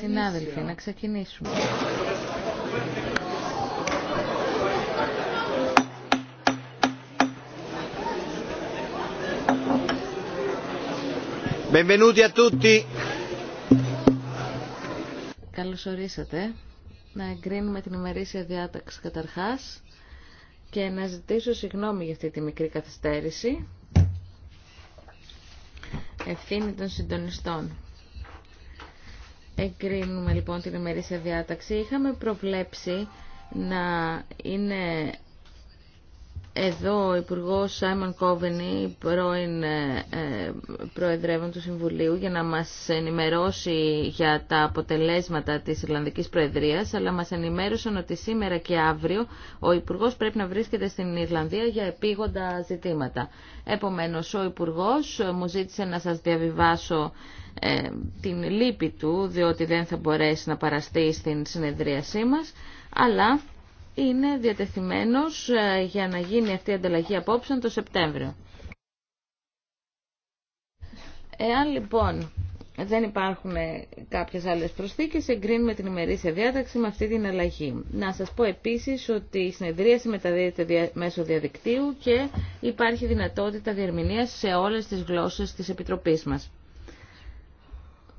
Συνάδελφοι, να ξεκινήσουμε. Benvenuti a tutti. Καλώς ορίσατε. Να εγκρίνουμε την ημερήσια διάταξη καταρχάς και να ζητήσω συγγνώμη για αυτή τη μικρή καθυστέρηση. Ευθύνη των συντονιστών. Εγκρίνουμε λοιπόν την ημερήσια διάταξη. Είχαμε προβλέψει να είναι εδώ ο Υπουργό Σάιμον Κόβενι, πρώην ε, ε, Προεδρεύων του Συμβουλίου, για να μας ενημερώσει για τα αποτελέσματα της Ιρλανδικής Προεδρίας, αλλά μας ενημέρωσαν ότι σήμερα και αύριο ο Υπουργό πρέπει να βρίσκεται στην Ιρλανδία για επίγοντα ζητήματα. Επομένως, ο Υπουργός ε, μου ζήτησε να σας διαβιβάσω την λύπη του, διότι δεν θα μπορέσει να παραστεί στην συνεδρίασή μας, αλλά είναι διατεθειμένος ε, για να γίνει αυτή η ανταλλαγή απόψεων το Σεπτέμβριο. Εάν λοιπόν δεν υπάρχουν κάποιες άλλες προσθήκες, εγκρίνουμε την ημερήσια διάταξη με αυτή την αλλαγή. Να σας πω επίσης ότι η συνεδρίαση μεταδίδεται μέσω διαδικτύου και υπάρχει δυνατότητα διερμηνίας σε όλες τις γλώσσες της Επιτροπής μας.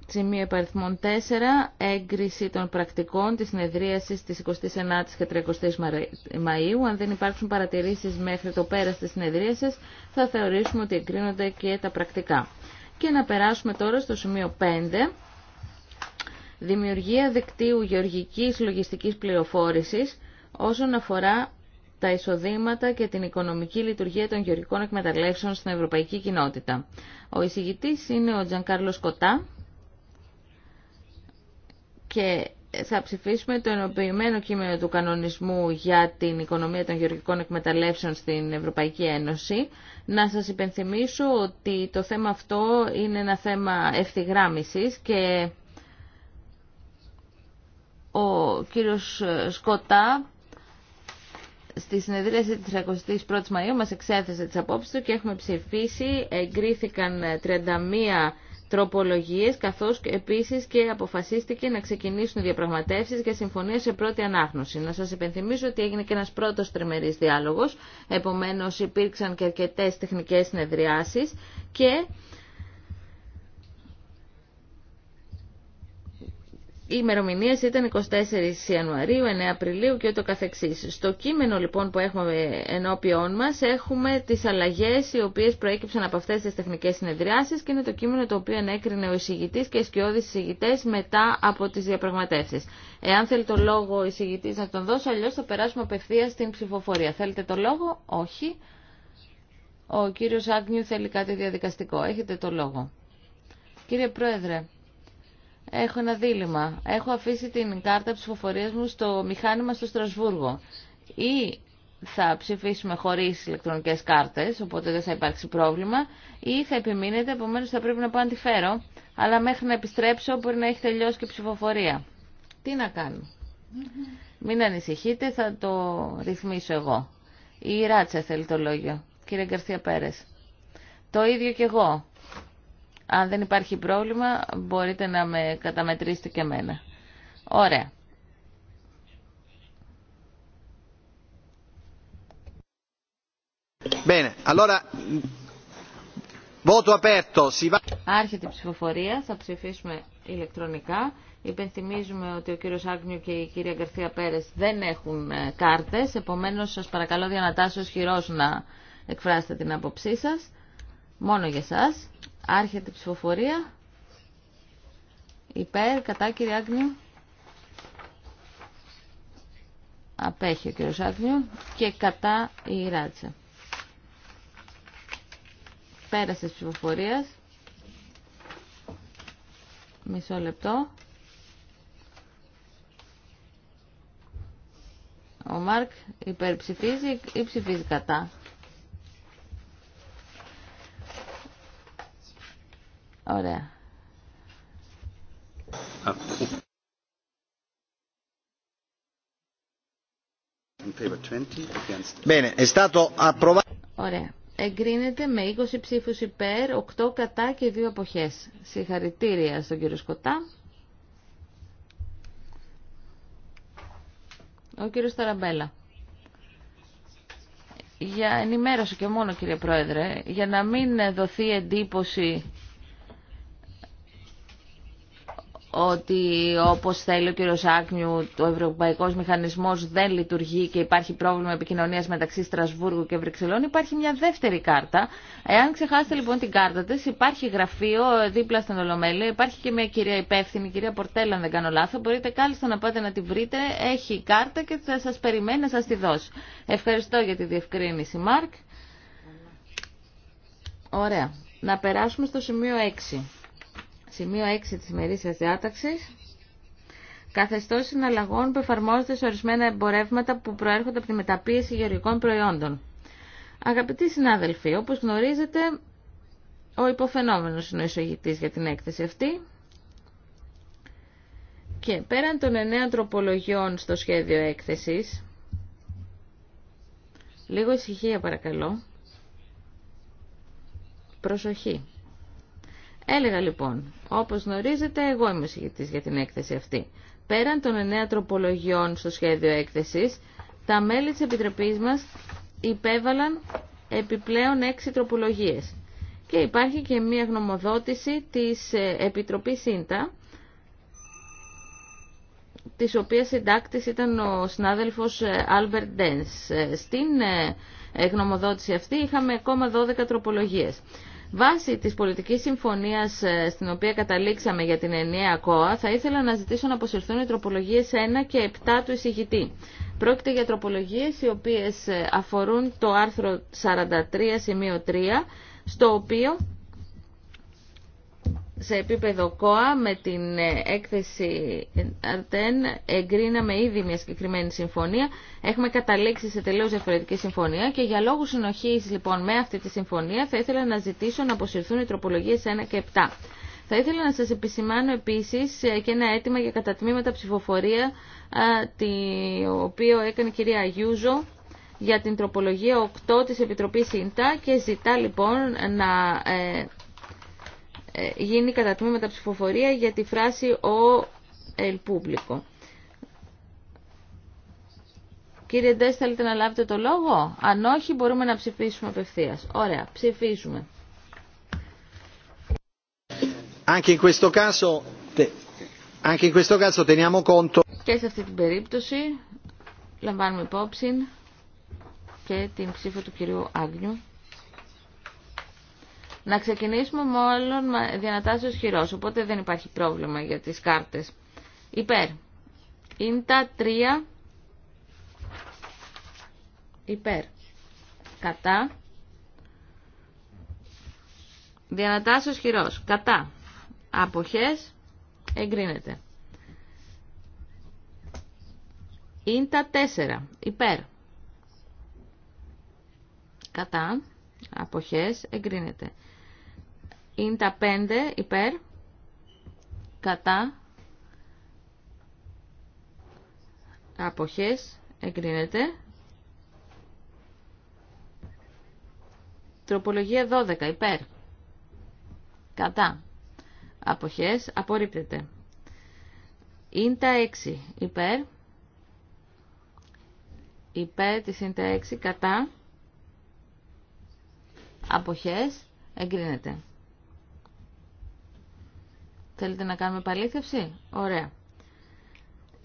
Σημείο υπαριθμών 4. Έγκριση των πρακτικών της συνεδρίασης της 29ης και 30ης Μαΐου. Αν δεν υπάρξουν παρατηρήσεις μέχρι το πέρας της συνεδρίασης, θα θεωρήσουμε ότι εγκρίνονται και τα πρακτικά. Και να περάσουμε τώρα στο σημείο 5. Δημιουργία δικτύου γεωργικής λογιστικής πληροφόρησης όσον αφορά τα εισοδήματα και την οικονομική λειτουργία των γεωργικών εκμεταλλεύσεων στην Ευρωπαϊκή Κοινότητα. Ο εισηγητής είναι ο Τζανκάρλος Κοτά και θα ψηφίσουμε το ενοποιημένο κείμενο του κανονισμού για την οικονομία των γεωργικών εκμεταλλεύσεων στην Ευρωπαϊκή Ένωση. Να σας υπενθυμίσω ότι το θέμα αυτό είναι ένα θέμα ευθυγράμμισης και ο κύριος Σκοτά στη συνεδρίαση της 31ης Μαΐου μας εξέθεσε τις απόψεις του και έχουμε ψηφίσει. Εγκρίθηκαν 31 τροπολογίες, καθώς επίσης και αποφασίστηκε να ξεκινήσουν οι διαπραγματεύσεις για συμφωνία σε πρώτη ανάγνωση. Να σας υπενθυμίσω ότι έγινε και ένας πρώτος τριμερής διάλογος, επομένως υπήρξαν και αρκετέ τεχνικές συνεδριάσεις και οι ημερομηνίε ήταν 24 Ιανουαρίου, 9 Απριλίου και ούτω καθεξής. Στο κείμενο λοιπόν που έχουμε ενώπιόν μας έχουμε τις αλλαγές οι οποίες προέκυψαν από αυτές τις τεχνικές συνεδριάσεις και είναι το κείμενο το οποίο ενέκρινε ο εισηγητής και οι σκιώδεις εισηγητές μετά από τις διαπραγματεύσεις. Εάν θέλει το λόγο ο εισηγητής να τον δώσω, αλλιώς θα περάσουμε απευθεία στην ψηφοφορία. Θέλετε το λόγο? Όχι. Ο κύριος Άγνιου θέλει κάτι διαδικαστικό. Έχετε το λόγο. Κύριε Πρόεδρε, έχω ένα δίλημα. Έχω αφήσει την κάρτα ψηφοφορία μου στο μηχάνημα στο Στρασβούργο. Ή θα ψηφίσουμε χωρί ηλεκτρονικέ κάρτε, οπότε δεν θα υπάρξει πρόβλημα, ή θα επιμείνετε, επομένω θα πρέπει να πάω να τη φέρω. Αλλά μέχρι να επιστρέψω μπορεί να έχει τελειώσει και ψηφοφορία. Τι να κάνω. Μην ανησυχείτε, θα το ρυθμίσω εγώ. Η Ράτσα θέλει το λόγιο. Κύριε Γκαρθία Πέρες. Το ίδιο κι εγώ. Αν δεν υπάρχει πρόβλημα, μπορείτε να με καταμετρήσετε και εμένα. Ωραία. Bene, allora voto aperto. Si va... Άρχεται η ψηφοφορία, θα ψηφίσουμε ηλεκτρονικά. Υπενθυμίζουμε ότι ο κύριος Άγνιου και η κυρία Γκαρθία Πέρες δεν έχουν ε, κάρτες, επομένως σας παρακαλώ διανατάσσεως χειρός να εκφράσετε την άποψή σας, μόνο για σας. Άρχεται η ψηφοφορία. Υπέρ, κατά κύριε Άγνιου. Απέχει ο κύριος Άγνιου και κατά η Ράτσα. Πέρασε της ψηφοφορίας. Μισό λεπτό. Ο Μάρκ υπερψηφίζει ή ψηφίζει κατά. Ωραία. Ωραία. Εγκρίνεται με 20 ψήφους υπέρ, 8 κατά και 2 αποχές. Συγχαρητήρια στον κύριο Σκοτά. Ο κύριος Ταραμπέλα. Για ενημέρωση και μόνο κύριε Πρόεδρε, για να μην δοθεί εντύπωση ότι όπως θέλει ο κύριος Άκνιου ο Ευρωπαϊκός Μηχανισμός δεν λειτουργεί και υπάρχει πρόβλημα επικοινωνίας μεταξύ Στρασβούργου και Βρυξελών υπάρχει μια δεύτερη κάρτα. Εάν ξεχάσετε λοιπόν την κάρτα της υπάρχει γραφείο δίπλα στον Ολομέλεια, υπάρχει και μια κυρία υπεύθυνη, κυρία Πορτέλα αν δεν κάνω λάθο, μπορείτε κάλλιστα να πάτε να τη βρείτε, έχει κάρτα και θα σας περιμένει να σας τη δώσει. Ευχαριστώ για τη διευκρίνηση Μάρκ. Ωραία. Να περάσουμε στο σημείο 6. Σημείο 6 της ημερήσιας διάταξης. Καθεστώς συναλλαγών που εφαρμόζονται σε ορισμένα εμπορεύματα που προέρχονται από τη μεταπίεση γεωργικών προϊόντων. Αγαπητοί συνάδελφοι, όπως γνωρίζετε, ο υποφαινόμενος είναι ο εισογητής για την έκθεση αυτή. Και πέραν των εννέων τροπολογιών στο σχέδιο έκθεσης, λίγο ησυχία παρακαλώ, προσοχή. Έλεγα λοιπόν, όπως γνωρίζετε, εγώ είμαι συγγετής για την έκθεση αυτή. Πέραν των εννέα τροπολογιών στο σχέδιο έκθεσης, τα μέλη της Επιτροπής μας υπέβαλαν επιπλέον έξι τροπολογίες. Και υπάρχει και μία γνωμοδότηση της ε, Επιτροπής ΣΥΝΤΑ, της οποίας συντάκτης ήταν ο συνάδελφος ε, Άλβερ Ντένς. Ε, στην γνωμοδότηση αυτή είχαμε ακόμα 12 τροπολογίες. Βάσει της πολιτικής συμφωνίας ε, στην οποία καταλήξαμε για την ενιαία ΚΟΑ, θα ήθελα να ζητήσω να αποσυρθούν οι τροπολογίες 1 και 7 του εισηγητή. Πρόκειται για τροπολογίες οι οποίες ε, αφορούν το άρθρο 43 σημείο 3, στο οποίο σε επίπεδο ΚΟΑ με την ε, έκθεση Αρτέν εγκρίναμε ήδη μια συγκεκριμένη συμφωνία. Έχουμε καταλήξει σε τελείως διαφορετική συμφωνία και για λόγους συνοχής λοιπόν με αυτή τη συμφωνία θα ήθελα να ζητήσω να αποσυρθούν οι τροπολογίες 1 και 7. Θα ήθελα να σας επισημάνω επίσης ε, και ένα αίτημα για κατατμήματα ψηφοφορία το οποίο έκανε η κυρία Αγιούζο για την τροπολογία 8 της Επιτροπής ΙΝΤΑ και ζητά λοιπόν να ε, ε, γίνει κατά τμήματα ψηφοφορία για τη φράση «ο ελ πούμπλικο». Κύριε Ντές, θέλετε να λάβετε το λόγο. Αν όχι, μπορούμε να ψηφίσουμε απευθεία. Ωραία, ψηφίσουμε. Και σε αυτή την περίπτωση λαμβάνουμε υπόψη και την ψήφο του κυρίου Άγνιου. Να ξεκινήσουμε μόλον διανατάσσεως χειρός, οπότε δεν υπάρχει πρόβλημα για τις κάρτες. Υπέρ. Είναι τα τρία. Υπέρ. Κατά. Διανατάσσεως χειρός. Κατά. Αποχές. Εγκρίνεται. Είναι τα τέσσερα. Υπέρ. Κατά. Αποχές. Εγκρίνεται. Είναι τα 5 υπέρ, κατά, αποχές, εγκρίνεται. Τροπολογία 12 υπέρ, κατά, αποχές, απορρίπτεται. Είναι τα 6 υπέρ, υπέρ της είναι τα 6 κατά, αποχές, εγκρίνεται. Θέλετε να κάνουμε επαλήθευση. Ωραία.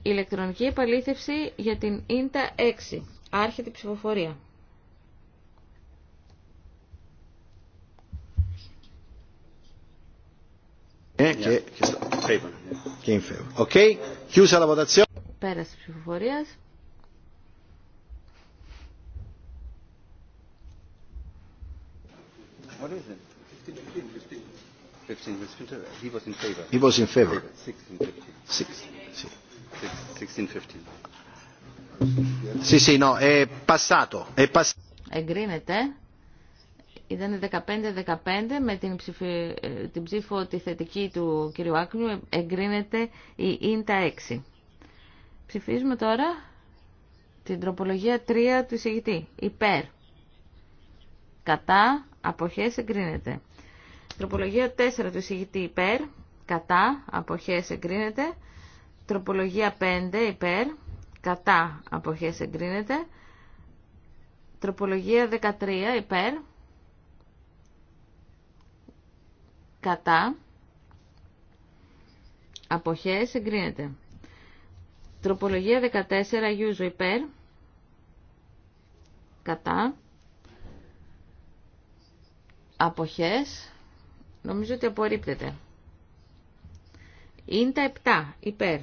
Ηλεκτρονική επαλήθευση για την ίντα 6. Άρχεται η ψηφοφορία. Ε, και ε, η Πέραση ψηφοφορία. What is it? Εγκρίνεται. Ήταν 15-15 με ε, την, ψήφο τη θετική του κ. Άκλου Εγκρίνεται η ΙΝΤΑ 6. Ψηφίζουμε τώρα την τροπολογία 3 του εισηγητή. Υπέρ. Κατά. Αποχές εγκρίνεται. Τροπολογία 4 του εισηγητή υπέρ, κατά, αποχές εγκρίνεται. Τροπολογία 5 υπέρ, κατά, αποχές εγκρίνεται. Τροπολογία 13 υπέρ, κατά, αποχές εγκρίνεται. Τροπολογία 14 Γιούζο υπέρ, κατά, αποχές Νομίζω ότι απορρίπτεται. Είναι τα 7 υπέρ.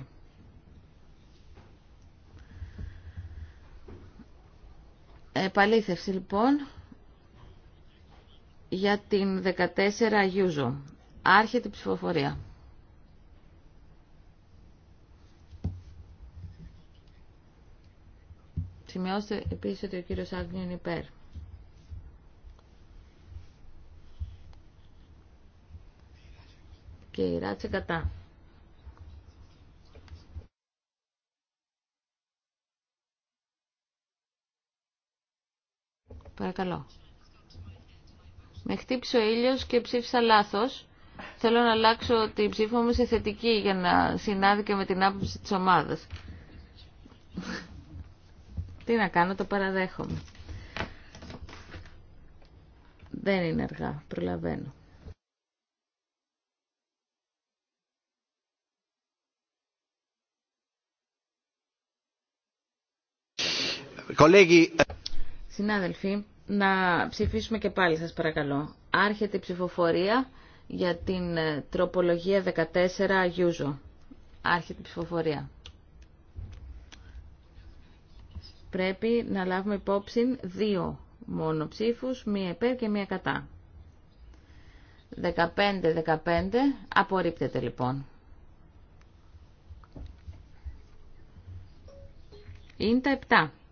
Επαλήθευση λοιπόν για την 14 γιουζο. Άρχεται η ψηφοφορία. Σημειώστε επίσης ότι ο κύριος Άγνιου είναι υπέρ. και η Ράτσε κατά. Παρακαλώ. Με χτύπησε ο ήλιος και ψήφισα λάθος. Θέλω να αλλάξω την ψήφο μου σε θετική για να συνάδει και με την άποψη της ομάδας. Τι να κάνω, το παραδέχομαι. Δεν είναι αργά, προλαβαίνω. Συνάδελφοι, να ψηφίσουμε και πάλι σας παρακαλώ. Άρχεται η ψηφοφορία για την ε, τροπολογία 14 Αγιούζο. Άρχεται η ψηφοφορία. Πρέπει να λάβουμε υπόψη δύο μόνο ψήφους, μία υπέρ και μία κατά. 15-15 απορρίπτεται λοιπόν. Είναι τα 7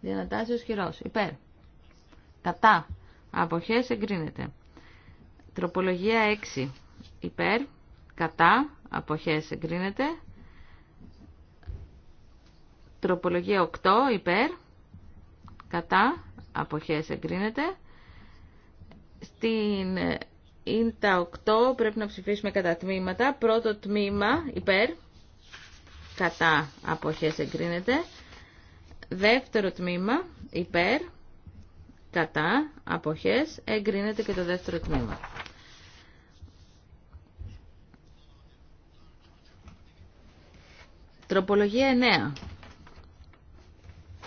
ο χειρό, Υπέρ. Κατά. αποχέ εγκρίνεται. Τροπολογία 6. Υπέρ. Κατά. αποχέ εγκρίνεται. Τροπολογία 8. Υπέρ. Κατά. αποχέ εγκρίνεται. Στην ίντα 8 πρέπει να ψηφίσουμε κατά τμήματα. Πρώτο τμήμα υπέρ. Κατά. απόχέ εγκρίνεται. Δεύτερο τμήμα, υπέρ, κατά, αποχές, εγκρίνεται και το δεύτερο τμήμα. Τροπολογία 9.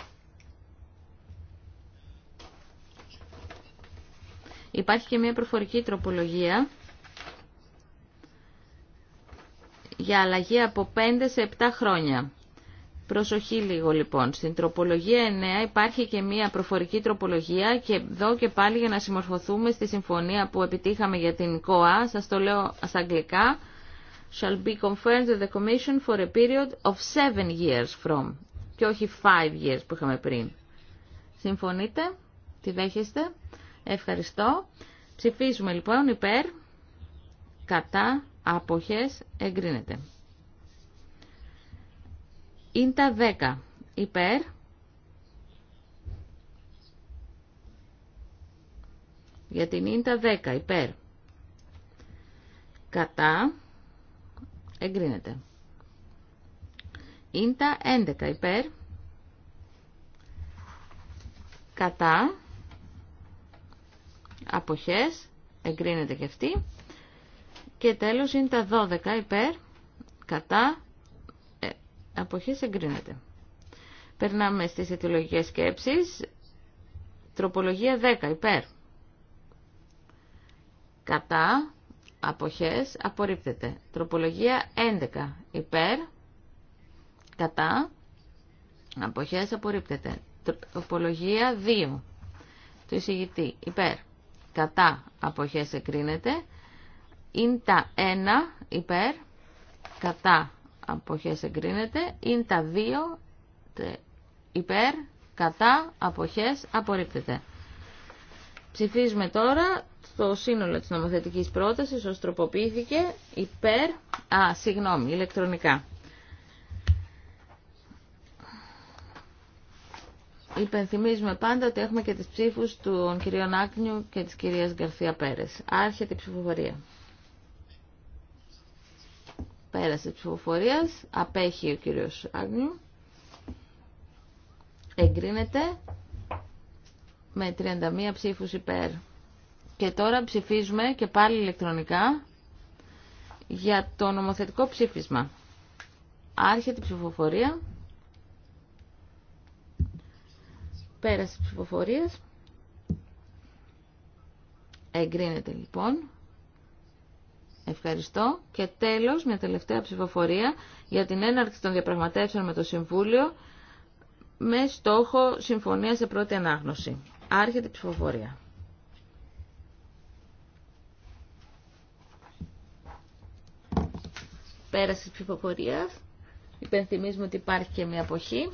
Υπάρχει και μια προφορική τροπολογία για αλλαγή από 5 σε 7 χρόνια. Προσοχή λίγο λοιπόν. Στην τροπολογία 9 υπάρχει και μια προφορική τροπολογία και εδώ και πάλι για να συμμορφωθούμε στη συμφωνία που επιτύχαμε για την ΚΟΑ, σας το λέω στα αγγλικά, shall be confirmed the Commission for a period of 7 years from και όχι 5 years που είχαμε πριν. Συμφωνείτε, τη δέχεστε, ευχαριστώ. Ψηφίζουμε λοιπόν υπέρ, κατά, άποχες, εγκρίνεται. Ίντα 10 υπέρ. Για την Ίντα 10 υπέρ. Κατά. Εγκρίνεται. Ίντα 11 υπέρ. Κατά. Αποχές. Εγκρίνεται και αυτή. Και τέλος είναι τα 12 υπέρ. Κατά αποχές εγκρίνεται. Περνάμε στις αιτιολογικές σκέψεις. Τροπολογία 10 υπέρ. Κατά αποχές απορρίπτεται. Τροπολογία 11 υπέρ. Κατά αποχές απορρίπτεται. Τροπολογία 2 του εισηγητή υπέρ. Κατά αποχές εγκρίνεται, Ίντα 1 υπέρ. Κατά αποχές εγκρίνεται. Είναι τα δύο υπέρ, κατά, αποχές απορρίπτεται. Ψηφίζουμε τώρα το σύνολο της νομοθετικής πρότασης ως τροποποιήθηκε υπέρ, α, συγγνώμη, ηλεκτρονικά. Υπενθυμίζουμε πάντα ότι έχουμε και τις ψήφους του κυρίων Άκνιου και της κυρίας Γκαρθία Πέρες. Άρχεται η ψηφοφορία. Πέρασε ψηφοφορία. Απέχει ο κύριος Άγνιου. Εγκρίνεται με 31 ψήφους υπέρ. Και τώρα ψηφίζουμε και πάλι ηλεκτρονικά για το νομοθετικό ψήφισμα. Άρχεται η ψηφοφορία. Πέρασε ψηφοφορίας. Εγκρίνεται λοιπόν. Ευχαριστώ. Και τέλος, μια τελευταία ψηφοφορία για την έναρξη των διαπραγματεύσεων με το Συμβούλιο με στόχο συμφωνία σε πρώτη ανάγνωση. Άρχεται η ψηφοφορία. Πέραση ψηφοφορία. Υπενθυμίζουμε ότι υπάρχει και μια αποχή.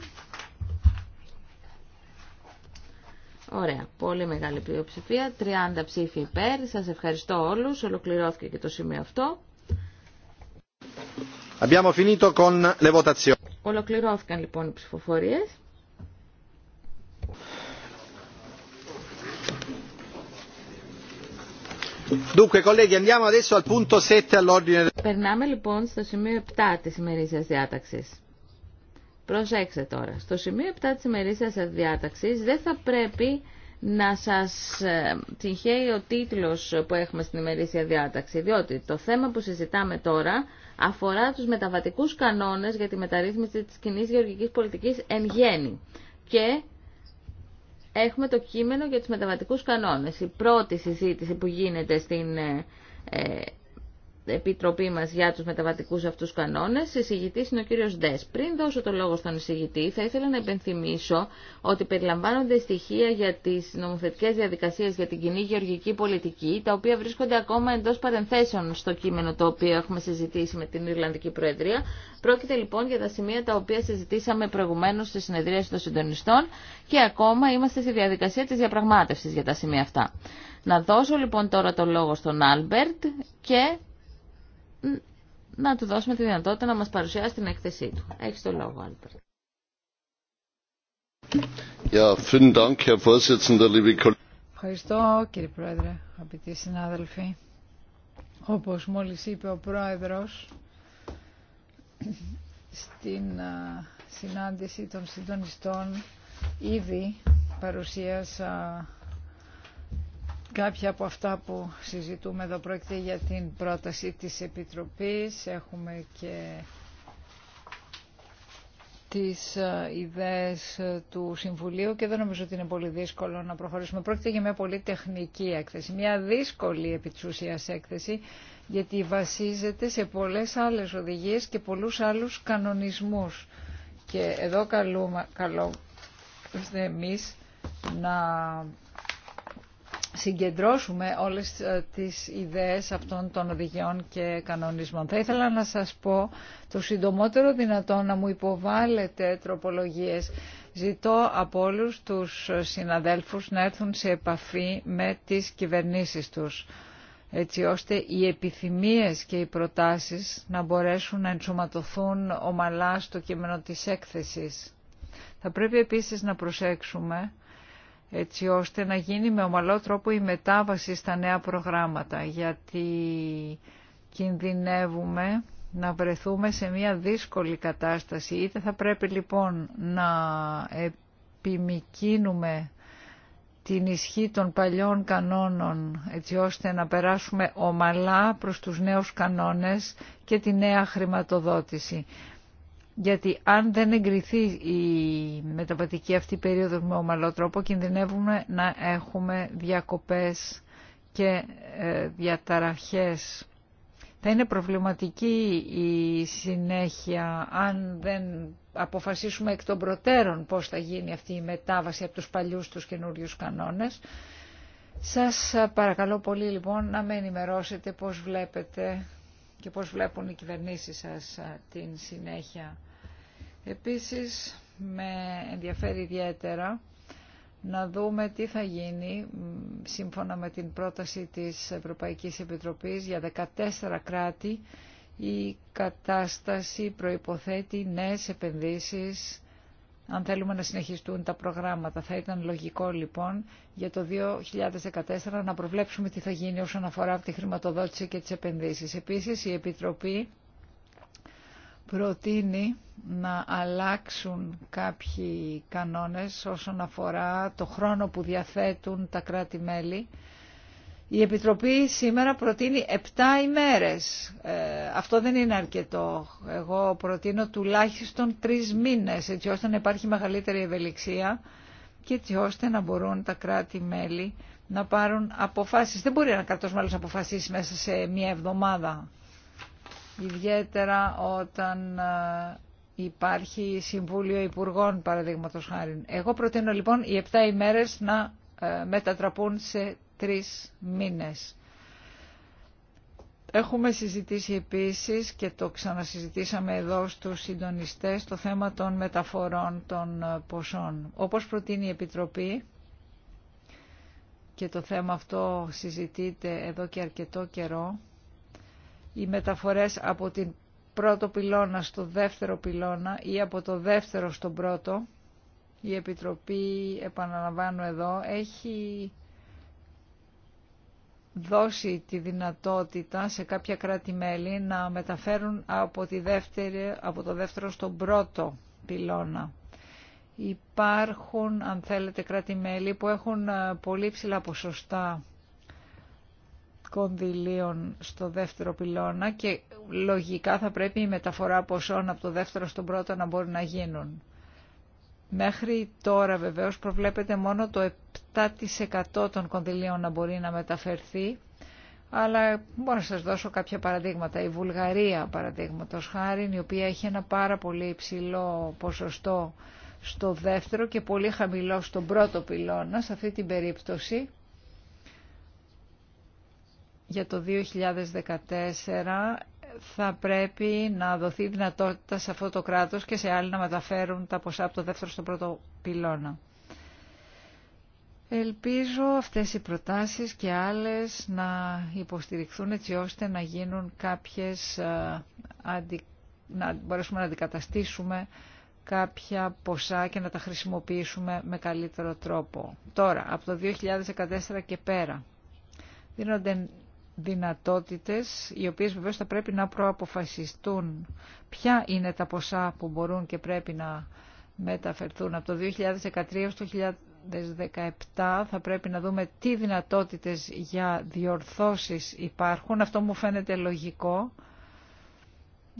Ωραία. Πολύ μεγάλη πλειοψηφία. 30 ψήφοι υπέρ. Σας ευχαριστώ όλους. Ολοκληρώθηκε και το σημείο αυτό. Ολοκληρώθηκαν λοιπόν οι ψηφοφορίες. Περνάμε λοιπόν στο σημείο 7 της ημερήσιας διάταξης. Προσέξτε τώρα, στο σημείο 7 της ημερήσιας διάταξης δεν θα πρέπει να σας ε, τυχαίει ο τίτλος που έχουμε στην ημερήσια διάταξη, διότι το θέμα που συζητάμε τώρα αφορά τους μεταβατικούς κανόνες για τη μεταρρύθμιση της κοινή γεωργικής πολιτικής εν γέννη. Και έχουμε το κείμενο για τους μεταβατικούς κανόνες. Η πρώτη συζήτηση που γίνεται στην ε, ε, Επιτροπή μα για του μεταβατικού αυτού κανόνε, Εισηγητής είναι ο κύριο Ντε. Πριν δώσω το λόγο στον εισηγητή, θα ήθελα να επενθυμίσω ότι περιλαμβάνονται στοιχεία για τι Νομοθετικέ διαδικασίε για την κοινή γεωργική πολιτική, τα οποία βρίσκονται ακόμα εντό παρενθέσεων στο κείμενο το οποίο έχουμε συζητήσει με την Ιρλανδική Προεδρία. Πρόκειται λοιπόν για τα σημεία τα οποία συζητήσαμε προηγουμένω στη συνεδρίαση των συντονιστών και ακόμα είμαστε στη διαδικασία τη διαπραγμάτευση για τα σημεία αυτά. Να δώσω λοιπόν τώρα το λόγο στον Άλμπερτ και να του δώσουμε τη δυνατότητα να μας παρουσιάσει την έκθεσή του. Έχεις το λόγο, Άλπερ. Ευχαριστώ κύριε Πρόεδρε, αγαπητοί συνάδελφοι. Όπως μόλις είπε ο Πρόεδρος, στην συνάντηση των συντονιστών ήδη παρουσίασα Κάποια από αυτά που συζητούμε εδώ πρόκειται για την πρόταση της Επιτροπής. Έχουμε και τις ε, ιδέες ε, του Συμβουλίου και δεν νομίζω ότι είναι πολύ δύσκολο να προχωρήσουμε. Πρόκειται για μια πολύ τεχνική έκθεση, μια δύσκολη επί της έκθεση, γιατί βασίζεται σε πολλές άλλες οδηγίες και πολλούς άλλους κανονισμούς. Και εδώ καλούμε, καλό εμείς να συγκεντρώσουμε όλες ε, τις ιδέες αυτών των οδηγιών και κανονισμών. Θα ήθελα να σας πω το συντομότερο δυνατό να μου υποβάλλετε τροπολογίες. Ζητώ από όλους τους συναδέλφους να έρθουν σε επαφή με τις κυβερνήσεις τους έτσι ώστε οι επιθυμίες και οι προτάσεις να μπορέσουν να ενσωματωθούν ομαλά στο κείμενο της έκθεσης. Θα πρέπει επίσης να προσέξουμε έτσι ώστε να γίνει με ομαλό τρόπο η μετάβαση στα νέα προγράμματα, γιατί κινδυνεύουμε να βρεθούμε σε μια δύσκολη κατάσταση. Είτε θα πρέπει λοιπόν να επιμικίνουμε την ισχύ των παλιών κανόνων έτσι ώστε να περάσουμε ομαλά προς τους νέους κανόνες και τη νέα χρηματοδότηση γιατί αν δεν εγκριθεί η μεταβατική αυτή περίοδο με ομαλό τρόπο κινδυνεύουμε να έχουμε διακοπές και ε, διαταραχές. Θα είναι προβληματική η συνέχεια αν δεν αποφασίσουμε εκ των προτέρων πώς θα γίνει αυτή η μετάβαση από τους παλιούς τους καινούριους κανόνες. Σας παρακαλώ πολύ λοιπόν να με ενημερώσετε πώς βλέπετε και πώς βλέπουν οι κυβερνήσεις σας ε, την συνέχεια Επίσης, με ενδιαφέρει ιδιαίτερα να δούμε τι θα γίνει σύμφωνα με την πρόταση της Ευρωπαϊκής Επιτροπής για 14 κράτη η κατάσταση προϋποθέτει νέες επενδύσεις αν θέλουμε να συνεχιστούν τα προγράμματα. Θα ήταν λογικό λοιπόν για το 2014 να προβλέψουμε τι θα γίνει όσον αφορά τη χρηματοδότηση και τις επενδύσεις. Επίσης Επιτροπή προτείνει να αλλάξουν κάποιοι κανόνες όσον αφορά το χρόνο που διαθέτουν τα κράτη-μέλη. Η Επιτροπή σήμερα προτείνει 7 ημέρες. Ε, αυτό δεν είναι αρκετό. Εγώ προτείνω τουλάχιστον 3 μήνες, έτσι ώστε να υπάρχει μεγαλύτερη ευελιξία και έτσι ώστε να μπορούν τα κράτη-μέλη να πάρουν αποφάσεις. Δεν μπορεί ένα κρατός να αποφασίσει μέσα σε μία εβδομάδα ιδιαίτερα όταν ε, υπάρχει Συμβούλιο Υπουργών, παραδείγματος χάρη. Εγώ προτείνω λοιπόν οι 7 ημέρες να ε, μετατραπούν σε 3 μήνες. Έχουμε συζητήσει επίσης και το ξανασυζητήσαμε εδώ στους συντονιστές το θέμα των μεταφορών των ε, ποσών. Όπως προτείνει η Επιτροπή και το θέμα αυτό συζητείται εδώ και αρκετό καιρό, οι μεταφορές από την πρώτο πυλώνα στο δεύτερο πυλώνα ή από το δεύτερο στον πρώτο. Η Επιτροπή, επαναλαμβάνω εδώ, έχει δώσει τη δυνατότητα σε κάποια κράτη-μέλη να μεταφέρουν από, τη δεύτερη, από το δεύτερο στον πρώτο πυλώνα. Υπάρχουν, αν θέλετε, κράτη-μέλη που έχουν ε, πολύ ψηλά ποσοστά κονδυλίων στο δεύτερο πυλώνα και λογικά θα πρέπει η μεταφορά ποσών από το δεύτερο στον πρώτο να μπορεί να γίνουν. Μέχρι τώρα βεβαίως προβλέπεται μόνο το 7% των κονδυλίων να μπορεί να μεταφερθεί, αλλά μπορώ να σας δώσω κάποια παραδείγματα. Η Βουλγαρία, παραδείγματος χάρη, η οποία έχει ένα πάρα πολύ υψηλό ποσοστό στο δεύτερο και πολύ χαμηλό στον πρώτο πυλώνα, σε αυτή την περίπτωση για το 2014 θα πρέπει να δοθεί δυνατότητα σε αυτό το κράτος και σε άλλοι να μεταφέρουν τα ποσά από το δεύτερο στον πρώτο πυλώνα. Ελπίζω αυτές οι προτάσεις και άλλες να υποστηριχθούν έτσι ώστε να γίνουν κάποιες, ε, να μπορέσουμε να αντικαταστήσουμε κάποια ποσά και να τα χρησιμοποιήσουμε με καλύτερο τρόπο. Τώρα, από το 2014 και πέρα, δίνονται δυνατότητες, οι οποίες βεβαίως θα πρέπει να προαποφασιστούν ποια είναι τα ποσά που μπορούν και πρέπει να μεταφερθούν. Από το 2013 στο το 2017 θα πρέπει να δούμε τι δυνατότητες για διορθώσεις υπάρχουν. Αυτό μου φαίνεται λογικό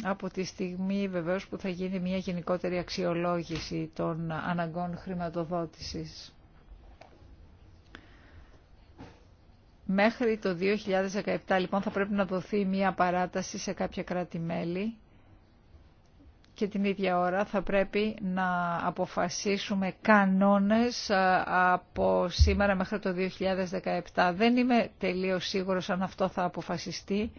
από τη στιγμή βεβαίως που θα γίνει μια γενικότερη αξιολόγηση των αναγκών χρηματοδότησης. Μέχρι το 2017 λοιπόν θα πρέπει να δοθεί μία παράταση σε κάποια κράτη-μέλη και την ίδια ώρα θα πρέπει να αποφασίσουμε κανόνες ε, από σήμερα μέχρι το 2017. Δεν είμαι τελείως σίγουρος αν αυτό θα αποφασιστεί,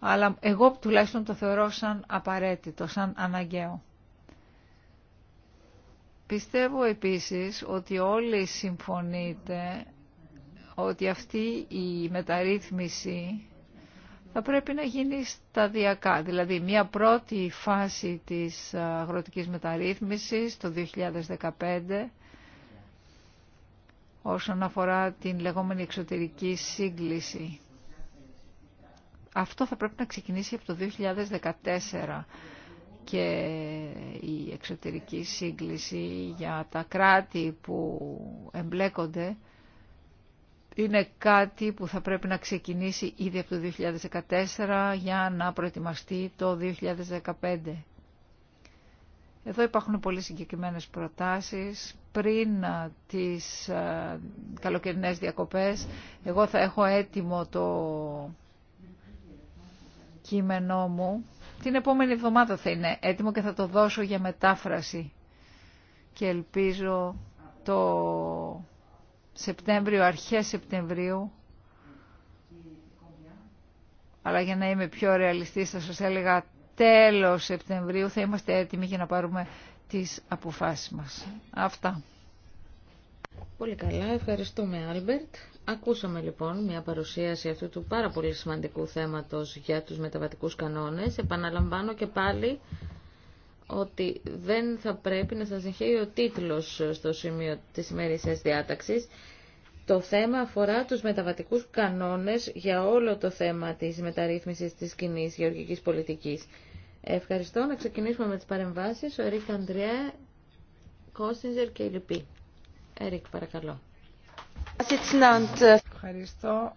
αλλά εγώ τουλάχιστον το θεωρώ σαν απαραίτητο, σαν αναγκαίο. Πιστεύω επίσης ότι όλοι συμφωνείτε ότι αυτή η μεταρρύθμιση θα πρέπει να γίνει σταδιακά. Δηλαδή μια πρώτη φάση της αγροτικής μεταρρύθμισης το 2015 όσον αφορά την λεγόμενη εξωτερική σύγκληση. Αυτό θα πρέπει να ξεκινήσει από το 2014 και η εξωτερική σύγκληση για τα κράτη που εμπλέκονται είναι κάτι που θα πρέπει να ξεκινήσει ήδη από το 2014 για να προετοιμαστεί το 2015. Εδώ υπάρχουν πολύ συγκεκριμένες προτάσεις. Πριν ε, τις ε, καλοκαιρινές διακοπές, εγώ θα έχω έτοιμο το κείμενό μου. Την επόμενη εβδομάδα θα είναι έτοιμο και θα το δώσω για μετάφραση. Και ελπίζω το Σεπτέμβριο, αρχές Σεπτεμβρίου. Αλλά για να είμαι πιο ρεαλιστή, θα σας έλεγα τέλος Σεπτεμβρίου θα είμαστε έτοιμοι για να πάρουμε τις αποφάσεις μας. Αυτά. Πολύ καλά, ευχαριστούμε Άλμπερτ. Ακούσαμε λοιπόν μια παρουσίαση αυτού του πάρα πολύ σημαντικού θέματος για τους μεταβατικούς κανόνες. Επαναλαμβάνω και πάλι ότι δεν θα πρέπει να σας εγχαίει ο τίτλος στο σημείο της σημερινής διάταξης. Το θέμα αφορά τους μεταβατικούς κανόνες για όλο το θέμα της μεταρρύθμισης της κοινή γεωργικής πολιτικής. Ευχαριστώ. Να ξεκινήσουμε με τις παρεμβάσεις. Ο Ερικ Αντριέ, Κόστινζερ και η Λυπή. Ερικ, παρακαλώ. Ευχαριστώ,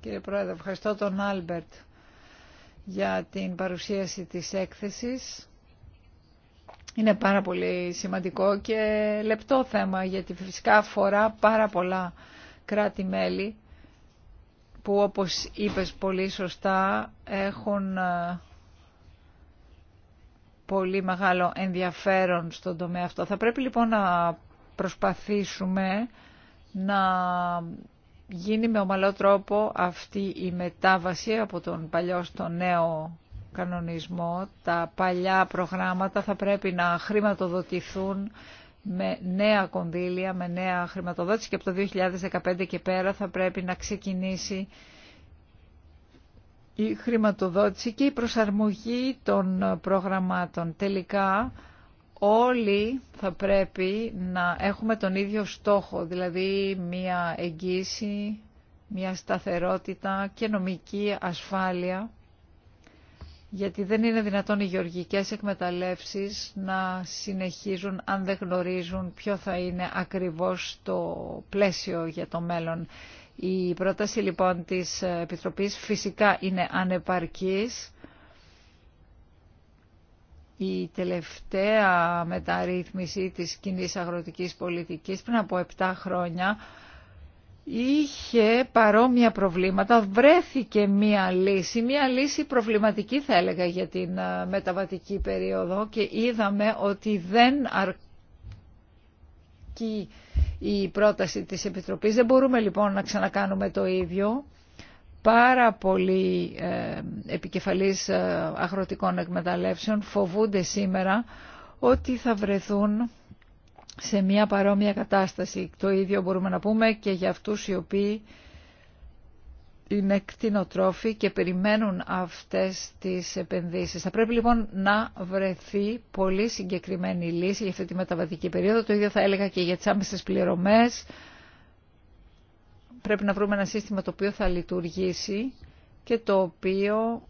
κύριε Πρόεδρε. Ευχαριστώ τον Άλμπερτ για την παρουσίαση της έκθεσης. Είναι πάρα πολύ σημαντικό και λεπτό θέμα γιατί φυσικά αφορά πάρα πολλά κράτη-μέλη που όπως είπες πολύ σωστά έχουν ε, πολύ μεγάλο ενδιαφέρον στον τομέα αυτό. Θα πρέπει λοιπόν να προσπαθήσουμε να γίνει με ομαλό τρόπο αυτή η μετάβαση από τον παλιό στο νέο κανονισμό τα παλιά προγράμματα θα πρέπει να χρηματοδοτηθούν με νέα κονδύλια, με νέα χρηματοδότηση και από το 2015 και πέρα θα πρέπει να ξεκινήσει η χρηματοδότηση και η προσαρμογή των προγραμμάτων. Τελικά όλοι θα πρέπει να έχουμε τον ίδιο στόχο, δηλαδή μια εγγύηση, μια σταθερότητα και νομική ασφάλεια γιατί δεν είναι δυνατόν οι γεωργικές εκμεταλλεύσεις να συνεχίζουν αν δεν γνωρίζουν ποιο θα είναι ακριβώς το πλαίσιο για το μέλλον. Η πρόταση λοιπόν της Επιτροπής φυσικά είναι ανεπαρκής. Η τελευταία μεταρρύθμιση της κοινή αγροτικής πολιτικής πριν από 7 χρόνια είχε παρόμοια προβλήματα, βρέθηκε μία λύση, μία λύση προβληματική θα έλεγα για την ε, μεταβατική περίοδο και είδαμε ότι δεν αρκεί η πρόταση της Επιτροπής. Δεν μπορούμε λοιπόν να ξανακάνουμε το ίδιο. Πάρα πολλοί ε, επικεφαλής ε, αγροτικών εκμεταλλεύσεων φοβούνται σήμερα ότι θα βρεθούν σε μια παρόμοια κατάσταση. Το ίδιο μπορούμε να πούμε και για αυτούς οι οποίοι είναι κτηνοτρόφοι και περιμένουν αυτές τις επενδύσεις. Θα πρέπει λοιπόν να βρεθεί πολύ συγκεκριμένη λύση για αυτή τη μεταβατική περίοδο. Το ίδιο θα έλεγα και για τις άμεσες πληρωμές. Πρέπει να βρούμε ένα σύστημα το οποίο θα λειτουργήσει και το οποίο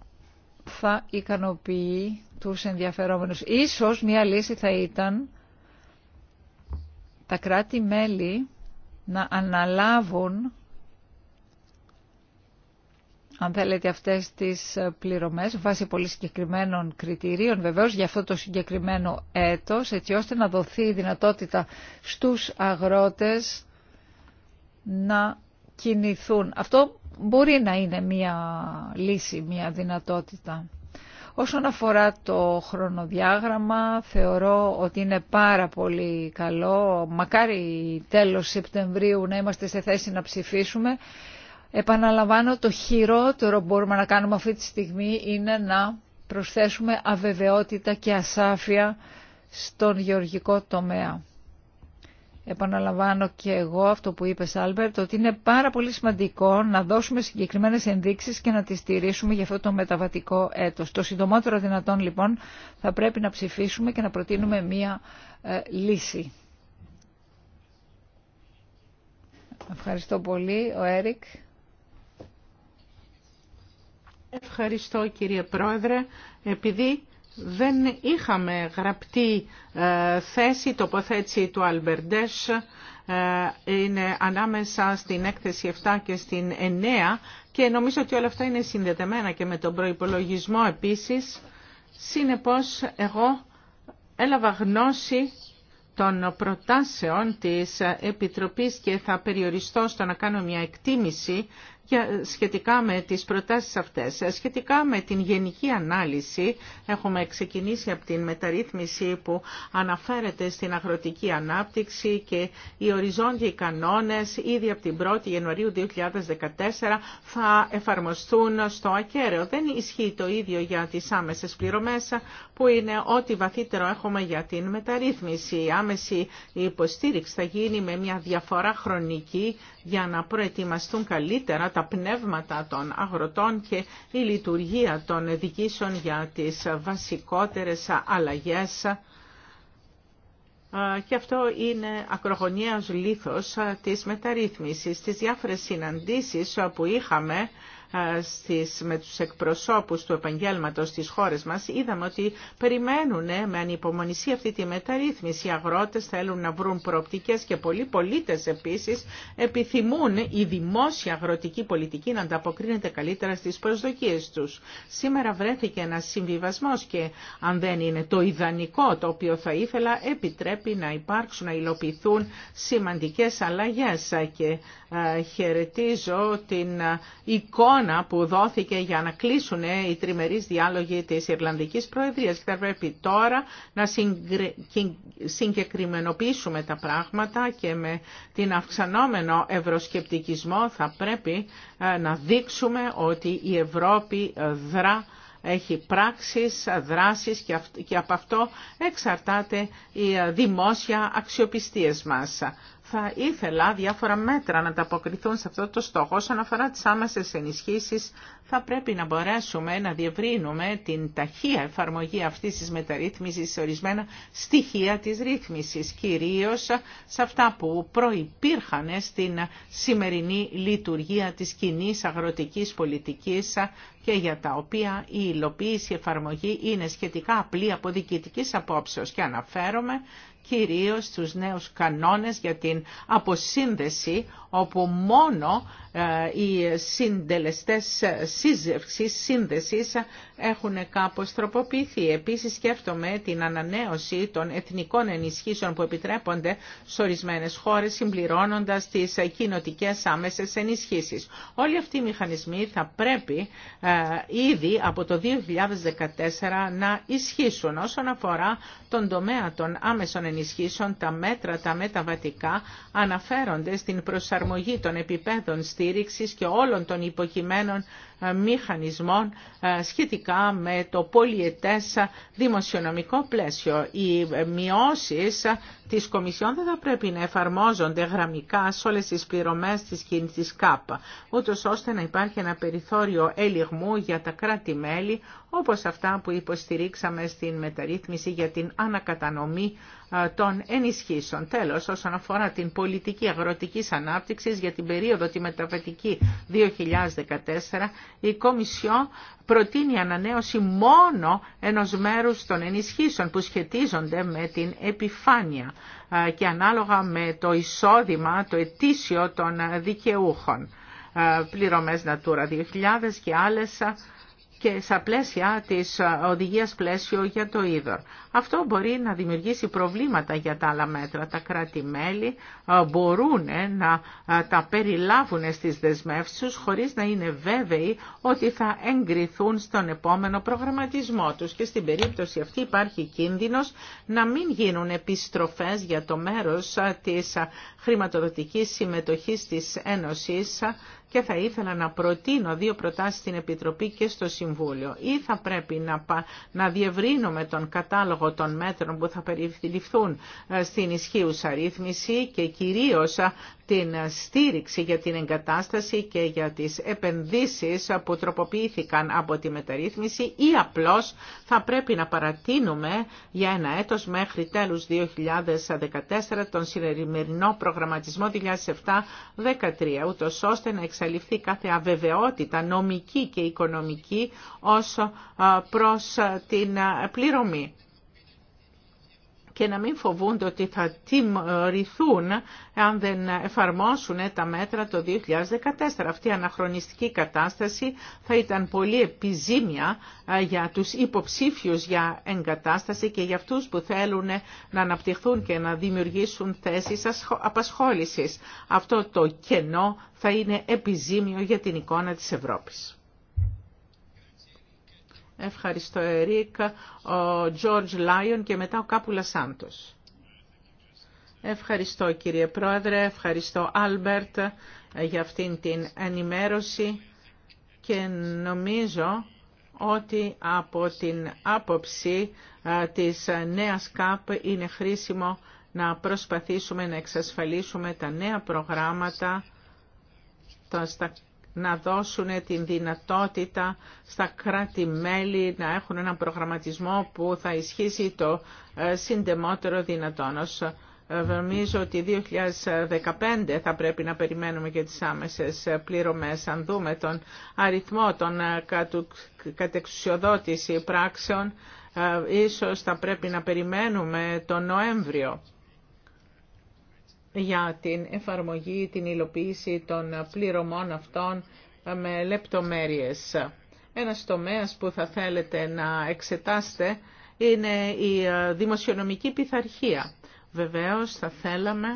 θα ικανοποιεί τους ενδιαφερόμενους. Ίσως μια λύση θα ήταν τα κράτη-μέλη να αναλάβουν αν θέλετε αυτές τις ε, πληρωμές βάσει πολύ συγκεκριμένων κριτηρίων βεβαίως για αυτό το συγκεκριμένο έτος έτσι ώστε να δοθεί η δυνατότητα στους αγρότες να κινηθούν. Αυτό μπορεί να είναι μια λύση, μια δυνατότητα. Όσον αφορά το χρονοδιάγραμμα, θεωρώ ότι είναι πάρα πολύ καλό. Μακάρι τέλος Σεπτεμβρίου να είμαστε σε θέση να ψηφίσουμε. Επαναλαμβάνω, το χειρότερο που μπορούμε να κάνουμε αυτή τη στιγμή είναι να προσθέσουμε αβεβαιότητα και ασάφεια στον γεωργικό τομέα. Επαναλαμβάνω και εγώ αυτό που είπε Άλμπερτ, ότι είναι πάρα πολύ σημαντικό να δώσουμε συγκεκριμένες ενδείξεις και να τις στηρίσουμε για αυτό το μεταβατικό έτος. Το συντομότερο δυνατόν λοιπόν θα πρέπει να ψηφίσουμε και να προτείνουμε μία ε, λύση. Ευχαριστώ πολύ. Ο Έρικ. Ευχαριστώ κύριε Πρόεδρε. Επειδή δεν είχαμε γραπτή ε, θέση, τοποθέτηση του Αλμπερντές ε, είναι ανάμεσα στην έκθεση 7 και στην 9 και νομίζω ότι όλα αυτά είναι συνδεδεμένα και με τον προϋπολογισμό επίσης. Συνεπώς εγώ έλαβα γνώση των προτάσεων της Επιτροπής και θα περιοριστώ στο να κάνω μια εκτίμηση ε, σχετικά με τις προτάσεις αυτές. Ε, σχετικά με την γενική ανάλυση, έχουμε ξεκινήσει από την μεταρρύθμιση που αναφέρεται στην αγροτική ανάπτυξη και οι οριζόντιοι κανόνες ήδη από την 1η Ιανουαρίου 2014 θα εφαρμοστούν στο ακέραιο. Δεν ισχύει το ίδιο για τις άμεσες πληρωμές που είναι ό,τι βαθύτερο έχουμε για την μεταρρύθμιση. Η άμεση υποστήριξη θα γίνει με μια διαφορά χρονική για να προετοιμαστούν καλύτερα τα πνεύματα των αγροτών και η λειτουργία των δικήσεων για τις βασικότερες αλλαγές και αυτό είναι ακρογωνίας λήθος της μεταρρύθμισης. Στις διάφορες συναντήσεις που είχαμε με τους εκπροσώπους του επαγγέλματος στις χώρες μας, είδαμε ότι περιμένουν ε, με ανυπομονησία αυτή τη μεταρρύθμιση. Οι αγρότες θέλουν να βρουν προοπτικές και πολλοί πολίτες επίσης επιθυμούν η δημόσια αγροτική πολιτική να ανταποκρίνεται καλύτερα στις προσδοκίες τους. Σήμερα βρέθηκε ένα συμβιβασμός και αν δεν είναι το ιδανικό το οποίο θα ήθελα, επιτρέπει να υπάρξουν, να υλοποιηθούν σημαντικές αλλαγές και ε, χαιρετίζω την ε, εικόνα που δόθηκε για να κλείσουν ε, οι τριμερείς διάλογοι της Ιρλανδικής Προεδρίας και θα πρέπει τώρα να συγκεκριμενοποιήσουμε τα πράγματα και με την αυξανόμενο ευροσκεπτικισμό θα πρέπει να δείξουμε ότι η Ευρώπη δρά έχει πράξεις, δράσεις και από αυτό εξαρτάται η δημόσια αξιοπιστίες μας θα ήθελα διάφορα μέτρα να τα σε αυτό το στόχο. Όσον αφορά τις άμεσες ενισχύσεις, θα πρέπει να μπορέσουμε να διευρύνουμε την ταχεία εφαρμογή αυτής της μεταρρύθμισης σε ορισμένα στοιχεία της ρύθμισης, κυρίως σε αυτά που προϋπήρχαν στην σημερινή λειτουργία της κοινή αγροτικής πολιτικής και για τα οποία η υλοποίηση εφαρμογή είναι σχετικά απλή από διοικητικής απόψεως και αναφέρομαι κυρίως τους νέους κανόνες για την αποσύνδεση όπου μόνο ε, οι συντελεστές σύζευξης, σύνδεσης έχουν κάπως τροποποιηθεί. Επίσης σκέφτομαι την ανανέωση των εθνικών ενισχύσεων που επιτρέπονται σε ορισμένε χώρες συμπληρώνοντας τις κοινοτικέ άμεσες ενισχύσεις. Όλοι αυτοί οι μηχανισμοί θα πρέπει ε, ήδη από το 2014 να ισχύσουν. Όσον αφορά τον τομέα των άμεσων ενισχύσεων, τα μέτρα, τα μεταβατικά αναφέρονται στην προσαρμογή εφαρμογή των επιπέδων στήριξης και όλων των υποκειμένων ε, μηχανισμών ε, σχετικά με το πολιετές δημοσιονομικό πλαίσιο. Οι ε, μειώσεις της Κομισιόν δεν θα πρέπει να εφαρμόζονται γραμμικά σε όλες τις πληρωμές της κίνησης ΚΑΠ, ούτως ώστε να υπάρχει ένα περιθώριο ελιγμού για τα κράτη-μέλη, όπως αυτά που υποστηρίξαμε στην μεταρρύθμιση για την ανακατανομή ε, των ενισχύσεων. Τέλος, όσον αφορά την πολιτική αγροτικής ανάπτυξης για την περίοδο τη μεταβατική 2014, η Κομισιό προτείνει ανανέωση μόνο ενός μέρους των ενισχύσεων που σχετίζονται με την επιφάνεια ε, και ανάλογα με το εισόδημα, το ετήσιο των δικαιούχων ε, πληρωμές Natura 2000 και άλλες και στα πλαίσια της ε, οδηγίας πλαίσιο για το είδωρ. Αυτό μπορεί να δημιουργήσει προβλήματα για τα άλλα μέτρα. Τα κράτη-μέλη ε, μπορούν ε, να τα περιλάβουν στις δεσμεύσεις τους χωρίς να είναι βέβαιοι ότι θα εγκριθούν στον επόμενο προγραμματισμό τους και στην περίπτωση αυτή υπάρχει κίνδυνος να μην γίνουν επιστροφές για το μέρος της χρηματοδοτικής συμμετοχής της Ένωσης και θα ήθελα να προτείνω δύο προτάσεις στην Επιτροπή και στο Συμβούλιο. Ή θα πρέπει να, να διευρύνουμε τον κατάλογο των μέτρων που θα περιληφθούν ε, στην ισχύουσα ρύθμιση και κυρίως ε, την στήριξη για την εγκατάσταση και για τις επενδύσεις ε, που τροποποιήθηκαν από τη μεταρρύθμιση ή απλώς θα πρέπει να παρατείνουμε για ένα έτος μέχρι τέλους 2014 τον συνεριμερινο προγραμματισμο προγραμματισμό 2017-2013, ούτως ώστε να εξαλειφθεί κάθε αβεβαιότητα νομική και οικονομική ως ε, προς ε, την ε, πληρωμή και να μην φοβούνται ότι θα τιμωρηθούν αν δεν εφαρμόσουν τα μέτρα το 2014. Αυτή η αναχρονιστική κατάσταση θα ήταν πολύ επιζήμια ε, για τους υποψήφιους για εγκατάσταση και για αυτούς που θέλουν να αναπτυχθούν και να δημιουργήσουν θέσεις απασχόλησης. Αυτό το κενό θα είναι επιζήμιο για την εικόνα της Ευρώπης. Ευχαριστώ, Ερίκ. Ο Τζόρτζ Λάιον και μετά ο Κάπουλα Σάντο. Ευχαριστώ, κύριε Πρόεδρε. Ευχαριστώ, Άλμπερτ, για αυτήν την ενημέρωση και νομίζω ότι από την άποψη της νέας ΚΑΠ είναι χρήσιμο να προσπαθήσουμε να εξασφαλίσουμε τα νέα προγράμματα στα να δώσουν την δυνατότητα στα κράτη-μέλη να έχουν έναν προγραμματισμό που θα ισχύσει το ε, συντεμότερο δυνατόν. Ε, νομίζω ότι 2015 θα πρέπει να περιμένουμε και τις άμεσες ε, πληρωμές. Αν δούμε τον αριθμό των κατεξουσιοδότηση πράξεων, ίσως θα πρέπει να περιμένουμε τον Νοέμβριο για την εφαρμογή, την υλοποίηση των πληρωμών αυτών με λεπτομέρειες. Ένας τομέας που θα θέλετε να εξετάσετε είναι η ε, δημοσιονομική πειθαρχία. Βεβαίως θα θέλαμε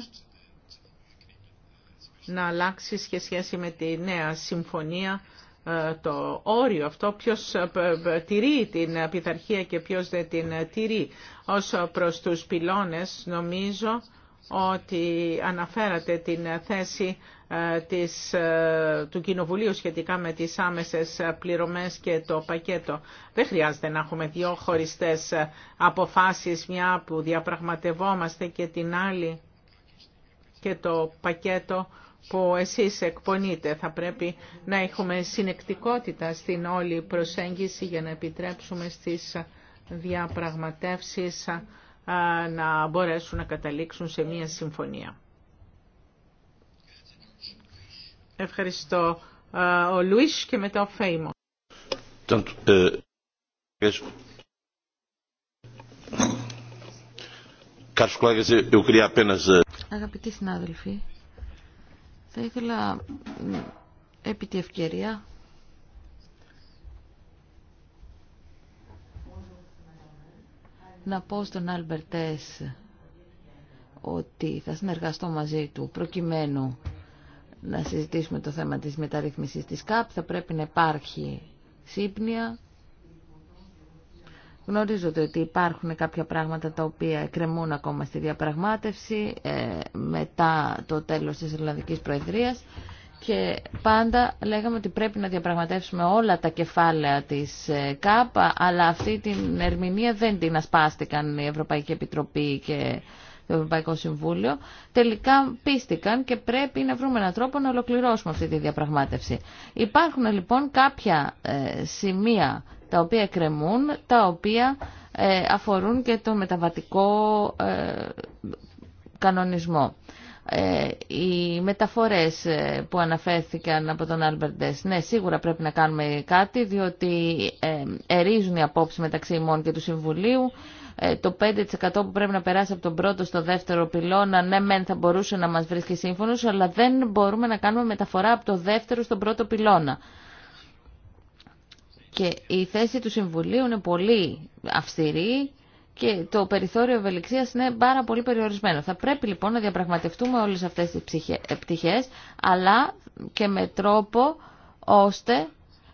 να αλλάξει και σχέση με τη νέα συμφωνία ε, το όριο αυτό, ποιος ε, τηρεί την πειθαρχία και ποιος δεν την τηρεί. Όσο προς τους πυλώνες, νομίζω ότι αναφέρατε την θέση ε, της, ε, του Κοινοβουλίου σχετικά με τις άμεσες ε, πληρωμές και το πακέτο. Δεν χρειάζεται να έχουμε δύο χωριστές αποφάσεις, μια που διαπραγματευόμαστε και την άλλη και το πακέτο που εσείς εκπονείτε. Θα πρέπει να έχουμε συνεκτικότητα στην όλη προσέγγιση για να επιτρέψουμε στις διαπραγματεύσεις να μπορέσουν να καταλήξουν σε μία συμφωνία. Ευχαριστώ. Ο Λουίς και μετά ο Φέιμο. Ε, ε. Αγαπητοί συνάδελφοι, θα ήθελα επί τη ευκαιρία να πω στον Άλμπερτες ότι θα συνεργαστώ μαζί του προκειμένου να συζητήσουμε το θέμα της μεταρρύθμισης της ΚΑΠ. Θα πρέπει να υπάρχει σύμπνοια. Γνωρίζω ότι υπάρχουν κάποια πράγματα τα οποία εκκρεμούν ακόμα στη διαπραγμάτευση ε, μετά το τέλος της ελληνικής Προεδρίας και πάντα λέγαμε ότι πρέπει να διαπραγματεύσουμε όλα τα κεφάλαια της ε, ΚΑΠ, αλλά αυτή την ερμηνεία δεν την ασπάστηκαν η Ευρωπαϊκή Επιτροπή και το Ευρωπαϊκό Συμβούλιο. Τελικά πίστηκαν και πρέπει να βρούμε έναν τρόπο να ολοκληρώσουμε αυτή τη διαπραγμάτευση. Υπάρχουν λοιπόν κάποια ε, σημεία τα οποία κρεμούν, τα οποία ε, αφορούν και το μεταβατικό κανονισμό. Ε, οι μεταφορές ε, που αναφέρθηκαν από τον Άλμπερντες. Ναι, σίγουρα πρέπει να κάνουμε κάτι, διότι ε, ερίζουν οι απόψεις μεταξύ ημών και του Συμβουλίου. Το 5% που πρέπει να περάσει από τον πρώτο στο δεύτερο πυλώνα, ναι μεν θα μπορούσε να μας βρίσκει σύμφωνος, αλλά δεν μπορούμε να κάνουμε μεταφορά από το δεύτερο στον πρώτο πυλώνα. Και η θέση του Συμβουλίου είναι πολύ αυστηρή και το περιθώριο ευελιξία είναι πάρα πολύ περιορισμένο. Θα πρέπει λοιπόν να διαπραγματευτούμε όλες αυτές τις ε, πτυχές, αλλά και με τρόπο ώστε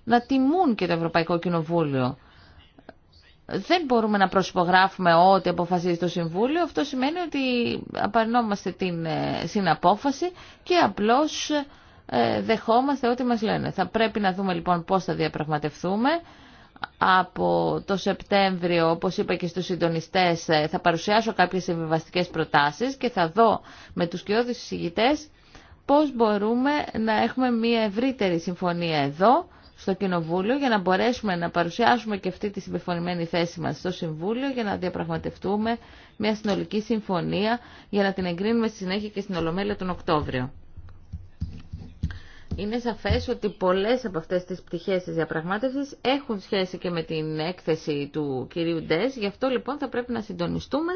να τιμούν και το Ευρωπαϊκό Κοινοβούλιο. Δεν μπορούμε να προσυπογράφουμε ό,τι αποφασίζει το Συμβούλιο. Αυτό σημαίνει ότι απαρνόμαστε την ε, συναπόφαση και απλώς ε, δεχόμαστε ό,τι μας λένε. Θα πρέπει να δούμε λοιπόν πώς θα διαπραγματευτούμε από το Σεπτέμβριο, όπως είπα και στους συντονιστές, ε, θα παρουσιάσω κάποιες συμβιβαστικές προτάσεις και θα δω με τους κοιόδους συζητητές πώς μπορούμε να έχουμε μια ευρύτερη συμφωνία εδώ, στο Κοινοβούλιο, για να μπορέσουμε να παρουσιάσουμε και αυτή τη συμπεφωνημένη θέση μας στο Συμβούλιο, για να διαπραγματευτούμε μια συνολική συμφωνία, για να την εγκρίνουμε στη συνέχεια και στην Ολομέλεια τον Οκτώβριο. Είναι σαφές ότι πολλές από αυτές τις πτυχές της διαπραγμάτευσης έχουν σχέση και με την έκθεση του κυρίου Ντές, γι' αυτό λοιπόν θα πρέπει να συντονιστούμε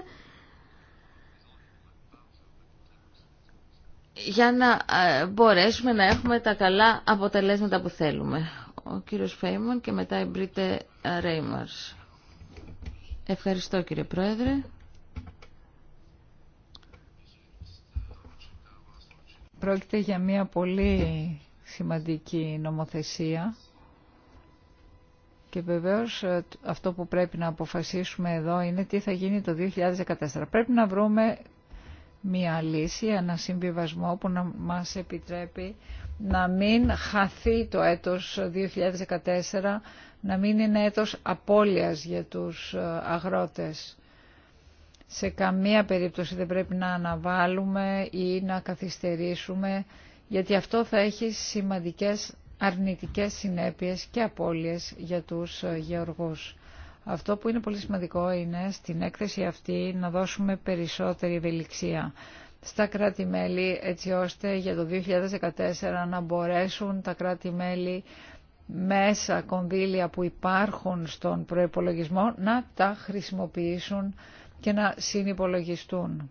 για να ε, μπορέσουμε να έχουμε τα καλά αποτελέσματα που θέλουμε. Ο κύριος Φέιμον και μετά η Μπρίτε Ρέιμαρς. Ευχαριστώ κύριε Πρόεδρε. Πρόκειται για μια πολύ σημαντική νομοθεσία και βεβαίως ε, αυτό που πρέπει να αποφασίσουμε εδώ είναι τι θα γίνει το 2014. Πρέπει να βρούμε μία λύση, ένα συμβιβασμό που να μας επιτρέπει να μην χαθεί το έτος 2014, να μην είναι έτος απώλειας για τους ε, αγρότες. Σε καμία περίπτωση δεν πρέπει να αναβάλουμε ή να καθυστερήσουμε γιατί αυτό θα έχει σημαντικές αρνητικές συνέπειες και απώλειες για τους ε, γεωργούς. Αυτό που είναι πολύ σημαντικό είναι στην έκθεση αυτή να δώσουμε περισσότερη ευελιξία στα κράτη-μέλη έτσι ώστε για το 2014 να μπορέσουν τα κράτη-μέλη μέσα κονδύλια που υπάρχουν στον προϋπολογισμό να τα χρησιμοποιήσουν και να συνυπολογιστούν.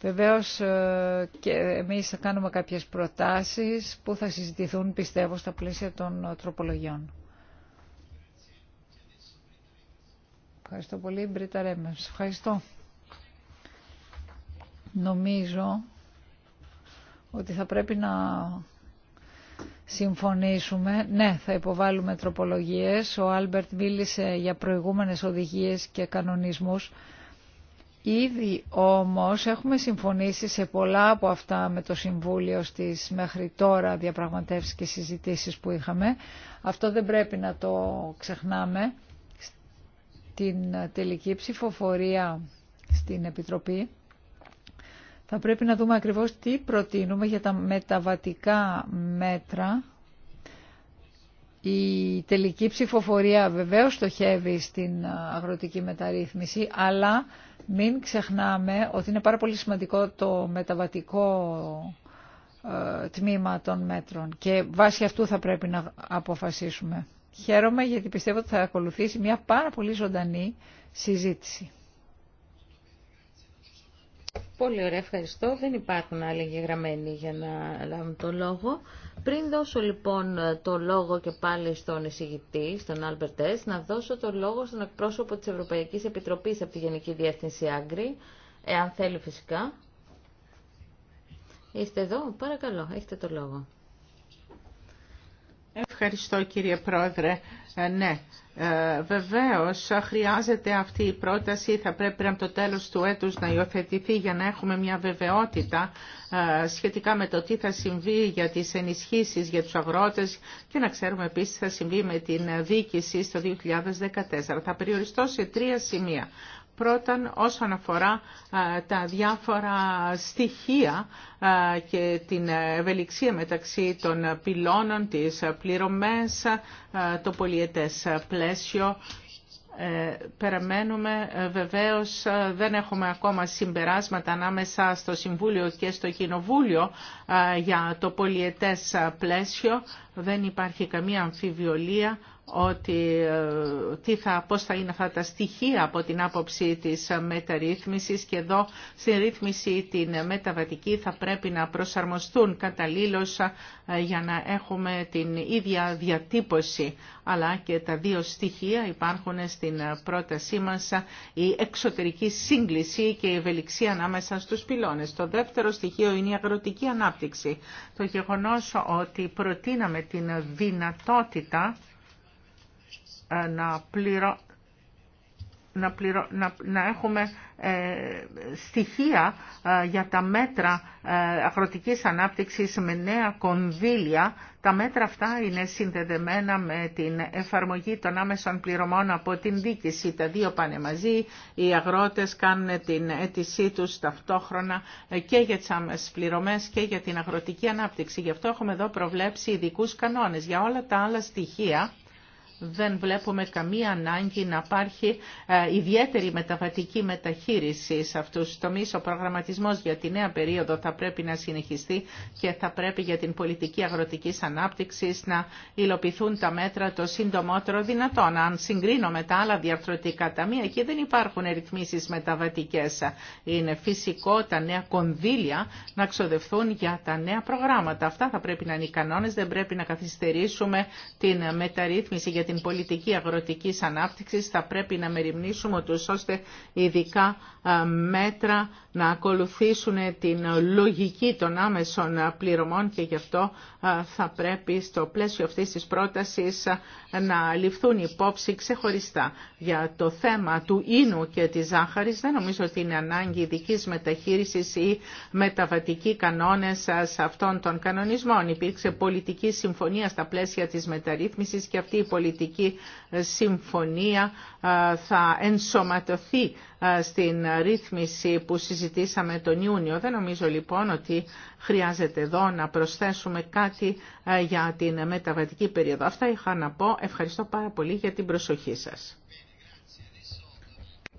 Βεβαίως ε, και εμείς θα κάνουμε κάποιες προτάσεις που θα συζητηθούν πιστεύω στα πλαίσια των τροπολογιών. Ευχαριστώ πολύ Μπρίτα Ρέμερς. Ευχαριστώ. Νομίζω ότι θα πρέπει να συμφωνήσουμε. Ναι, θα υποβάλουμε τροπολογίες. Ο Άλμπερτ μίλησε για προηγούμενες οδηγίες και κανονισμούς. Ήδη όμως έχουμε συμφωνήσει σε πολλά από αυτά με το Συμβούλιο στις μέχρι τώρα διαπραγματεύσεις και συζητήσεις που είχαμε. Αυτό δεν πρέπει να το ξεχνάμε. Την τελική ψηφοφορία στην Επιτροπή θα πρέπει να δούμε ακριβώς τι προτείνουμε για τα μεταβατικά μέτρα. Η τελική ψηφοφορία βεβαίως στοχεύει στην αγροτική μεταρρύθμιση, αλλά μην ξεχνάμε ότι είναι πάρα πολύ σημαντικό το μεταβατικό ε, τμήμα των μέτρων και βάσει αυτού θα πρέπει να αποφασίσουμε. Χαίρομαι γιατί πιστεύω ότι θα ακολουθήσει μια πάρα πολύ ζωντανή συζήτηση. Πολύ ωραία, ευχαριστώ. Δεν υπάρχουν άλλοι εγγεγραμμένοι για να λάβουν το λόγο. Πριν δώσω λοιπόν το λόγο και πάλι στον εισηγητή, στον Τέσ, να δώσω το λόγο στον εκπρόσωπο της Ευρωπαϊκής Επιτροπής από τη Γενική Διεύθυνση Άγκρη, εάν θέλει φυσικά. Είστε εδώ, παρακαλώ, έχετε το λόγο. Ευχαριστώ κύριε Πρόεδρε. Ε, ναι, ε, βεβαίως χρειάζεται αυτή η πρόταση, θα πρέπει από το τέλος του έτους να υιοθετηθεί για να έχουμε μια βεβαιότητα ε, σχετικά με το τι θα συμβεί για τις ενισχύσεις για τους αγρότες και να ξέρουμε επίσης τι θα συμβεί με την δίκηση στο 2014. Θα περιοριστώ σε τρία σημεία. Πρώτον, όσον αφορά τα διάφορα στοιχεία και την ευελιξία μεταξύ των πυλώνων, της πληρωμές, το πολιετές πλαίσιο, ε, περαμένουμε ε, βεβαίως ε, δεν έχουμε ακόμα συμπεράσματα ανάμεσα στο Συμβούλιο και στο Κοινοβούλιο για το πολιετές πλαίσιο. Δεν υπάρχει καμία αμφιβιολία ότι ε, τι θα, πώς θα είναι αυτά τα στοιχεία από την άποψη της μεταρρύθμισης και εδώ στην ρύθμιση την μεταβατική θα πρέπει να προσαρμοστούν καταλήλως ε, για να έχουμε την ίδια διατύπωση αλλά και τα δύο στοιχεία υπάρχουν στην πρότασή μας η εξωτερική σύγκληση και η ευελιξία ανάμεσα στους πυλώνες. Το δεύτερο στοιχείο είναι η αγροτική ανάπτυξη. Το γεγονός ότι προτείναμε την δυνατότητα ε, να, να, έχουμε ε, στοιχεία ε, για τα μέτρα αγροτικής ανάπτυξης με νέα κονδύλια. Τα μέτρα αυτά είναι συνδεδεμένα με την εφαρμογή των άμεσων πληρωμών από την δίκηση. Τα δύο πάνε μαζί, οι αγρότες κάνουν την αίτησή τους ταυτόχρονα και για τις άμεσες πληρωμές και για την αγροτική ανάπτυξη. Γι' αυτό έχουμε εδώ προβλέψει ειδικού κανόνες για όλα τα άλλα στοιχεία δεν βλέπουμε καμία ανάγκη να υπάρχει ε, ιδιαίτερη μεταβατική μεταχείριση σε αυτούς τους τομείς. Ο προγραμματισμός για τη νέα περίοδο θα πρέπει να συνεχιστεί και θα πρέπει για την πολιτική αγροτικής ανάπτυξης να υλοποιηθούν τα μέτρα το σύντομότερο δυνατόν. Αν συγκρίνω με τα άλλα διαρθρωτικά ταμεία, εκεί δεν υπάρχουν ρυθμίσει μεταβατικές. Είναι φυσικό τα νέα κονδύλια να ξοδευθούν για τα νέα προγράμματα. Αυτά θα πρέπει να είναι οι κανόνε, δεν πρέπει να καθυστερήσουμε την μεταρρύθμιση την πολιτική αγροτικής ανάπτυξης θα πρέπει να μεριμνήσουμε ώστε ειδικά μέτρα να ακολουθήσουν την λογική των άμεσων πληρωμών και γι' αυτό θα πρέπει στο πλαίσιο αυτής της πρότασης να ληφθούν υπόψη ξεχωριστά. Για το θέμα του ίνου και της ζάχαρης δεν νομίζω ότι είναι ανάγκη ειδική μεταχείρισης ή μεταβατικοί κανόνες σε αυτών των κανονισμών. Υπήρξε πολιτική συμφωνία στα πλαίσια της μεταρρύθμισης και αυτή η πολιτική ε, συμφωνία θα ενσωματωθεί στην ρύθμιση που συζητήσαμε τον Ιούνιο. Δεν νομίζω λοιπόν ότι χρειάζεται εδώ να προσθέσουμε κάτι για την μεταβατική περίοδο. Αυτά είχα να πω. Ευχαριστώ πάρα πολύ για την προσοχή σας.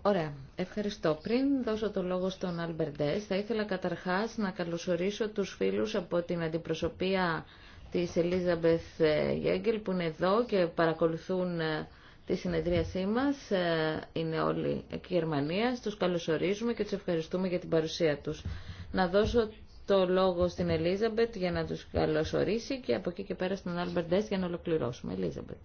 Ωραία. Ευχαριστώ. Πριν δώσω το λόγο στον Αλμπερντές, θα ήθελα καταρχάς να καλωσορίσω τους φίλους από την αντιπροσωπεία της Ελίζαμπεθ Γέγκελ που είναι εδώ και παρακολουθούν ε, τη συνεδρίασή μας. Ε, είναι όλοι εκ Γερμανία. Τους καλωσορίζουμε και τους ευχαριστούμε για την παρουσία τους. Να δώσω το λόγο στην Ελίζαμπετ για να τους καλωσορίσει και από εκεί και πέρα στον Άλμπερντ Ντέσ για να ολοκληρώσουμε. Ελίζαμπετ.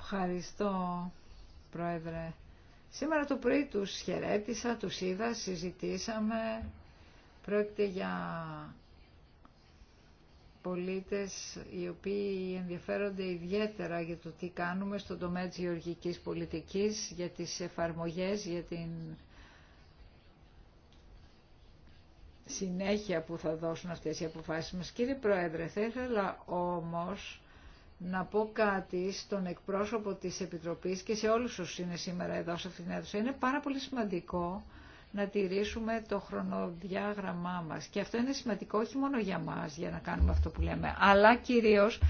Ευχαριστώ, Πρόεδρε. Σήμερα το πρωί τους χαιρέτησα, τους είδα, συζητήσαμε. Πρόκειται για πολίτες οι οποίοι ενδιαφέρονται ιδιαίτερα για το τι κάνουμε στον τομέα της γεωργικής πολιτικής, για τις εφαρμογές, για την συνέχεια που θα δώσουν αυτές οι αποφάσεις μας. Κύριε Πρόεδρε, θα ήθελα όμως να πω κάτι στον εκπρόσωπο της Επιτροπής και σε όλους όσους είναι σήμερα εδώ σε αυτήν την αίθουσα. Είναι πάρα πολύ σημαντικό να τηρήσουμε το χρονοδιάγραμμά μας. Και αυτό είναι σημαντικό όχι μόνο για μας για να κάνουμε αυτό που λέμε, αλλά κυρίως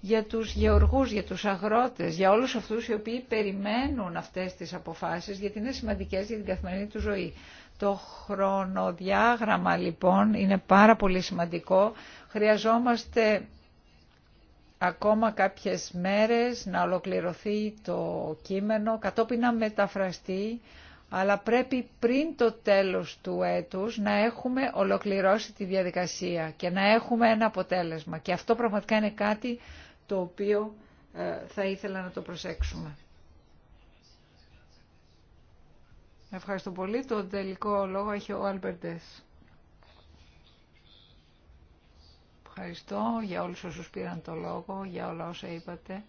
για τους γεωργούς, για τους αγρότες, για όλους αυτούς οι οποίοι περιμένουν αυτές τις αποφάσεις, γιατί είναι σημαντικές για την καθημερινή του ζωή. Το χρονοδιάγραμμα λοιπόν είναι πάρα πολύ σημαντικό. Χρειαζόμαστε ακόμα κάποιες μέρες να ολοκληρωθεί το κείμενο, κατόπιν να μεταφραστεί αλλά πρέπει πριν το τέλος του έτους να έχουμε ολοκληρώσει τη διαδικασία και να έχουμε ένα αποτέλεσμα. Και αυτό πραγματικά είναι κάτι το οποίο ε, θα ήθελα να το προσέξουμε. Ευχαριστώ πολύ. Το τελικό λόγο έχει ο Αλμπερντές. Ευχαριστώ για όλους όσους πήραν το λόγο, για όλα όσα είπατε.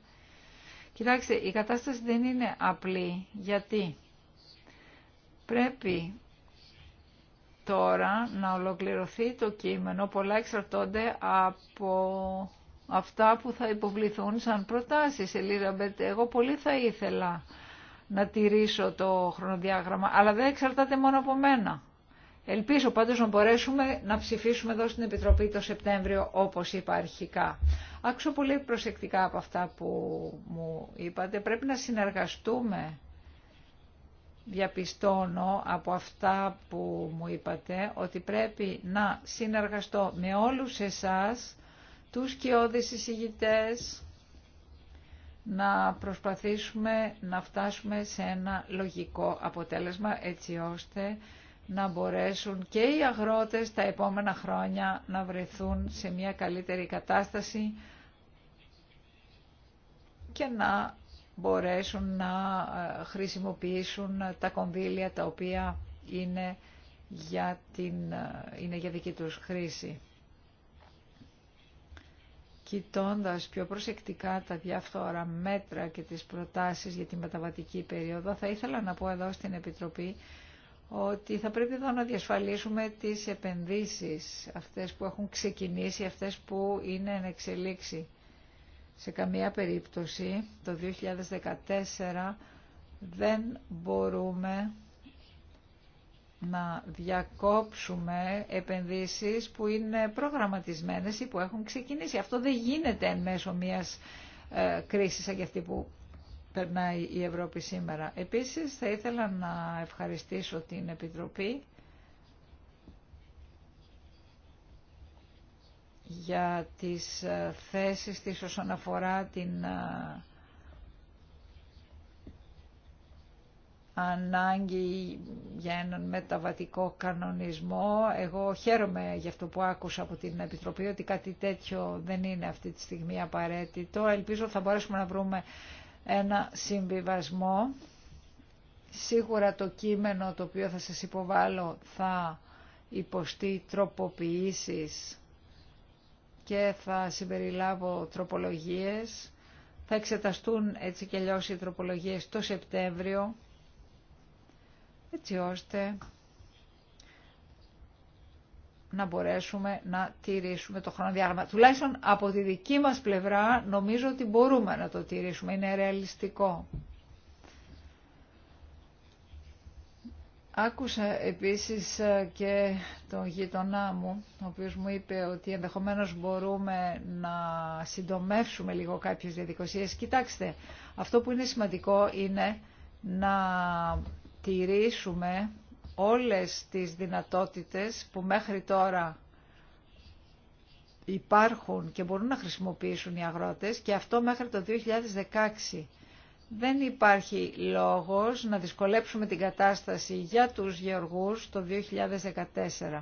Κοιτάξτε, η κατάσταση δεν είναι απλή. Γιατί Πρέπει τώρα να ολοκληρωθεί το κείμενο. Πολλά εξαρτώνται από αυτά που θα υποβληθούν σαν προτάσεις. Ελίζαμπετ, εγώ πολύ θα ήθελα να τηρήσω το χρονοδιάγραμμα, αλλά δεν εξαρτάται μόνο από μένα. Ελπίζω πάντως να μπορέσουμε να ψηφίσουμε εδώ στην Επιτροπή το Σεπτέμβριο όπως είπα αρχικά. Άκουσα πολύ προσεκτικά από αυτά που μου είπατε. Πρέπει να συνεργαστούμε διαπιστώνω από αυτά που μου είπατε ότι πρέπει να συνεργαστώ με όλους εσάς, τους κοιόδης εισηγητές, να προσπαθήσουμε να φτάσουμε σε ένα λογικό αποτέλεσμα έτσι ώστε να μπορέσουν και οι αγρότες τα επόμενα χρόνια να βρεθούν σε μια καλύτερη κατάσταση και να μπορέσουν να ε, χρησιμοποιήσουν τα κονδύλια τα οποία είναι για, την, ε, είναι για δική τους χρήση. Κοιτώντας πιο προσεκτικά τα διάφορα μέτρα και τις προτάσεις για τη μεταβατική περίοδο, θα ήθελα να πω εδώ στην Επιτροπή ότι θα πρέπει εδώ να διασφαλίσουμε τις επενδύσεις, αυτές που έχουν ξεκινήσει, αυτές που είναι εν εξελίξη. Σε καμία περίπτωση το 2014 δεν μπορούμε να διακόψουμε επενδύσεις που είναι προγραμματισμένες ή που έχουν ξεκινήσει. Αυτό δεν γίνεται εν μέσω μιας ε, κρίσης σαν και αυτή που περνάει η Ευρώπη σήμερα. Επίσης θα ήθελα να ευχαριστήσω την Επιτροπή για τις ε, θέσεις της όσον αφορά την ε, ανάγκη για έναν μεταβατικό κανονισμό. Εγώ χαίρομαι για αυτό που άκουσα από την Επιτροπή ότι κάτι τέτοιο δεν είναι αυτή τη στιγμή απαραίτητο. Ελπίζω θα μπορέσουμε να βρούμε ένα συμβιβασμό. Σίγουρα το κείμενο το οποίο θα σας υποβάλω θα υποστεί τροποποιήσεις και θα συμπεριλάβω τροπολογίες. Θα εξεταστούν έτσι και αλλιώς οι τροπολογίες το Σεπτέμβριο, έτσι ώστε να μπορέσουμε να τηρήσουμε το χρονοδιάγραμμα. Τουλάχιστον από τη δική μας πλευρά νομίζω ότι μπορούμε να το τηρήσουμε, είναι ρεαλιστικό. Άκουσα επίσης ε, και τον γειτονά μου, ο οποίος μου είπε ότι ενδεχομένως μπορούμε να συντομεύσουμε λίγο κάποιες διαδικασίες. Κοιτάξτε, αυτό που είναι σημαντικό είναι να τηρήσουμε όλες τις δυνατότητες που μέχρι τώρα υπάρχουν και μπορούν να χρησιμοποιήσουν οι αγρότες και αυτό μέχρι το 2016 δεν υπάρχει λόγος να δυσκολέψουμε την κατάσταση για τους γεωργούς το 2014.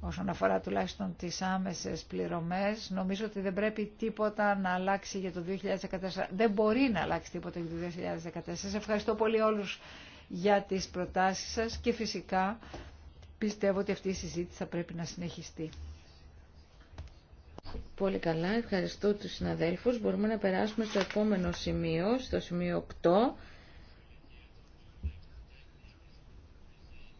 Όσον αφορά τουλάχιστον τις άμεσες πληρωμές, νομίζω ότι δεν πρέπει τίποτα να αλλάξει για το 2014. Δεν μπορεί να αλλάξει τίποτα για το 2014. Σας ευχαριστώ πολύ όλους για τις προτάσεις σας και φυσικά πιστεύω ότι αυτή η συζήτηση θα πρέπει να συνεχιστεί. Πολύ καλά, ευχαριστώ τους συναδέλφους. Μπορούμε να περάσουμε στο επόμενο σημείο, στο σημείο 8.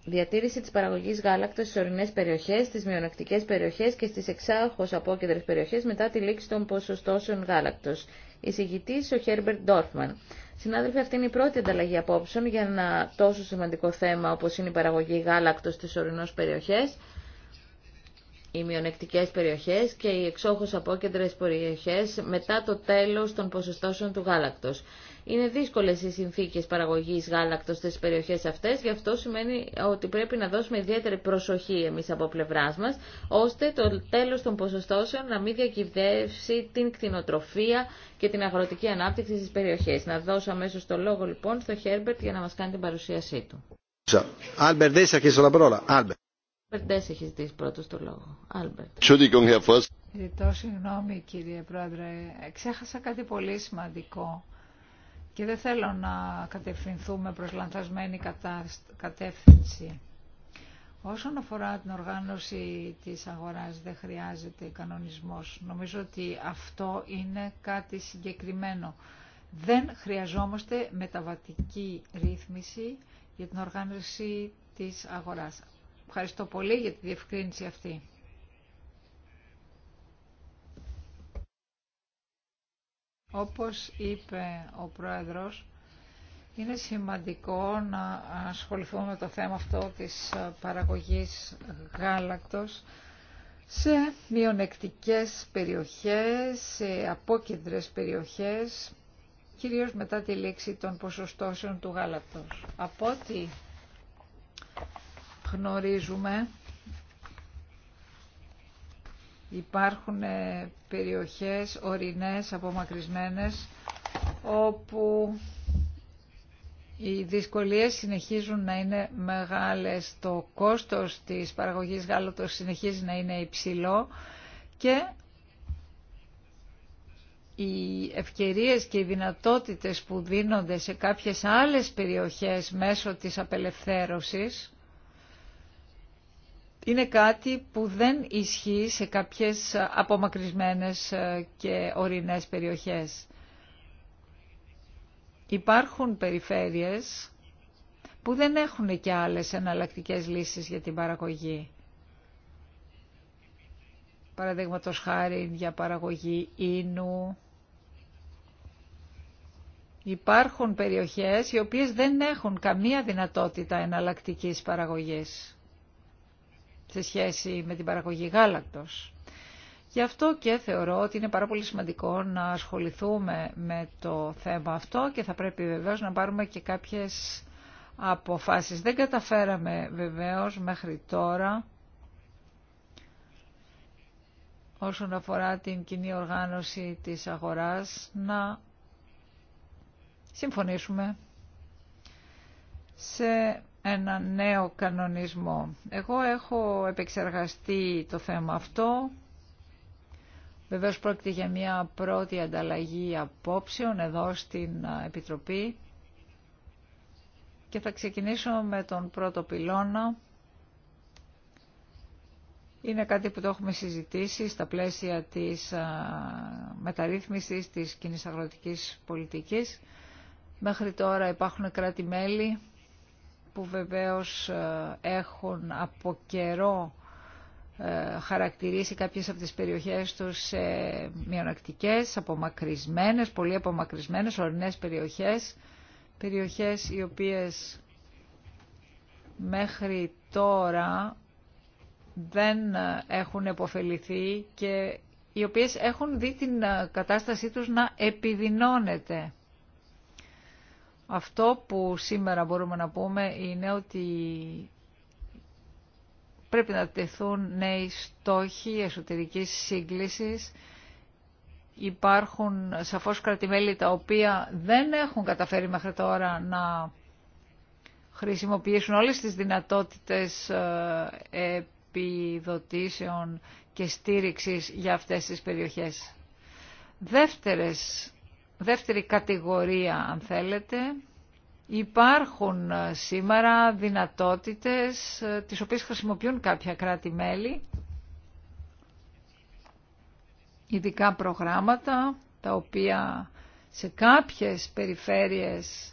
Διατήρηση της παραγωγής γάλακτος στις ορεινές περιοχές, στις μειονακτικές περιοχές και στις εξάχως απόκεντρες περιοχές μετά τη λήξη των ποσοστώσεων γάλακτος. Εισηγητής ο Χέρμπερτ Ντόρφμαν. Συνάδελφοι, αυτή είναι η πρώτη ανταλλαγή απόψεων για ένα τόσο σημαντικό θέμα όπως είναι η παραγωγή γάλακτος στις ορεινές περιοχές οι μειονεκτικές περιοχές και οι εξόχως απόκεντρες περιοχές μετά το τέλος των ποσοστώσεων του γάλακτος. Είναι δύσκολες οι συνθήκες παραγωγής γάλακτος στις περιοχές αυτές, γι' αυτό σημαίνει ότι πρέπει να δώσουμε ιδιαίτερη προσοχή εμείς από πλευράς μας, ώστε το τέλος των ποσοστώσεων να μην διακυβεύσει την κτηνοτροφία και την αγροτική ανάπτυξη στις περιοχές. Να δώσω αμέσως το λόγο λοιπόν στο Χέρμπερτ για να μας κάνει την παρουσίασή του έχει ζητήσει το λόγο. Ζητώ συγγνώμη κύριε Πρόεδρε. Ξέχασα κάτι πολύ σημαντικό και δεν θέλω να κατευθυνθούμε προς λανθασμένη κατεύθυνση. Όσον αφορά την οργάνωση της αγοράς δεν χρειάζεται κανονισμός. Νομίζω ότι αυτό είναι κάτι συγκεκριμένο. Δεν χρειαζόμαστε μεταβατική ρύθμιση για την οργάνωση της αγοράς. Ευχαριστώ πολύ για τη διευκρίνηση αυτή. Όπως είπε ο Πρόεδρος, είναι σημαντικό να ασχοληθούμε με το θέμα αυτό της παραγωγής γάλακτος σε μειονεκτικές περιοχές, σε απόκεντρες περιοχές, κυρίως μετά τη λήξη των ποσοστώσεων του γάλακτος. Από γνωρίζουμε υπάρχουν ε, περιοχές ορεινές, απομακρυσμένες όπου οι δυσκολίες συνεχίζουν να είναι μεγάλες, το κόστος της παραγωγής γάλατος συνεχίζει να είναι υψηλό και οι ευκαιρίες και οι δυνατότητες που δίνονται σε κάποιες άλλες περιοχές μέσω της απελευθέρωσης είναι κάτι που δεν ισχύει σε κάποιες απομακρυσμένες ε, και ορεινές περιοχές. Υπάρχουν περιφέρειες που δεν έχουν και άλλες εναλλακτικέ λύσεις για την παραγωγή. Παραδείγματο χάρη για παραγωγή ίνου. Υπάρχουν περιοχές οι οποίες δεν έχουν καμία δυνατότητα εναλλακτικής παραγωγής σε σχέση με την παραγωγή γάλακτος. Γι' αυτό και θεωρώ ότι είναι πάρα πολύ σημαντικό να ασχοληθούμε με το θέμα αυτό και θα πρέπει βεβαίως να πάρουμε και κάποιες αποφάσεις. Δεν καταφέραμε βεβαίως μέχρι τώρα όσον αφορά την κοινή οργάνωση της αγοράς να συμφωνήσουμε σε ένα νέο κανονισμό. Εγώ έχω επεξεργαστεί το θέμα αυτό. Βεβαίως πρόκειται για μια πρώτη ανταλλαγή απόψεων εδώ στην Επιτροπή και θα ξεκινήσω με τον πρώτο πυλώνα. Είναι κάτι που το έχουμε συζητήσει στα πλαίσια της μεταρρύθμισης της κοινής αγροτικής πολιτικής. Μέχρι τώρα υπάρχουν κράτη-μέλη που βεβαίως ε, έχουν από καιρό ε, χαρακτηρίσει κάποιες από τις περιοχές τους σε μειονακτικές, απομακρυσμένες, πολύ απομακρυσμένες, ορεινές περιοχές, περιοχές οι οποίες μέχρι τώρα δεν ε, έχουν επωφεληθεί και οι οποίες έχουν δει την κατάστασή τους να επιδεινώνεται. Αυτό που σήμερα μπορούμε να πούμε είναι ότι πρέπει να τεθούν νέοι στόχοι εσωτερικής σύγκλησης. Υπάρχουν σαφώς κρατημέλη τα οποία δεν έχουν καταφέρει μέχρι τώρα να χρησιμοποιήσουν όλες τις δυνατότητες ε, επιδοτήσεων και στήριξης για αυτές τις περιοχές. Δεύτερες δεύτερη κατηγορία αν θέλετε. Υπάρχουν ε, σήμερα δυνατότητες ε, τις οποίες χρησιμοποιούν κάποια κράτη-μέλη, ειδικά προγράμματα τα οποία σε κάποιες περιφέρειες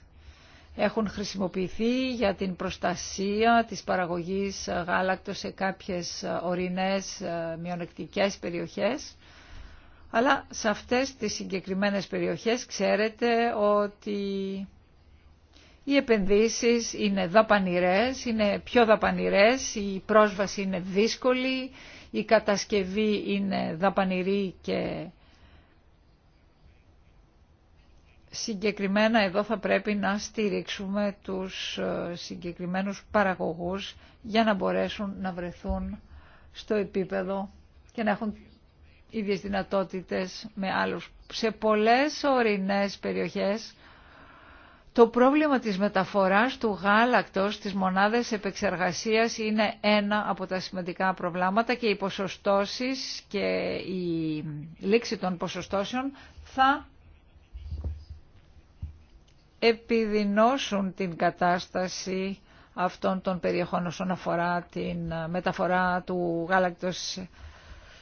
έχουν χρησιμοποιηθεί για την προστασία της παραγωγής ε, γάλακτος σε κάποιες ορεινές μειονεκτικές περιοχές. Αλλά σε αυτές τις συγκεκριμένες περιοχές ξέρετε ότι οι επενδύσεις είναι δαπανηρές, είναι πιο δαπανηρές, η πρόσβαση είναι δύσκολη, η κατασκευή είναι δαπανηρή και συγκεκριμένα εδώ θα πρέπει να στηρίξουμε τους ε, συγκεκριμένους παραγωγούς για να μπορέσουν να βρεθούν στο επίπεδο και να έχουν ίδιες δυνατότητες με άλλους. Σε πολλές ορεινές περιοχές το πρόβλημα της μεταφοράς του γάλακτος στις μονάδες επεξεργασίας είναι ένα από τα σημαντικά προβλήματα και οι ποσοστώσεις και η λήξη των ποσοστώσεων θα επιδεινώσουν την κατάσταση αυτών των περιοχών όσον αφορά την μεταφορά του γάλακτος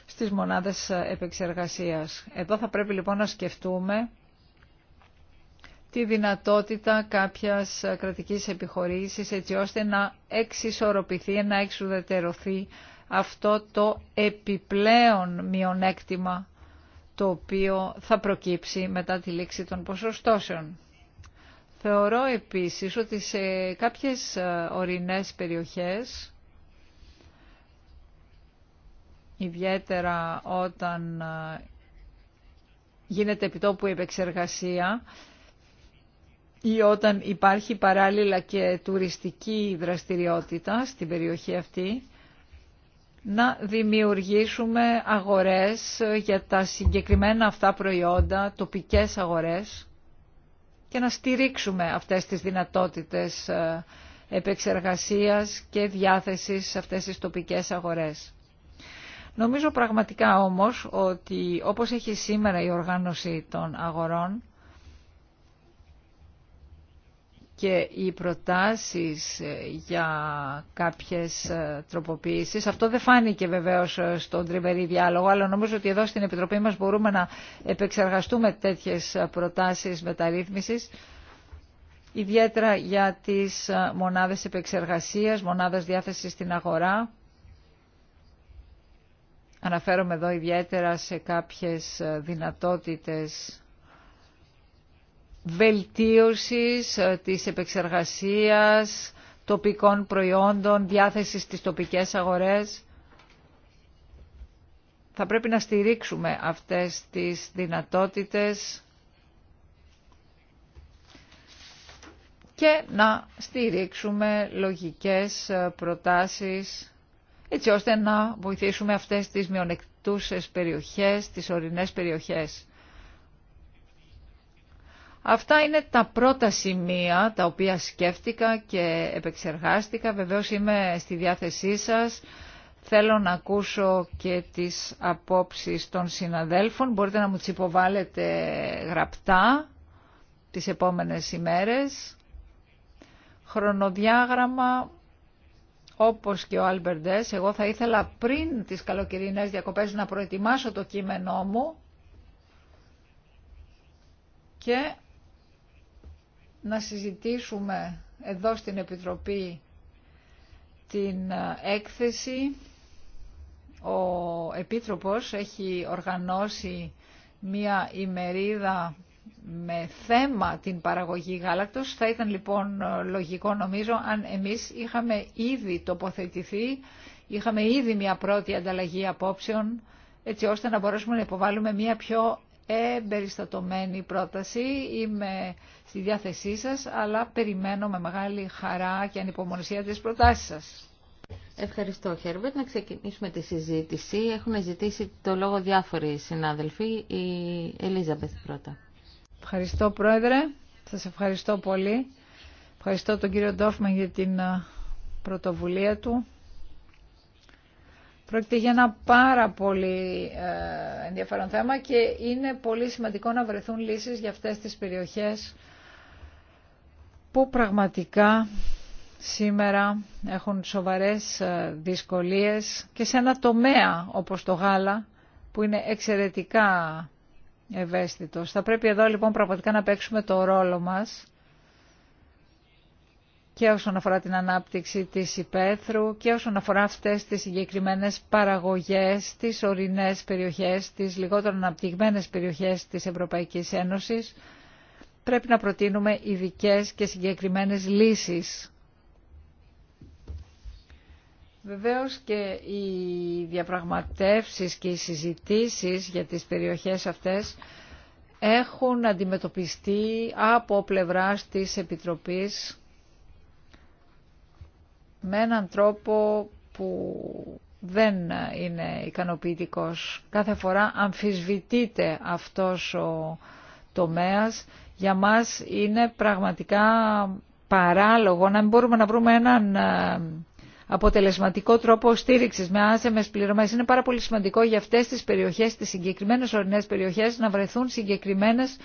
στις μονάδες επεξεργασίας. Εδώ θα πρέπει λοιπόν να σκεφτούμε τη δυνατότητα κάποιας κρατικής επιχορήγησης έτσι ώστε να εξισορροπηθεί, να εξουδετερωθεί αυτό το επιπλέον μειονέκτημα το οποίο θα προκύψει μετά τη λήξη των ποσοστώσεων. Θεωρώ επίσης ότι σε κάποιες ε, ορεινές περιοχές ιδιαίτερα όταν ε, γίνεται επιτόπου η επεξεργασία ή όταν υπάρχει παράλληλα και τουριστική δραστηριότητα στην περιοχή αυτή, να δημιουργήσουμε αγορές για τα συγκεκριμένα αυτά προϊόντα, τοπικές αγορές και να στηρίξουμε αυτές τις δυνατότητες ε, επεξεργασίας και διάθεσης σε αυτές τις τοπικές αγορές. Νομίζω πραγματικά όμως ότι όπως έχει σήμερα η οργάνωση των αγορών και οι προτάσεις ε, για κάποιες ε, τροποποιήσεις. Αυτό δεν φάνηκε βεβαίως ε, στον τριβερή διάλογο, αλλά νομίζω ότι εδώ στην Επιτροπή μας μπορούμε να επεξεργαστούμε τέτοιες προτάσεις μεταρρύθμισης, ιδιαίτερα για τις μονάδες επεξεργασίας, μονάδες διάθεσης στην αγορά, Αναφέρομαι εδώ ιδιαίτερα σε κάποιες ε, δυνατότητες βελτίωσης ε, της επεξεργασίας τοπικών προϊόντων, διάθεσης στις τοπικές αγορές. Θα πρέπει να στηρίξουμε αυτές τις δυνατότητες και να στηρίξουμε λογικές ε, προτάσεις έτσι ώστε να βοηθήσουμε αυτές τις μειονεκτούσες περιοχές, τις ορεινές περιοχές. Αυτά είναι τα πρώτα σημεία τα οποία σκέφτηκα και επεξεργάστηκα. Βεβαίως είμαι στη διάθεσή σας. Θέλω να ακούσω και τις απόψεις των συναδέλφων. Μπορείτε να μου τις υποβάλλετε γραπτά τις επόμενες ημέρες. Χρονοδιάγραμμα όπως και ο Άλμπερντες, εγώ θα ήθελα πριν τις καλοκαιρινές διακοπές να προετοιμάσω το κείμενό μου και να συζητήσουμε εδώ στην Επιτροπή την έκθεση. Ο Επίτροπος έχει οργανώσει μία ημερίδα με θέμα την παραγωγή γάλακτος. Θα ήταν λοιπόν λογικό νομίζω αν εμείς είχαμε ήδη τοποθετηθεί, είχαμε ήδη μια πρώτη ανταλλαγή απόψεων έτσι ώστε να μπορέσουμε να υποβάλουμε μια πιο εμπεριστατωμένη πρόταση. Είμαι στη διάθεσή σας, αλλά περιμένω με μεγάλη χαρά και ανυπομονησία τις προτάσεις σας. Ευχαριστώ, Χέρβερτ. Να ξεκινήσουμε τη συζήτηση. Έχουν ζητήσει το λόγο διάφοροι συνάδελφοι. Η Ελίζαμπεθ πρώτα. Ευχαριστώ Πρόεδρε, σας ευχαριστώ πολύ. Ευχαριστώ τον κύριο Ντόφμαν για την πρωτοβουλία του. Πρόκειται για ένα πάρα πολύ ε, ενδιαφέρον θέμα και είναι πολύ σημαντικό να βρεθούν λύσεις για αυτές τις περιοχές που πραγματικά σήμερα έχουν σοβαρές ε, δυσκολίες και σε ένα τομέα όπως το γάλα που είναι εξαιρετικά ευαίσθητος. Θα πρέπει εδώ λοιπόν πραγματικά να παίξουμε το ρόλο μας και όσον αφορά την ανάπτυξη της υπαίθρου και όσον αφορά αυτές τις συγκεκριμένες παραγωγές στις ορεινές περιοχές, στις λιγότερο αναπτυγμένες περιοχές της Ευρωπαϊκής Ένωσης, πρέπει να προτείνουμε ειδικέ και συγκεκριμένες λύσεις Βεβαίως και οι διαπραγματεύσεις και οι συζητήσεις για τις περιοχές αυτές έχουν αντιμετωπιστεί από πλευράς της Επιτροπής με έναν τρόπο που δεν είναι ικανοποιητικός. Κάθε φορά αμφισβητείται αυτός ο τομέας. Για μας είναι πραγματικά παράλογο να μην μπορούμε να βρούμε έναν ε, αποτελεσματικό τρόπο στήριξη με άσεμε πληρωμές. Είναι πάρα πολύ σημαντικό για αυτές τις περιοχές, τις συγκεκριμένες ορεινέ περιοχές, να βρεθούν συγκεκριμένες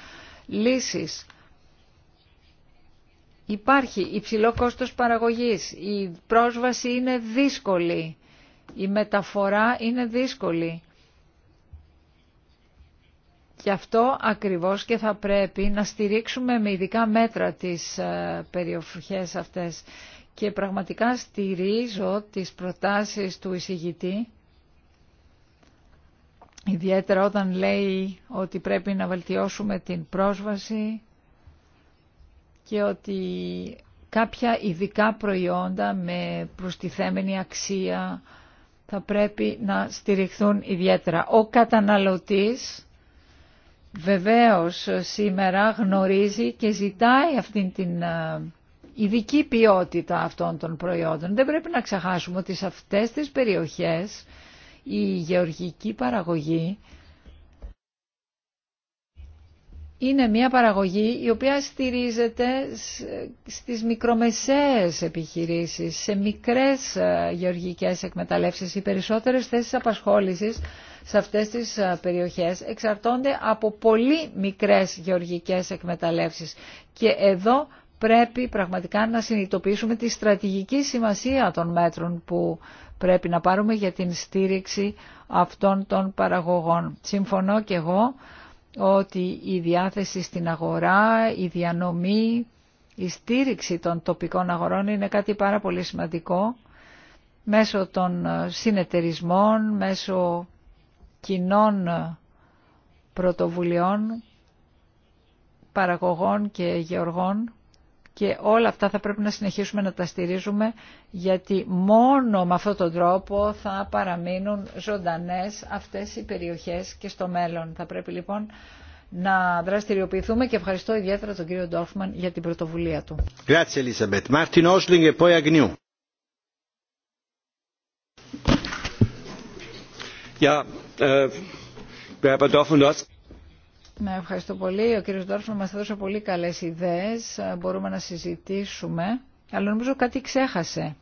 λύσεις. Υπάρχει υψηλό κόστος παραγωγής, η πρόσβαση είναι δύσκολη, η μεταφορά είναι δύσκολη. Γι' αυτό ακριβώς και θα πρέπει να στηρίξουμε με ειδικά μέτρα τις ε, περιοχές αυτές και πραγματικά στηρίζω τις προτάσεις του εισηγητή ιδιαίτερα όταν λέει ότι πρέπει να βελτιώσουμε την πρόσβαση και ότι κάποια ειδικά προϊόντα με προστιθέμενη αξία θα πρέπει να στηριχθούν ιδιαίτερα. Ο καταναλωτής βεβαίως σήμερα γνωρίζει και ζητάει αυτήν την ε, ειδική ποιότητα αυτών των προϊόντων. Δεν πρέπει να ξεχάσουμε ότι σε αυτές τις περιοχές η γεωργική παραγωγή είναι μια παραγωγή η οποία στηρίζεται στις μικρομεσαίες επιχειρήσεις, σε μικρές ε, γεωργικές εκμεταλλεύσεις. Οι περισσότερες θέσεις απασχόλησης σε αυτές τις ε, περιοχές εξαρτώνται από πολύ μικρές γεωργικές εκμεταλλεύσεις. Και εδώ πρέπει πραγματικά να συνειδητοποιήσουμε τη στρατηγική σημασία των μέτρων που πρέπει να πάρουμε για την στήριξη αυτών των παραγωγών. Συμφωνώ και εγώ ότι η διάθεση στην αγορά, η διανομή, η στήριξη των τοπικών αγορών είναι κάτι πάρα πολύ σημαντικό μέσω των συνεταιρισμών, μέσω κοινών πρωτοβουλειών, παραγωγών και γεωργών και όλα αυτά θα πρέπει να συνεχίσουμε να τα στηρίζουμε γιατί μόνο με αυτόν τον τρόπο θα παραμείνουν ζωντανές αυτές οι περιοχές και στο μέλλον. Θα πρέπει λοιπόν να δραστηριοποιηθούμε και ευχαριστώ ιδιαίτερα τον κύριο Ντόρφμαν για την πρωτοβουλία του. Ναι, ευχαριστώ πολύ. Ο κύριος Ντόρφμα μας έδωσε πολύ καλές ιδέες. Μπορούμε να συζητήσουμε. Αλλά νομίζω κάτι ξέχασε.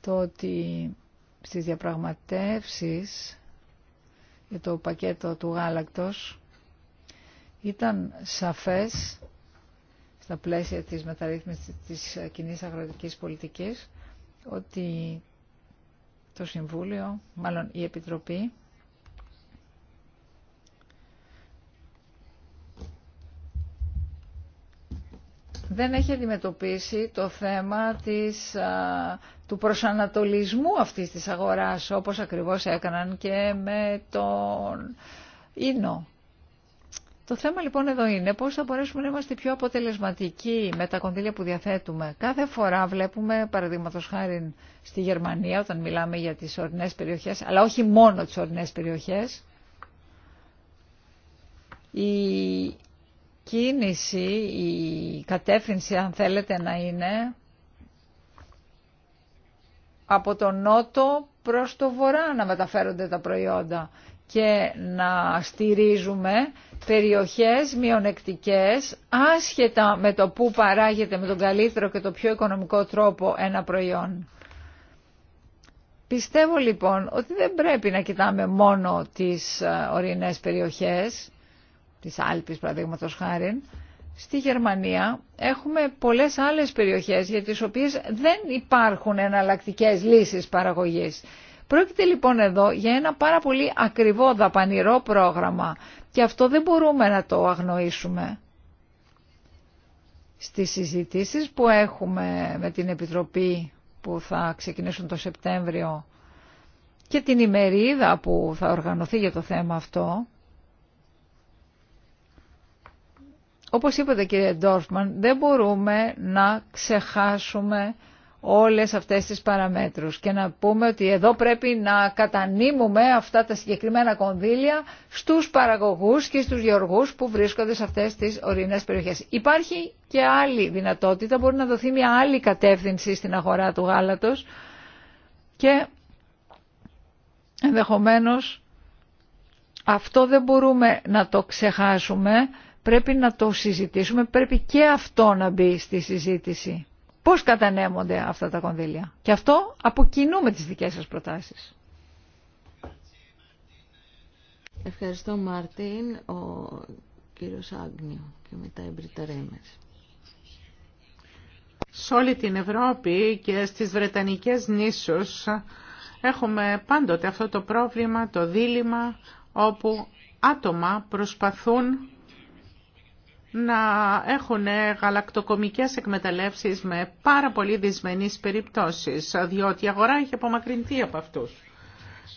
Το ότι στις διαπραγματεύσεις για το πακέτο του γάλακτος ήταν σαφές στα πλαίσια της μεταρρύθμισης της κοινής αγροτικής πολιτικής ότι το Συμβούλιο, μάλλον η Επιτροπή, δεν έχει αντιμετωπίσει το θέμα της, του προσανατολισμού αυτής της αγοράς, όπως ακριβώς έκαναν και με τον Ίνο. Το θέμα λοιπόν εδώ είναι πώς θα μπορέσουμε να είμαστε πιο αποτελεσματικοί με τα κονδύλια που διαθέτουμε. Κάθε φορά βλέπουμε, παραδείγματο χάρη στη Γερμανία, όταν μιλάμε για τις ορεινές περιοχές, αλλά όχι μόνο τις ορεινές περιοχές, κίνηση, η κατεύθυνση αν θέλετε να είναι από τον νότο προς το βορρά να μεταφέρονται τα προϊόντα και να στηρίζουμε περιοχές μειονεκτικές άσχετα με το που παράγεται με τον καλύτερο και το πιο οικονομικό τρόπο ένα προϊόν. Πιστεύω λοιπόν ότι δεν πρέπει να κοιτάμε μόνο τις ε, ορεινές περιοχές της Άλπης παραδείγματο χάρη, στη Γερμανία έχουμε πολλές άλλες περιοχές για τις οποίες δεν υπάρχουν εναλλακτικέ λύσεις παραγωγής. Πρόκειται λοιπόν εδώ για ένα πάρα πολύ ακριβό δαπανηρό πρόγραμμα και αυτό δεν μπορούμε να το αγνοήσουμε. Στις συζητήσεις που έχουμε με την Επιτροπή που θα ξεκινήσουν το Σεπτέμβριο και την ημερίδα που θα οργανωθεί για το θέμα αυτό, Όπως είπατε κύριε Ντόρφμαν, δεν μπορούμε να ξεχάσουμε όλες αυτές τις παραμέτρους και να πούμε ότι εδώ πρέπει να κατανείμουμε αυτά τα συγκεκριμένα κονδύλια στους παραγωγούς και στους γεωργούς που βρίσκονται σε αυτές τις ορεινές περιοχές. Υπάρχει και άλλη δυνατότητα, μπορεί να δοθεί μια άλλη κατεύθυνση στην αγορά του γάλατος και ενδεχομένως αυτό δεν μπορούμε να το ξεχάσουμε Πρέπει να το συζητήσουμε, πρέπει και αυτό να μπει στη συζήτηση. Πώς κατανέμονται αυτά τα κονδύλια. Και αυτό αποκοινούμε τις δικές σας προτάσεις. Ευχαριστώ Μάρτιν, ο κύριος Άγνιο και μετά η Μπρίτα Ρέμερς. Σε όλη την Ευρώπη και στις Βρετανικές νήσους έχουμε πάντοτε αυτό το πρόβλημα, το δίλημα, όπου άτομα προσπαθούν να έχουν γαλακτοκομικές εκμεταλλεύσεις με πάρα πολύ δυσμενείς περιπτώσεις, διότι η αγορά έχει απομακρυνθεί από αυτούς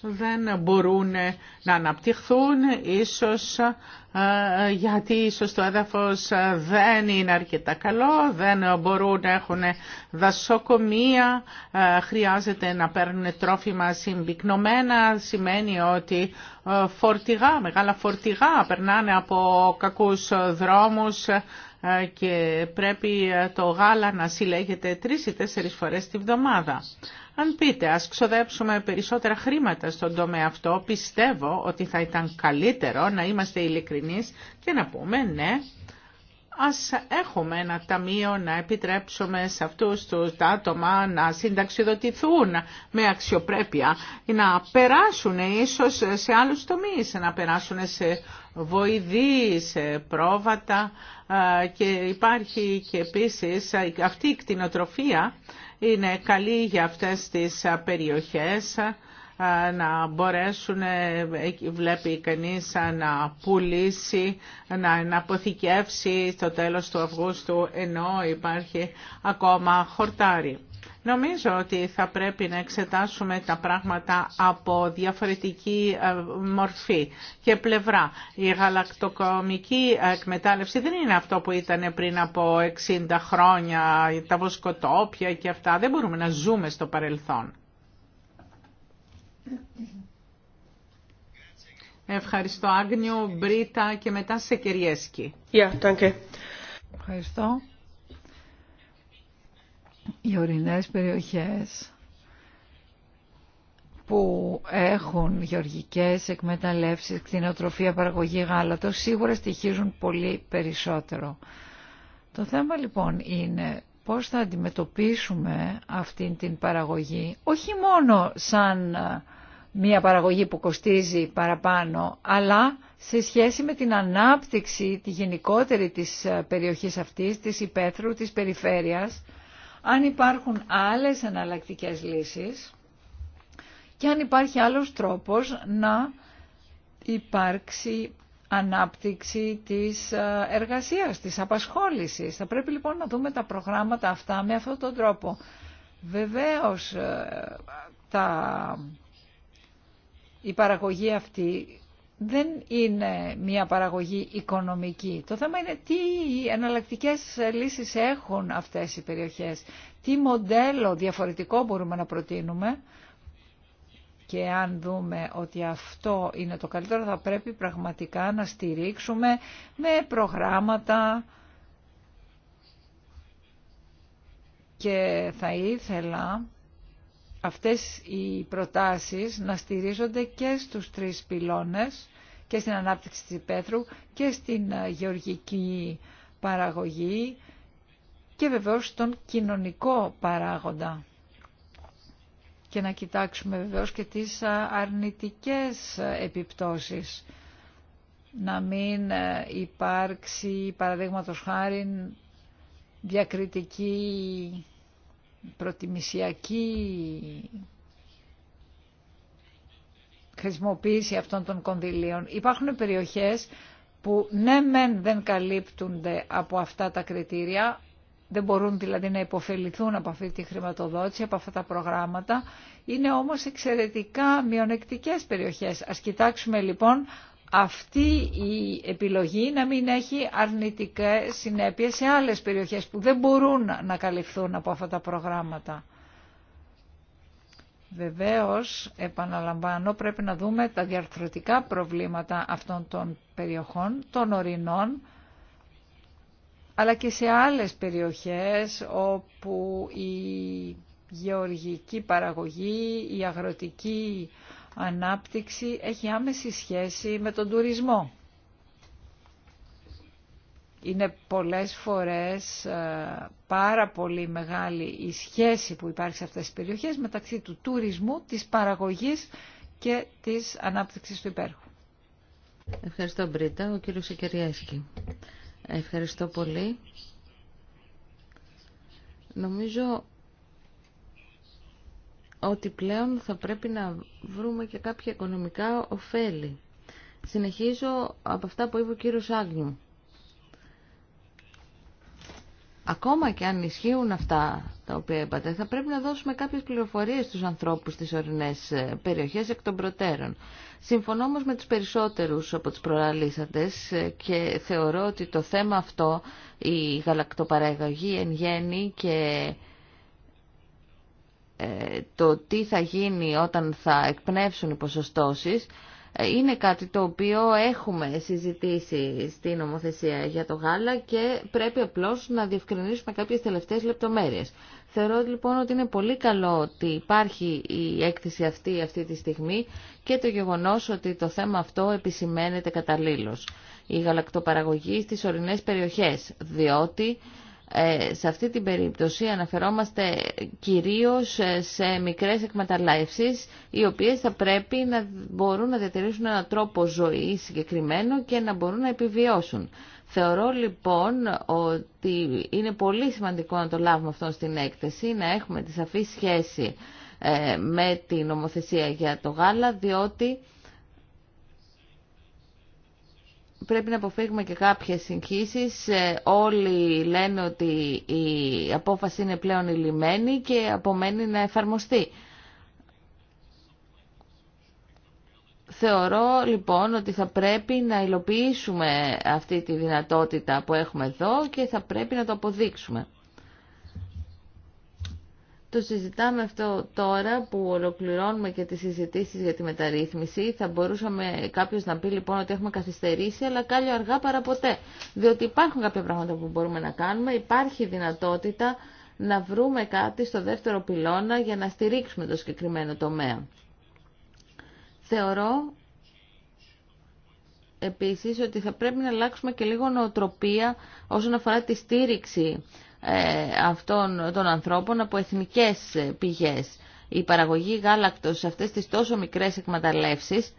δεν μπορούν να αναπτυχθούν, ίσως ε, γιατί ίσως το έδαφος δεν είναι αρκετά καλό, δεν μπορούν να έχουν δασοκομεία, ε, χρειάζεται να παίρνουν τρόφιμα συμπυκνωμένα, σημαίνει ότι ε, φορτηγά, μεγάλα φορτηγά περνάνε από κακούς δρόμους και πρέπει το γάλα να συλλέγεται τρεις ή τέσσερις φορές τη βδομάδα. Αν πείτε, ας ξοδέψουμε περισσότερα χρήματα στον τομέα αυτό, πιστεύω ότι θα ήταν καλύτερο να είμαστε ειλικρινείς και να πούμε ναι, ας έχουμε ένα ταμείο να επιτρέψουμε σε αυτούς τους τα άτομα να συνταξιδοτηθούν με αξιοπρέπεια ή να περάσουν ίσως σε άλλους τομείς, να περάσουν σε βοηδή, σε πρόβατα ε, και υπάρχει και επίσης αυτή η να περασουν ισως σε αλλους τομεις να περασουν σε βοηθη σε προβατα και υπαρχει και επισης αυτη η κτηνοτροφια είναι καλή για αυτές τις περιοχές να μπορέσουν, ε, βλέπει κανείς, να πουλήσει, να, να αποθηκεύσει στο τέλος του Αυγούστου, ενώ υπάρχει ακόμα χορτάρι. Νομίζω ότι θα πρέπει να εξετάσουμε τα πράγματα από διαφορετική ε, μορφή και πλευρά. Η γαλακτοκομική εκμετάλλευση δεν είναι αυτό που ήταν πριν από 60 χρόνια, τα βοσκοτόπια και αυτά. Δεν μπορούμε να ζούμε στο παρελθόν. Ευχαριστώ Άγνιο, Μπρίτα και μετά Σεκεριέσκη. Yeah, Ευχαριστώ οι ορεινές περιοχές που έχουν γεωργικές εκμεταλλεύσεις, κτηνοτροφία, παραγωγή γάλατος, σίγουρα στοιχίζουν πολύ περισσότερο. Το θέμα λοιπόν είναι πώς θα αντιμετωπίσουμε αυτή την παραγωγή, όχι μόνο σαν ε, μια παραγωγή που κοστίζει παραπάνω, αλλά σε σχέση με την ανάπτυξη τη γενικότερη της ε, περιοχής αυτής, της υπαίθρου, της περιφέρειας, αν υπάρχουν άλλες εναλλακτικές λύσεις και αν υπάρχει άλλος τρόπος να υπάρξει ανάπτυξη της ε, εργασίας, της απασχόλησης. Θα πρέπει λοιπόν να δούμε τα προγράμματα αυτά με αυτόν τον τρόπο. Βεβαίως ε, τα... η παραγωγή αυτή δεν είναι μια παραγωγή οικονομική. Το θέμα είναι τι εναλλακτικέ λύσεις έχουν αυτές οι περιοχές, τι μοντέλο διαφορετικό μπορούμε να προτείνουμε και αν δούμε ότι αυτό είναι το καλύτερο θα πρέπει πραγματικά να στηρίξουμε με προγράμματα και θα ήθελα αυτές οι προτάσεις να στηρίζονται και στους τρεις πυλώνες και στην ανάπτυξη της πέτρου και στην ε, γεωργική παραγωγή και βεβαίως στον κοινωνικό παράγοντα. Και να κοιτάξουμε βεβαίως και τις ε, αρνητικές ε, επιπτώσεις. Να μην υπάρξει παραδείγματος χάρη διακριτική προτιμησιακή χρησιμοποίηση αυτών των κονδυλίων. Υπάρχουν περιοχές που ναι μεν δεν καλύπτονται από αυτά τα κριτήρια, δεν μπορούν δηλαδή να υποφεληθούν από αυτή τη χρηματοδότηση, από αυτά τα προγράμματα. Είναι όμως εξαιρετικά μειονεκτικές περιοχές. Ας κοιτάξουμε λοιπόν αυτή η επιλογή να μην έχει αρνητικέ συνέπειες σε άλλες περιοχές που δεν μπορούν να καλυφθούν από αυτά τα προγράμματα. Βεβαίως, επαναλαμβάνω, πρέπει να δούμε τα διαρθρωτικά προβλήματα αυτών των περιοχών, των ορεινών, αλλά και σε άλλες περιοχές όπου η γεωργική παραγωγή, η αγροτική ανάπτυξη έχει άμεση σχέση με τον τουρισμό. Είναι πολλές φορές ε, πάρα πολύ μεγάλη η σχέση που υπάρχει σε αυτές τις περιοχές μεταξύ του τουρισμού, της παραγωγής και της ανάπτυξης του υπέρχου. Ευχαριστώ Μπρίτα. Ο κύριος Ευχαριστώ πολύ. Νομίζω ότι πλέον θα πρέπει να βρούμε και κάποια οικονομικά ωφέλη. Συνεχίζω από αυτά που είπε ο κύριος Άγνιου. Ακόμα και αν ισχύουν αυτά τα οποία είπατε, θα πρέπει να δώσουμε κάποιες πληροφορίες στους ανθρώπους στις ορεινές ε, περιοχές εκ των προτέρων. Συμφωνώ όμως με τους περισσότερους από τους ε, και θεωρώ ότι το θέμα αυτό, η γαλακτοπαραγωγή εν γέννη και ε, το τι θα γίνει όταν θα εκπνεύσουν οι ποσοστώσεις ε, είναι κάτι το οποίο έχουμε συζητήσει στην νομοθεσία για το γάλα και πρέπει απλώς να διευκρινίσουμε κάποιες τελευταίες λεπτομέρειες. Θεωρώ λοιπόν ότι είναι πολύ καλό ότι υπάρχει η έκθεση αυτή αυτή τη στιγμή και το γεγονός ότι το θέμα αυτό επισημαίνεται καταλήλως. Η γαλακτοπαραγωγή στις ορεινές περιοχές, διότι ε, σε αυτή την περίπτωση αναφερόμαστε κυρίως ε, σε μικρές εκμεταλλεύσεις οι οποίες θα πρέπει να μπορούν να διατηρήσουν έναν τρόπο ζωής συγκεκριμένο και να μπορούν να επιβιώσουν. Θεωρώ λοιπόν ότι είναι πολύ σημαντικό να το λάβουμε αυτό στην έκθεση, να έχουμε τη σαφή σχέση ε, με την νομοθεσία για το γάλα, διότι πρέπει να αποφύγουμε και κάποιες συγχύσεις. Ε, όλοι λένε ότι η απόφαση είναι πλέον ηλυμένη και απομένει να εφαρμοστεί. Θεωρώ λοιπόν ότι θα πρέπει να υλοποιήσουμε αυτή τη δυνατότητα που έχουμε εδώ και θα πρέπει να το αποδείξουμε. Το συζητάμε αυτό τώρα που ολοκληρώνουμε και τις συζητήσεις για τη μεταρρύθμιση. Θα μπορούσαμε κάποιος να πει λοιπόν ότι έχουμε καθυστερήσει, αλλά κάλλιο αργά παρά ποτέ. Διότι υπάρχουν κάποια πράγματα που μπορούμε να κάνουμε, υπάρχει δυνατότητα να βρούμε κάτι στο δεύτερο πυλώνα για να στηρίξουμε το συγκεκριμένο τομέα. Θεωρώ επίσης ότι θα πρέπει να αλλάξουμε και λίγο νοοτροπία όσον αφορά τη στήριξη ε, αυτών των ανθρώπων από εθνικές πηγές. Η παραγωγή γάλακτος σε αυτές τις τόσο μικρές εκμεταλλεύσεις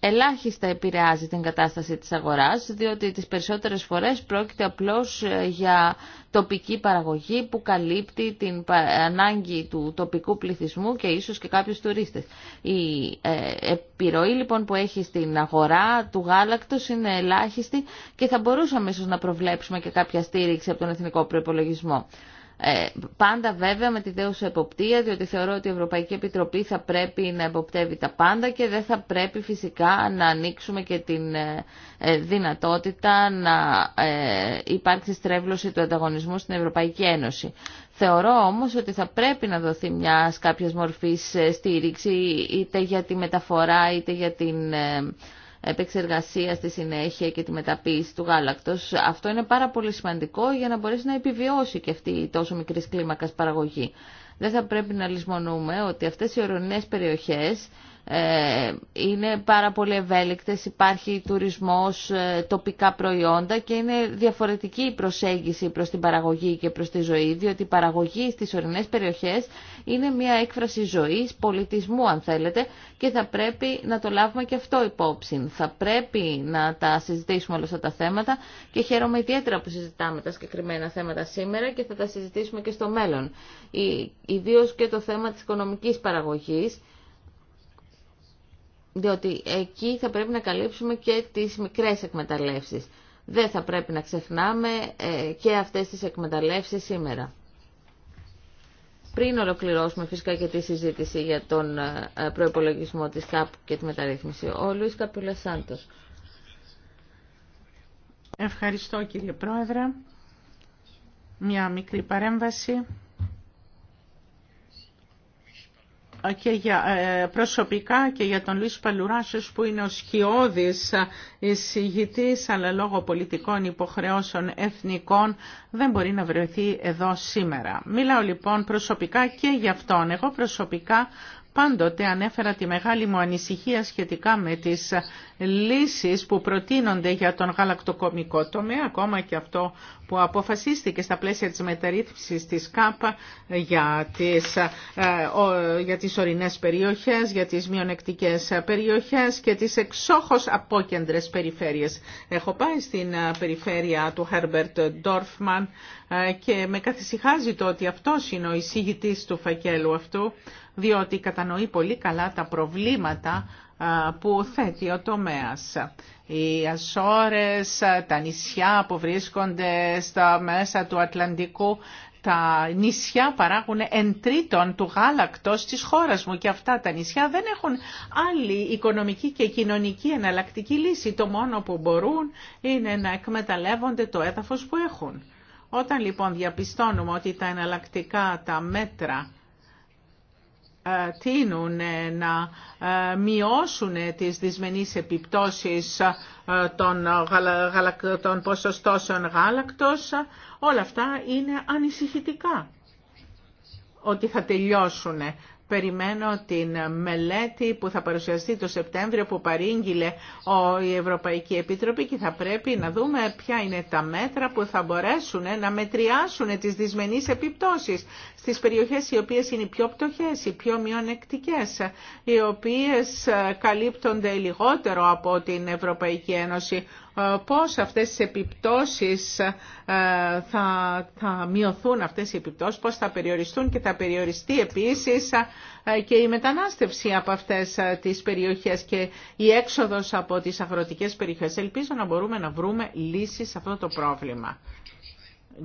ελάχιστα επηρεάζει την κατάσταση της αγοράς, διότι τις περισσότερες φορές πρόκειται απλώς ε, για τοπική παραγωγή που καλύπτει την ανάγκη του τοπικού πληθυσμού και ίσως και κάποιους τουρίστες. Η ε, επιρροή λοιπόν που έχει στην αγορά του γάλακτος είναι ελάχιστη και θα μπορούσαμε ίσως να προβλέψουμε και κάποια στήριξη από τον Εθνικό Προϋπολογισμό. Ε, πάντα βέβαια με τη δέουσα εποπτεία, διότι θεωρώ ότι η Ευρωπαϊκή Επιτροπή θα πρέπει να εποπτεύει τα πάντα και δεν θα πρέπει φυσικά να ανοίξουμε και την ε, ε, δυνατότητα να ε, υπάρξει στρέβλωση του ανταγωνισμού στην Ευρωπαϊκή Ένωση. Θεωρώ όμως ότι θα πρέπει να δοθεί μια κάποια μορφή στήριξη είτε για τη μεταφορά είτε για την επεξεργασία στη συνέχεια και τη μεταποίηση του γάλακτος. Αυτό είναι πάρα πολύ σημαντικό για να μπορέσει να επιβιώσει και αυτή η τόσο μικρή κλίμακα παραγωγή. Δεν θα πρέπει να λησμονούμε ότι αυτές οι ορεινές περιοχές ε, είναι πάρα πολύ ευέλικτες, υπάρχει τουρισμός, ε, τοπικά προϊόντα και είναι διαφορετική η προσέγγιση προς την παραγωγή και προς τη ζωή, διότι η παραγωγή στις ορεινές περιοχές είναι μια έκφραση ζωής, πολιτισμού αν θέλετε και θα πρέπει να το λάβουμε και αυτό υπόψη. Θα πρέπει να τα συζητήσουμε όλα αυτά τα θέματα και χαίρομαι ιδιαίτερα που συζητάμε τα συγκεκριμένα θέματα σήμερα και θα τα συζητήσουμε και στο μέλλον. Ιδίω και το θέμα της οικονομική παραγωγής διότι εκεί θα πρέπει να καλύψουμε και τις μικρές εκμεταλλεύσεις. Δεν θα πρέπει να ξεχνάμε ε, και αυτές τις εκμεταλλεύσεις σήμερα. Πριν ολοκληρώσουμε φυσικά και τη συζήτηση για τον ε, προϋπολογισμό της ΚΑΠ και τη μεταρρύθμιση, ο Λουίς Καπουλασάντος. Ευχαριστώ κύριε Πρόεδρε. Μια μικρή παρέμβαση και για, ε, προσωπικά και για τον Λούις Παλουράσιος που είναι ο σκιώδης εισηγητής αλλά λόγω πολιτικών υποχρεώσεων εθνικών δεν μπορεί να βρεθεί εδώ σήμερα. Μιλάω λοιπόν προσωπικά και για αυτόν. Εγώ προσωπικά Πάντοτε ανέφερα τη μεγάλη μου ανησυχία σχετικά με τις λύσεις που προτείνονται για τον γαλακτοκομικό τομέα, ακόμα και αυτό που αποφασίστηκε στα πλαίσια της μεταρρύθμισης της ΚΑΠΑ για τις, ε, για τις ορεινές περιοχές, για τις μειονεκτικές περιοχές και τις εξόχως απόκεντρες περιφέρειες. Έχω πάει στην ε, περιφέρεια του Herbert Dorfman ε, και με καθησυχάζει το ότι αυτός είναι ο εισηγητής του φακέλου αυτού, διότι κατανοεί πολύ καλά τα προβλήματα ε, που θέτει ο τομέας. Οι Ασόρες, τα νησιά που βρίσκονται στα μέσα του Ατλαντικού, τα νησιά παράγουν εν τρίτον του γάλακτος της χώρας μου και αυτά τα νησιά δεν έχουν άλλη οικονομική και κοινωνική εναλλακτική λύση. Το μόνο που μπορούν είναι να εκμεταλλεύονται το έδαφος που έχουν. Όταν λοιπόν διαπιστώνουμε ότι τα εναλλακτικά, τα μέτρα ε, τείνουν ε, να ε, μειώσουν τις δυσμενείς επιπτώσεις των, των ποσοστώσεων γάλακτος, όλα αυτά είναι ανησυχητικά ότι θα τελειώσουν. Περιμένω την μελέτη που θα παρουσιαστεί το Σεπτέμβριο που παρήγγειλε η Ευρωπαϊκή Επίτροπη και θα πρέπει να δούμε ποια είναι τα μέτρα που θα μπορέσουν να μετριάσουν τις δυσμενείς επιπτώσεις στις περιοχές οι οποίες είναι οι πιο πτωχές, οι πιο μειονεκτικές, οι οποίες ε, καλύπτονται λιγότερο από την Ευρωπαϊκή Ένωση ε, πώς αυτές τις επιπτώσεις ε, θα, θα μειωθούν αυτές οι επιπτώσεις, πώς θα περιοριστούν και θα περιοριστεί επίσης ε, και η μετανάστευση από αυτές τις περιοχές και η έξοδος από τις αγροτικές περιοχές. Ελπίζω να μπορούμε να βρούμε λύσεις σε αυτό το πρόβλημα.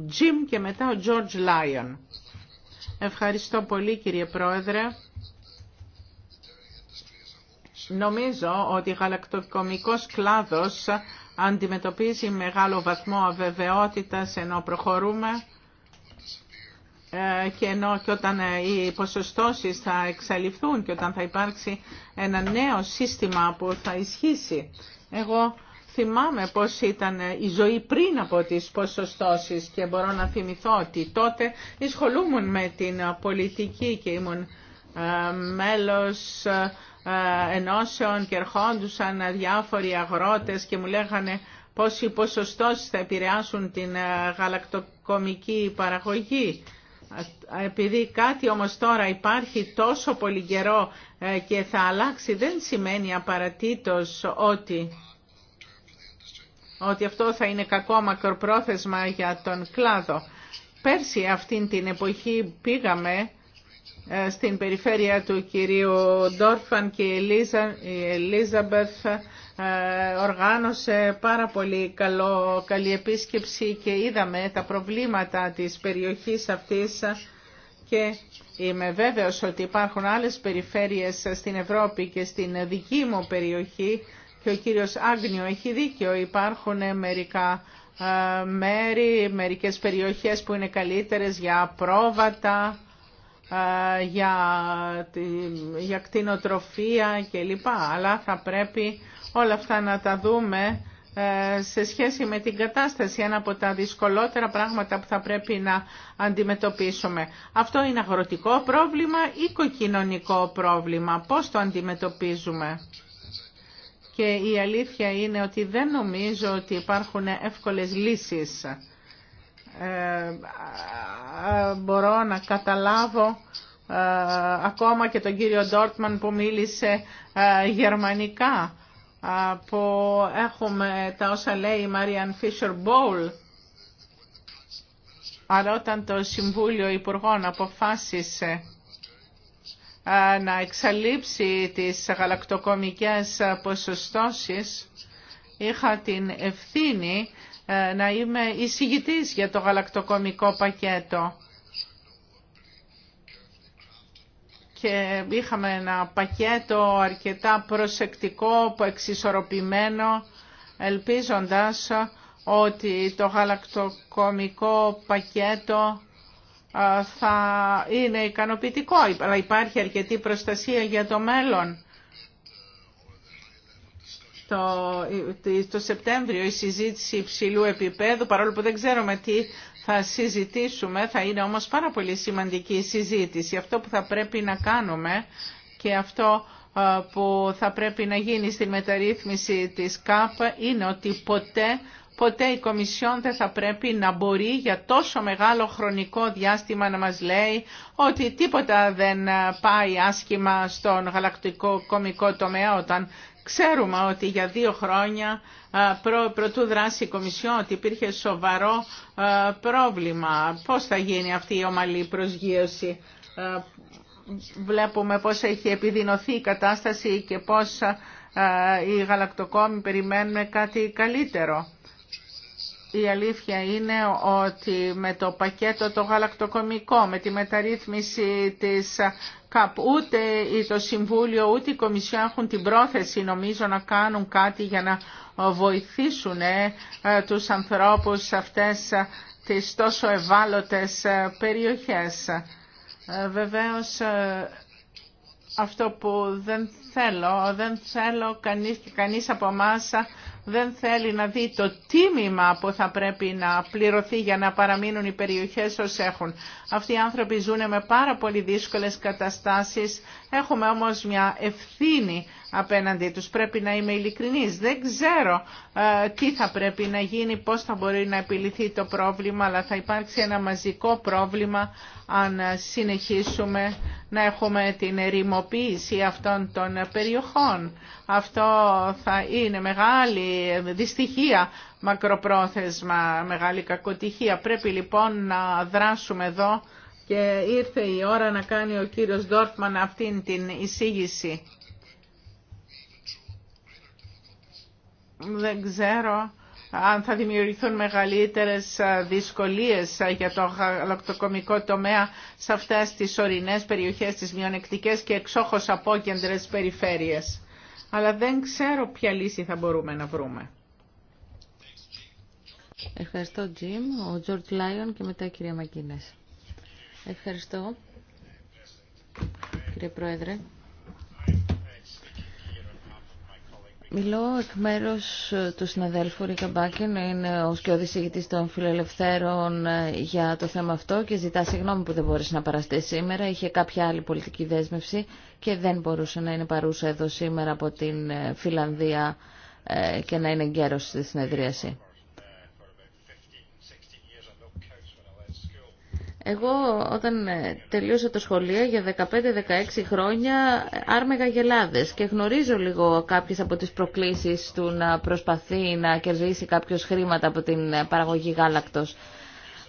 Jim και μετά ο George Lyon. Ευχαριστώ πολύ κύριε Πρόεδρε. Νομίζω ότι ο γαλακτοκομικός κλάδος αντιμετωπίζει μεγάλο βαθμό αβεβαιότητας ενώ προχωρούμε ε, και ενώ και όταν ε, οι ποσοστώσεις θα εξαλειφθούν και όταν θα υπάρξει ένα νέο σύστημα που θα ισχύσει. Εγώ θυμάμαι πώς ήταν ε, η ζωή πριν από τις ποσοστώσεις και μπορώ να θυμηθώ ότι τότε εισχολούμουν με την πολιτική και ήμουν μέλος ε, ενώσεων και ερχόντουσαν διάφοροι αγρότες και μου λέγανε πώς οι θα επηρεάσουν την ε, γαλακτοκομική παραγωγή. Ε, επειδή κάτι όμως τώρα υπάρχει τόσο πολύ καιρό και θα αλλάξει, δεν σημαίνει απαρατήτως ότι, ότι αυτό θα είναι κακό μακροπρόθεσμα για τον κλάδο. Πέρσι αυτήν την εποχή πήγαμε ε, στην περιφέρεια του κυρίου Ντόρφαν και η, Ελίζα, Ελίζαμπεθ ε, οργάνωσε πάρα πολύ καλό, καλή επίσκεψη και είδαμε τα προβλήματα της περιοχής αυτής και είμαι βέβαιος ότι υπάρχουν άλλες περιφέρειες στην Ευρώπη και στην δική μου περιοχή και ο κύριος Άγνιο έχει δίκιο, υπάρχουν μερικά ε, μέρη, μερικές περιοχές που είναι καλύτερες για πρόβατα, για, για κτηνοτροφία κλπ. Αλλά θα πρέπει όλα αυτά να τα δούμε ε, σε σχέση με την κατάσταση, ένα από τα δυσκολότερα πράγματα που θα πρέπει να αντιμετωπίσουμε. Αυτό είναι αγροτικό πρόβλημα ή οικοκοινωνικό πρόβλημα. Πώς το αντιμετωπίζουμε. Και η αλήθεια είναι ότι δεν νομίζω ότι υπάρχουν εύκολες λύσεις ε, ε, μπορώ να καταλάβω ε, ακόμα και τον κύριο Ντόρτμαν που μίλησε γερμανικά που έχουμε τα όσα λέει η Μαριαν Φίσερ Μπόουλ αλλά όταν το Συμβούλιο Υπουργών αποφάσισε να εξαλείψει τις γαλακτοκομικές ποσοστώσεις είχα την ευθύνη ε, να είμαι εισηγητής για το γαλακτοκομικό πακέτο. Και είχαμε ένα πακέτο αρκετά προσεκτικό, εξισορροπημένο, ελπίζοντας ότι το γαλακτοκομικό πακέτο ε, θα είναι ικανοποιητικό, αλλά υπάρχει αρκετή προστασία για το μέλλον το Σεπτέμβριο η συζήτηση υψηλού επίπεδου, παρόλο που δεν ξέρουμε τι θα συζητήσουμε, θα είναι όμως πάρα πολύ σημαντική η συζήτηση. Αυτό που θα πρέπει να κάνουμε και αυτό ε, που θα πρέπει να γίνει στη μεταρρύθμιση της ΚΑΠ είναι ότι ποτέ, ποτέ η Κομισιόν δεν θα πρέπει να μπορεί για τόσο μεγάλο χρονικό διάστημα να μας λέει ότι τίποτα δεν ε, πάει άσχημα στον γαλακτικό κομικό τομέα όταν Ξέρουμε ότι για δύο χρόνια προτού δράσει η Κομισιόν ότι υπήρχε σοβαρό πρόβλημα. Πώς θα γίνει αυτή η ομαλή προσγείωση. Βλέπουμε πώς έχει επιδεινωθεί η κατάσταση και πώς οι γαλακτοκόμοι περιμένουν κάτι καλύτερο. Η αλήθεια είναι ότι με το πακέτο το γαλακτοκομικό, με τη μεταρρύθμιση της Ούτε το Συμβούλιο ούτε η Κομισιό έχουν την πρόθεση νομίζω να κάνουν κάτι για να βοηθήσουν ε, τους ανθρώπους σε αυτές τις τόσο ευάλωτες ε, περιοχές. Ε, βεβαίως αυτό που δεν θέλω, δεν θέλω κανείς, κανείς από εμά δεν θέλει να δει το τίμημα που θα πρέπει να πληρωθεί για να παραμείνουν οι περιοχές ως έχουν. Αυτοί οι άνθρωποι ζουν με πάρα πολύ δύσκολες καταστάσεις. Έχουμε όμως μια ευθύνη απέναντι τους. Πρέπει να είμαι ειλικρινής. Δεν ξέρω ε, τι θα πρέπει να γίνει, πώς θα μπορεί να επιληθεί το πρόβλημα, αλλά θα υπάρξει ένα μαζικό πρόβλημα αν ε, συνεχίσουμε να έχουμε την ερημοποίηση αυτών των περιοχών. Αυτό θα είναι μεγάλη δυστυχία μακροπρόθεσμα, μεγάλη κακοτυχία. Πρέπει λοιπόν να δράσουμε εδώ και ήρθε η ώρα να κάνει ο κύριος Ντόρφμαν αυτήν την εισήγηση. Δεν ξέρω αν θα δημιουργηθούν μεγαλύτερες δυσκολίες για το γαλακτοκομικό τομέα σε αυτές τις ορεινές περιοχές, τις μειονεκτικές και εξόχως απόκεντρες περιφέρειες. Αλλά δεν ξέρω ποια λύση θα μπορούμε να βρούμε. Ευχαριστώ, Τζιμ. Ο Τζορτ Λάιον και μετά η κυρία Μακίνες. Ευχαριστώ, κύριε Πρόεδρε. Μιλώ εκ μέρου ε, του συναδέλφου Ρίκα Μπάκεν, είναι ο σκιώδη ηγητή των Φιλελευθέρων ε, για το θέμα αυτό και ζητά συγγνώμη που δεν μπόρεσε να παραστεί σήμερα. Είχε κάποια άλλη πολιτική δέσμευση και δεν μπορούσε να είναι παρούσα εδώ σήμερα από την ε, Φιλανδία και να είναι γέρο στη συνεδρίαση. Εγώ όταν ε, τελείωσα το σχολείο για 15-16 χρόνια άρμεγα γελάδες και γνωρίζω λίγο κάποιες από τις προκλήσεις του να προσπαθεί να κερδίσει κάποιος χρήματα από την ε, παραγωγή γάλακτος.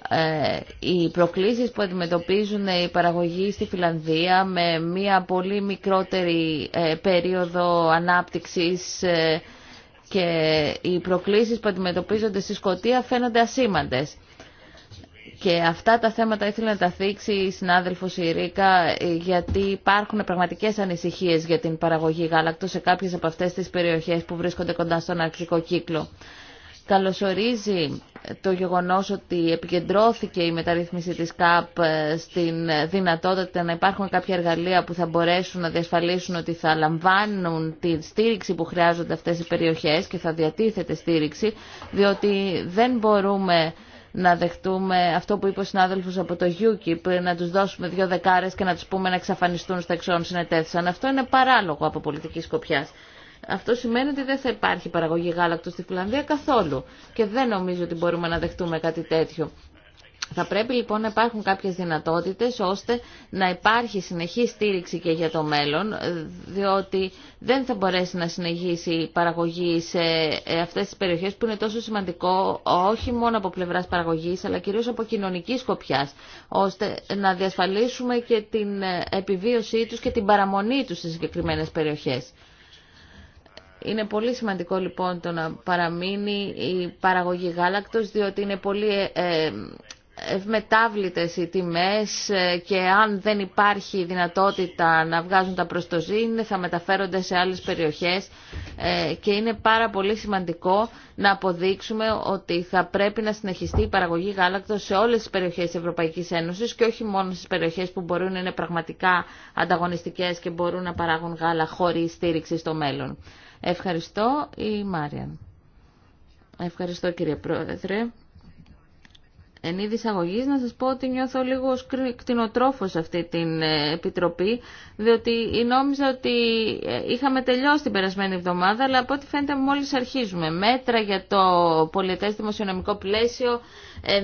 Ε, οι προκλήσεις που αντιμετωπίζουν οι παραγωγοί στη Φιλανδία με μια πολύ μικρότερη ε, περίοδο ανάπτυξης και οι προκλήσεις που αντιμετωπίζονται στη Σκωτία φαίνονται ασήμαντες. Και αυτά τα θέματα ήθελε να τα θίξει η συνάδελφος η Ρίκα, ε, γιατί υπάρχουν πραγματικές ανησυχίες για την παραγωγή γάλακτος σε κάποιες από αυτές τις περιοχές που βρίσκονται κοντά στον αρκτικό κύκλο. Καλωσορίζει ε, το γεγονός ότι επικεντρώθηκε η μεταρρύθμιση της ΚΑΠ ε, στην δυνατότητα να υπάρχουν κάποια εργαλεία που θα μπορέσουν να διασφαλίσουν ότι θα λαμβάνουν τη στήριξη που χρειάζονται αυτές οι περιοχές και θα διατίθεται στήριξη, διότι δεν μπορούμε να δεχτούμε αυτό που είπε ο συνάδελφο από το UKIP, να του δώσουμε δύο δεκάρε και να του πούμε να εξαφανιστούν στα εξών συνετέθησαν. Αυτό είναι παράλογο από πολιτική σκοπιά. Αυτό σημαίνει ότι δεν θα υπάρχει παραγωγή γάλακτο στη Φιλανδία καθόλου. Και δεν νομίζω ότι μπορούμε να δεχτούμε κάτι τέτοιο. Θα πρέπει λοιπόν να υπάρχουν κάποιες δυνατότητες ώστε να υπάρχει συνεχή στήριξη και για το μέλλον, διότι δεν θα μπορέσει να συνεχίσει η παραγωγή σε ε, αυτές τις περιοχές που είναι τόσο σημαντικό όχι μόνο από πλευράς παραγωγής αλλά κυρίως από κοινωνική σκοπιά ώστε να διασφαλίσουμε και την ε, επιβίωσή τους και την παραμονή τους σε συγκεκριμένες περιοχές. Είναι πολύ σημαντικό λοιπόν το να παραμείνει η παραγωγή γάλακτος διότι είναι πολύ ε, ευμετάβλητες οι τιμές ε, και αν δεν υπάρχει δυνατότητα να βγάζουν τα προστοζήν θα μεταφέρονται σε άλλες περιοχές ε, και είναι πάρα πολύ σημαντικό να αποδείξουμε ότι θα πρέπει να συνεχιστεί η παραγωγή γάλακτος σε όλες τις περιοχές της Ευρωπαϊκής Ένωσης και όχι μόνο στις περιοχές που μπορούν να είναι πραγματικά ανταγωνιστικές και μπορούν να παράγουν γάλα χωρίς στήριξη στο μέλλον. Ευχαριστώ η Μάριαν. Ευχαριστώ κύριε Πρόεδρε εν είδη εισαγωγή να σας πω ότι νιώθω λίγο κτηνοτρόφο αυτή την ε, επιτροπή, διότι νόμιζα ότι ε, είχαμε τελειώσει την περασμένη εβδομάδα, αλλά από ό,τι φαίνεται μόλις αρχίζουμε. Μέτρα για το πολιτευστημο δημοσιονομικό πλαίσιο,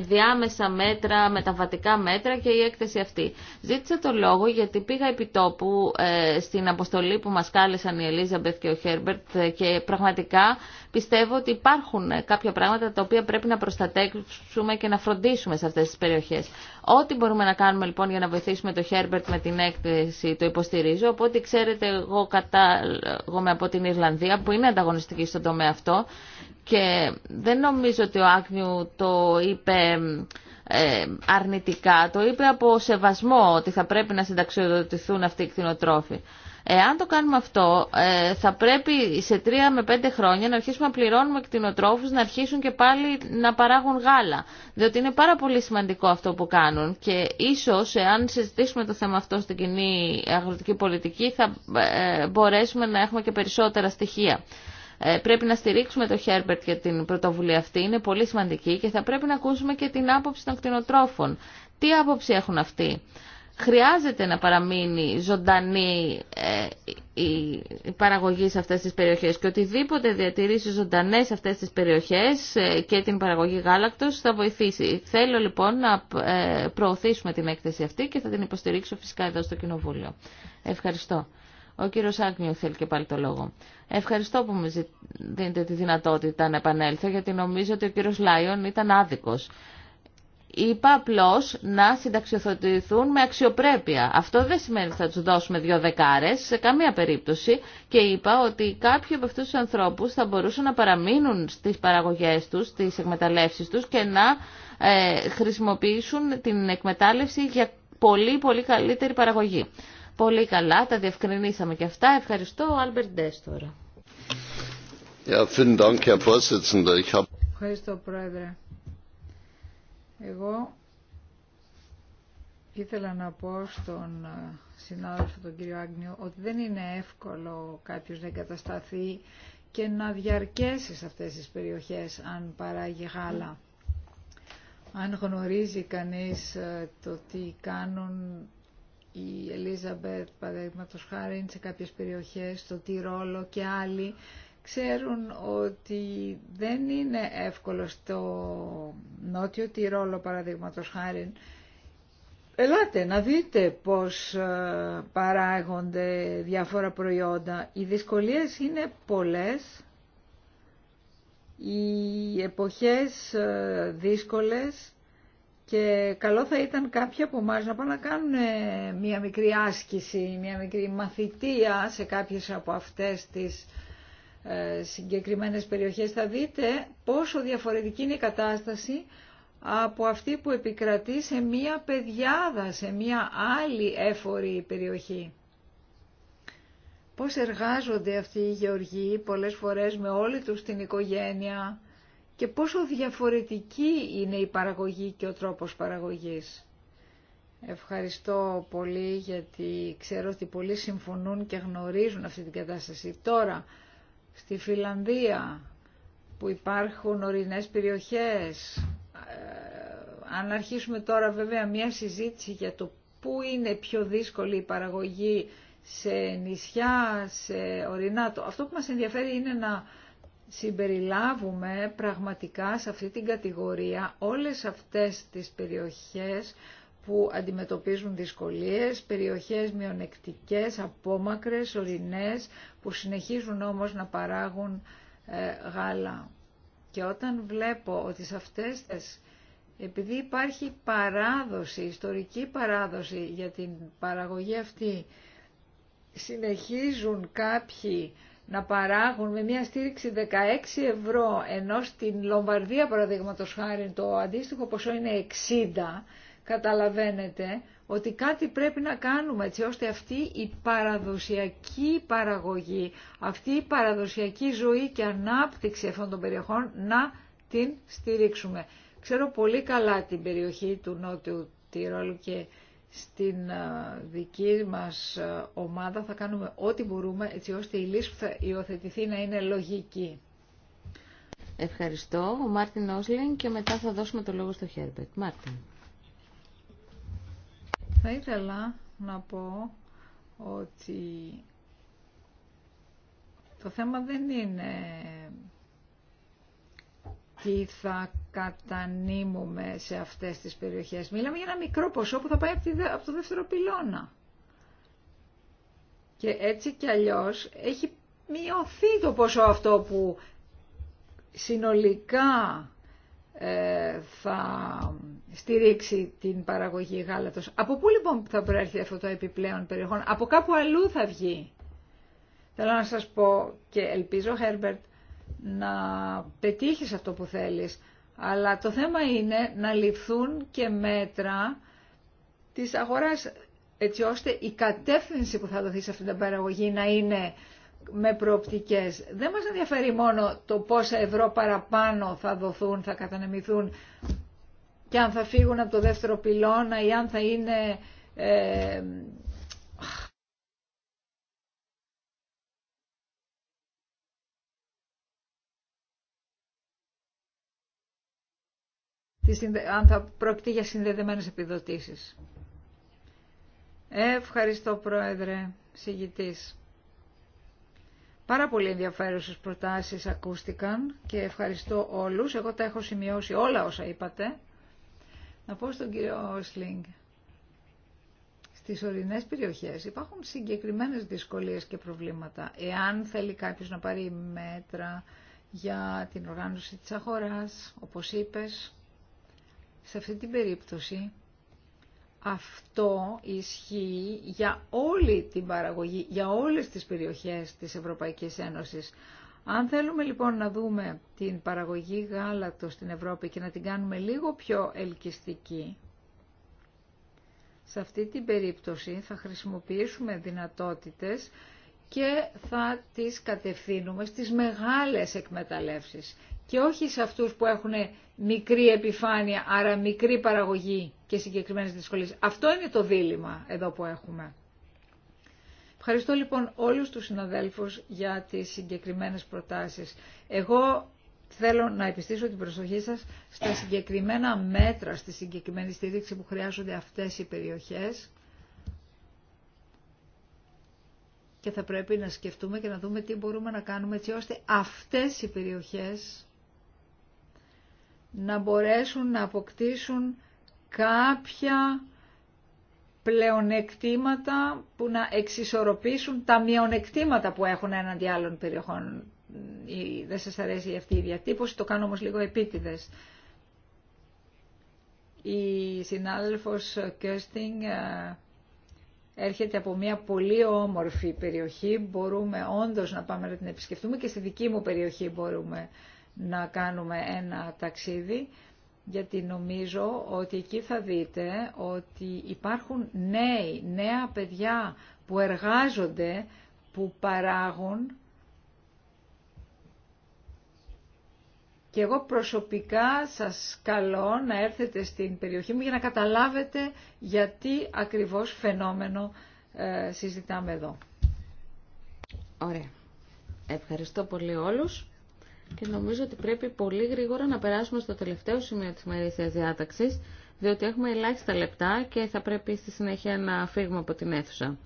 διάμεσα μέτρα, μεταβατικά μέτρα και η έκθεση αυτή. Ζήτησα το λόγο γιατί πήγα επιτόπου ε, στην αποστολή που μας κάλεσαν η Ελίζαμπεθ και ο Χέρμπερτ και πραγματικά πιστεύω ότι υπάρχουν κάποια πράγματα τα οποία πρέπει να προστατεύσουμε και να φροντίσουμε επενδύσουμε σε αυτές τις περιοχές. Ό,τι μπορούμε να κάνουμε λοιπόν για να βοηθήσουμε το Χέρμπερτ με την έκθεση το υποστηρίζω. Οπότε ξέρετε εγώ κατάγομαι από την Ιρλανδία που είναι ανταγωνιστική στον τομέα αυτό και δεν νομίζω ότι ο Άγνιου το είπε ε, αρνητικά, το είπε από σεβασμό ότι θα πρέπει να συνταξιοδοτηθούν αυτοί οι κτηνοτρόφοι. Εάν το κάνουμε αυτό, ε, θα πρέπει σε τρία με πέντε χρόνια να αρχίσουμε να πληρώνουμε κτηνοτρόφους, να αρχίσουν και πάλι να παράγουν γάλα. Διότι είναι πάρα πολύ σημαντικό αυτό που κάνουν και ίσως εάν συζητήσουμε το θέμα αυτό στην κοινή αγροτική πολιτική θα ε, μπορέσουμε να έχουμε και περισσότερα στοιχεία. Ε, πρέπει να στηρίξουμε το Χέρμπερτ για την πρωτοβουλία αυτή, είναι πολύ σημαντική και θα πρέπει να ακούσουμε και την άποψη των κτηνοτρόφων. Τι άποψη έχουν αυτοί χρειάζεται να παραμείνει ζωντανή ε, η παραγωγή σε αυτές τις περιοχές και οτιδήποτε διατηρήσει ζωντανές αυτές τις περιοχές ε, και την παραγωγή γάλακτος θα βοηθήσει. Θέλω λοιπόν να ε, προωθήσουμε την έκθεση αυτή και θα την υποστηρίξω φυσικά εδώ στο Κοινοβούλιο. Ευχαριστώ. Ο κύριο Άγνιου θέλει και πάλι το λόγο. Ευχαριστώ που μου δίνετε τη δυνατότητα να επανέλθω, γιατί νομίζω ότι ο κύριο Λάιον ήταν άδικο. Είπα απλώ να συνταξιοθετηθούν με αξιοπρέπεια. Αυτό δεν σημαίνει ότι θα του δώσουμε δύο δεκάρε σε καμία περίπτωση. Και είπα ότι κάποιοι από αυτού του ανθρώπου θα μπορούσαν να παραμείνουν στις παραγωγέ του, στι εκμεταλλεύσει του και να ε, χρησιμοποιήσουν την εκμετάλλευση για πολύ πολύ καλύτερη παραγωγή. Πολύ καλά, τα διευκρινίσαμε και αυτά. Ευχαριστώ, Άλμπερτ Τέστορα. Εγώ ήθελα να πω στον ε, συνάδελφο τον κύριο Άγνιο ότι δεν είναι εύκολο κάποιος να εγκατασταθεί και να διαρκέσει σε αυτές τις περιοχές αν παράγει γάλα. Αν γνωρίζει κανείς ε, το τι κάνουν η Ελίζαμπετ, παραδείγματος χάρη, σε κάποιες περιοχές, το τι ρόλο και άλλοι, ξέρουν ότι δεν είναι εύκολο στο νότιο Τυρόλο παραδείγματος χάρη Ελάτε να δείτε πώς ε, παράγονται διάφορα προϊόντα. Οι δυσκολίες είναι πολλές, οι εποχές ε, δύσκολες και καλό θα ήταν κάποιοι από εμά να πάνε να κάνουν ε, μια μικρή άσκηση, μια μικρή μαθητεία σε κάποιες από αυτές τις ε, συγκεκριμένες περιοχές θα δείτε πόσο διαφορετική είναι η κατάσταση από αυτή που επικρατεί σε μία παιδιάδα, σε μία άλλη έφορη περιοχή. Πώς εργάζονται αυτοί οι γεωργοί πολλές φορές με όλη τους την οικογένεια και πόσο διαφορετική είναι η παραγωγή και ο τρόπος παραγωγής. Ευχαριστώ πολύ γιατί ξέρω ότι πολλοί συμφωνούν και γνωρίζουν αυτή την κατάσταση. Τώρα, στη Φιλανδία που υπάρχουν ορεινές περιοχές. Ε, αν αρχίσουμε τώρα βέβαια μια συζήτηση για το πού είναι πιο δύσκολη η παραγωγή σε νησιά, σε ορεινά. Αυτό που μας ενδιαφέρει είναι να συμπεριλάβουμε πραγματικά σε αυτή την κατηγορία όλες αυτές τις περιοχές που αντιμετωπίζουν δυσκολίες, περιοχές μειονεκτικές, απόμακρες, ορεινές, που συνεχίζουν όμως να παράγουν ε, γάλα. Και όταν βλέπω ότι σε αυτές τις επειδή υπάρχει παράδοση, ιστορική παράδοση για την παραγωγή αυτή, συνεχίζουν κάποιοι να παράγουν με μια στήριξη 16 ευρώ, ενώ στην Λομβαρδία παραδείγματο χάρη το αντίστοιχο ποσό είναι 60, καταλαβαίνετε ότι κάτι πρέπει να κάνουμε έτσι ώστε αυτή η παραδοσιακή παραγωγή, αυτή η παραδοσιακή ζωή και ανάπτυξη αυτών των περιοχών να την στηρίξουμε. Ξέρω πολύ καλά την περιοχή του Νότιου Τυρόλου και στην δική μας ομάδα θα κάνουμε ό,τι μπορούμε έτσι ώστε η λύση που θα υιοθετηθεί να είναι λογική. Ευχαριστώ. Ο Μάρτιν Όσλιν και μετά θα δώσουμε το λόγο στο Χέρμπερτ. Μάρτιν. Θα ήθελα να πω ότι το θέμα δεν είναι τι θα κατανείμουμε σε αυτές τις περιοχές. Μιλάμε για ένα μικρό ποσό που θα πάει από το δεύτερο πυλώνα. Και έτσι κι αλλιώς έχει μειωθεί το ποσό αυτό που συνολικά ε, θα στηρίξει την παραγωγή γάλατος. Από πού λοιπόν θα προέρχεται αυτό το επιπλέον περιεχόν, από κάπου αλλού θα βγει. Θέλω να σας πω και ελπίζω, Χέρμπερτ, να πετύχεις αυτό που θέλεις, αλλά το θέμα είναι να ληφθούν και μέτρα της αγοράς, έτσι ώστε η κατεύθυνση που θα δοθεί σε αυτή την παραγωγή να είναι με προοπτικές. Δεν μας ενδιαφέρει μόνο το πόσα ευρώ παραπάνω θα δοθούν, θα κατανεμηθούν και αν θα φύγουν από το δεύτερο πυλώνα ή αν θα είναι... Ε, αν θα πρόκειται για συνδεδεμένες επιδοτήσεις. Ε, ευχαριστώ Πρόεδρε, συγητής. Πάρα πολύ ενδιαφέρουσες προτάσεις ακούστηκαν και ευχαριστώ όλους. Εγώ τα έχω σημειώσει όλα όσα είπατε. Να πω στον κύριο Όσλινγκ. Στις ορεινές περιοχές υπάρχουν συγκεκριμένες δυσκολίες και προβλήματα. Εάν θέλει κάποιος να πάρει μέτρα για την οργάνωση της αγοράς, όπως είπες, σε αυτή την περίπτωση αυτό ισχύει για όλη την παραγωγή, για όλες τις περιοχές της Ευρωπαϊκής Ένωσης. Αν θέλουμε λοιπόν να δούμε την παραγωγή γάλακτος στην Ευρώπη και να την κάνουμε λίγο πιο ελκυστική, σε αυτή την περίπτωση θα χρησιμοποιήσουμε δυνατότητες και θα τις κατευθύνουμε στις μεγάλες εκμεταλλεύσεις και όχι σε αυτούς που έχουν μικρή επιφάνεια, άρα μικρή παραγωγή και συγκεκριμένες δυσκολίες. Αυτό είναι το δίλημα εδώ που έχουμε. Ευχαριστώ λοιπόν όλους τους συναδέλφους για τις συγκεκριμένες προτάσεις. Εγώ θέλω να επιστήσω την προσοχή σας στα συγκεκριμένα μέτρα, στη συγκεκριμένη στήριξη που χρειάζονται αυτές οι περιοχές και θα πρέπει να σκεφτούμε και να δούμε τι μπορούμε να κάνουμε έτσι ώστε αυτές οι περιοχές να μπορέσουν να αποκτήσουν κάποια πλεονεκτήματα που να εξισορροπήσουν τα μειονεκτήματα που έχουν έναντι άλλων περιοχών. Δεν σας αρέσει αυτή η διατύπωση, το κάνω όμως λίγο επίτηδες. Η συνάδελφος Κέρστινγκ ε, έρχεται από μια πολύ όμορφη περιοχή. Μπορούμε όντως να πάμε να την επισκεφτούμε και στη δική μου περιοχή μπορούμε να κάνουμε ένα ταξίδι γιατί νομίζω ότι εκεί θα δείτε ότι υπάρχουν νέοι, νέα παιδιά που εργάζονται, που παράγουν και εγώ προσωπικά σας καλώ να έρθετε στην περιοχή μου για να καταλάβετε γιατί ακριβώς φαινόμενο ε, συζητάμε εδώ. Ωραία. Ευχαριστώ πολύ όλους και νομίζω ότι πρέπει πολύ γρήγορα να περάσουμε στο τελευταίο σημείο της μερίσιας διάταξης, διότι έχουμε ελάχιστα λεπτά και θα πρέπει στη συνέχεια να φύγουμε από την αίθουσα.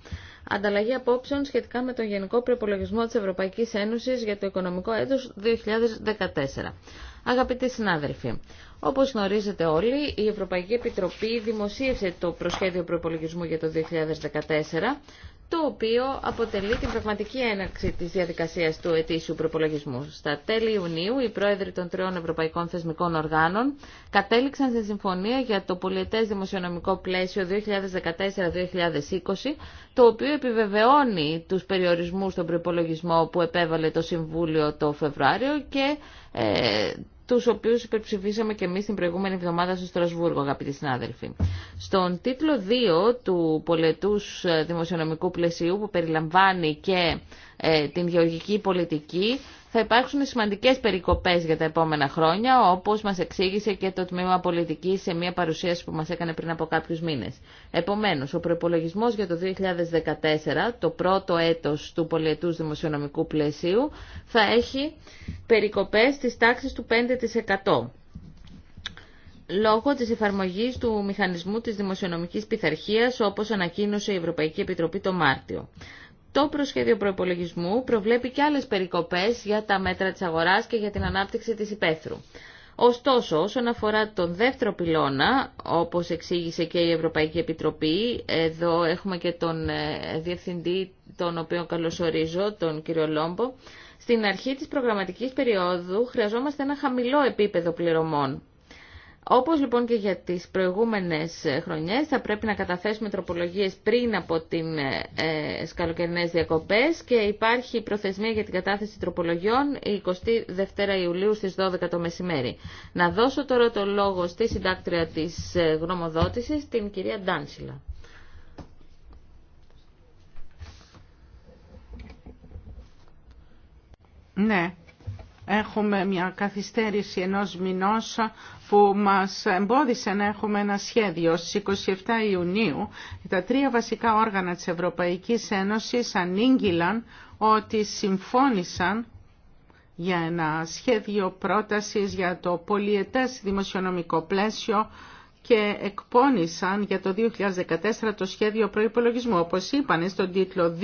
Ανταλλαγή απόψεων σχετικά με τον Γενικό Προπολογισμό της Ευρωπαϊκής Ένωσης για το οικονομικό έτος 2014. Αγαπητοί συνάδελφοι, όπως γνωρίζετε όλοι, η Ευρωπαϊκή Επιτροπή δημοσίευσε το προσχέδιο προπολογισμού για το 2014, το οποίο αποτελεί την πραγματική έναρξη της διαδικασίας του ετήσιου προπολογισμού. Στα τέλη Ιουνίου, οι πρόεδροι των τριών ευρωπαϊκών θεσμικών οργάνων κατέληξαν σε συμφωνία για το πολιετές δημοσιονομικό πλαίσιο 2014-2020, το οποίο επιβεβαιώνει τους περιορισμούς στον προπολογισμό που επέβαλε το Συμβούλιο το Φεβρουάριο και ε, τους οποίους υπερψηφίσαμε και εμεί την προηγούμενη εβδομάδα στο Στρασβούργο, αγαπητοί συνάδελφοι. Στον τίτλο 2 του πολετούς ε, δημοσιονομικού πλαισίου που περιλαμβάνει και ε, την γεωργική πολιτική θα υπάρξουν σημαντικές περικοπές για τα επόμενα χρόνια, όπως μας εξήγησε και το Τμήμα Πολιτικής σε μια παρουσίαση που μας έκανε πριν από κάποιους μήνες. Επομένως, ο προπολογισμό για το 2014, το πρώτο έτος του πολιετούς δημοσιονομικού πλαισίου, θα έχει περικοπές της τάξης του 5% λόγω της εφαρμογής του μηχανισμού της δημοσιονομικής πειθαρχίας όπως ανακοίνωσε η Ευρωπαϊκή Επιτροπή το Μάρτιο. Το προσχέδιο προπολογισμού προβλέπει και άλλες περικοπές για τα μέτρα της αγοράς και για την ανάπτυξη της υπαίθρου. Ωστόσο, όσον αφορά τον δεύτερο πυλώνα, όπως εξήγησε και η Ευρωπαϊκή Επιτροπή, εδώ έχουμε και τον ε, διευθυντή, τον οποίο καλωσορίζω, τον κύριο Λόμπο, στην αρχή της προγραμματικής περίοδου χρειαζόμαστε ένα χαμηλό επίπεδο πληρωμών. Όπως λοιπόν και για τις προηγούμενες χρονιές θα πρέπει να καταθέσουμε τροπολογίες πριν από την ε, ε σκαλοκαιρινές διακοπές και υπάρχει προθεσμία για την κατάθεση τροπολογιών 22 Ιουλίου στις 12 το μεσημέρι. Να δώσω τώρα το λόγο στη συντάκτρια της ε, γνωμοδότησης, την κυρία Ντάνσιλα. Ναι, έχουμε μια καθυστέρηση ενός μηνός που μας εμπόδισε να έχουμε ένα σχέδιο. Στις 27 Ιουνίου τα τρία βασικά όργανα της Ευρωπαϊκής Ένωσης ανήγγυλαν ότι συμφώνησαν για ένα σχέδιο πρότασης για το πολιετές δημοσιονομικό πλαίσιο και εκπώνησαν για το 2014 το σχέδιο προϋπολογισμού. Όπως είπανε στον τίτλο 2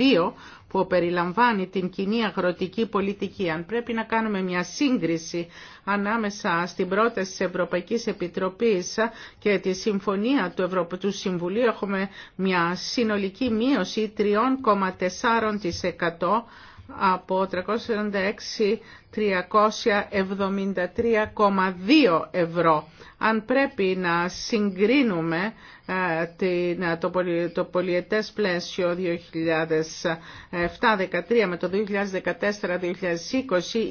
που περιλαμβάνει την κοινή αγροτική πολιτική. Αν πρέπει να κάνουμε μια σύγκριση ανάμεσα στην πρόταση της Ευρωπαϊκής Επιτροπής και τη συμφωνία του, Ευρωπαϊκού Συμβουλίου έχουμε μια συνολική μείωση 3,4% από 346 373,2 ευρώ. Αν πρέπει να συγκρίνουμε ε, ε, το πολιετές πλαίσιο 2007-2013 με το 2014-2020,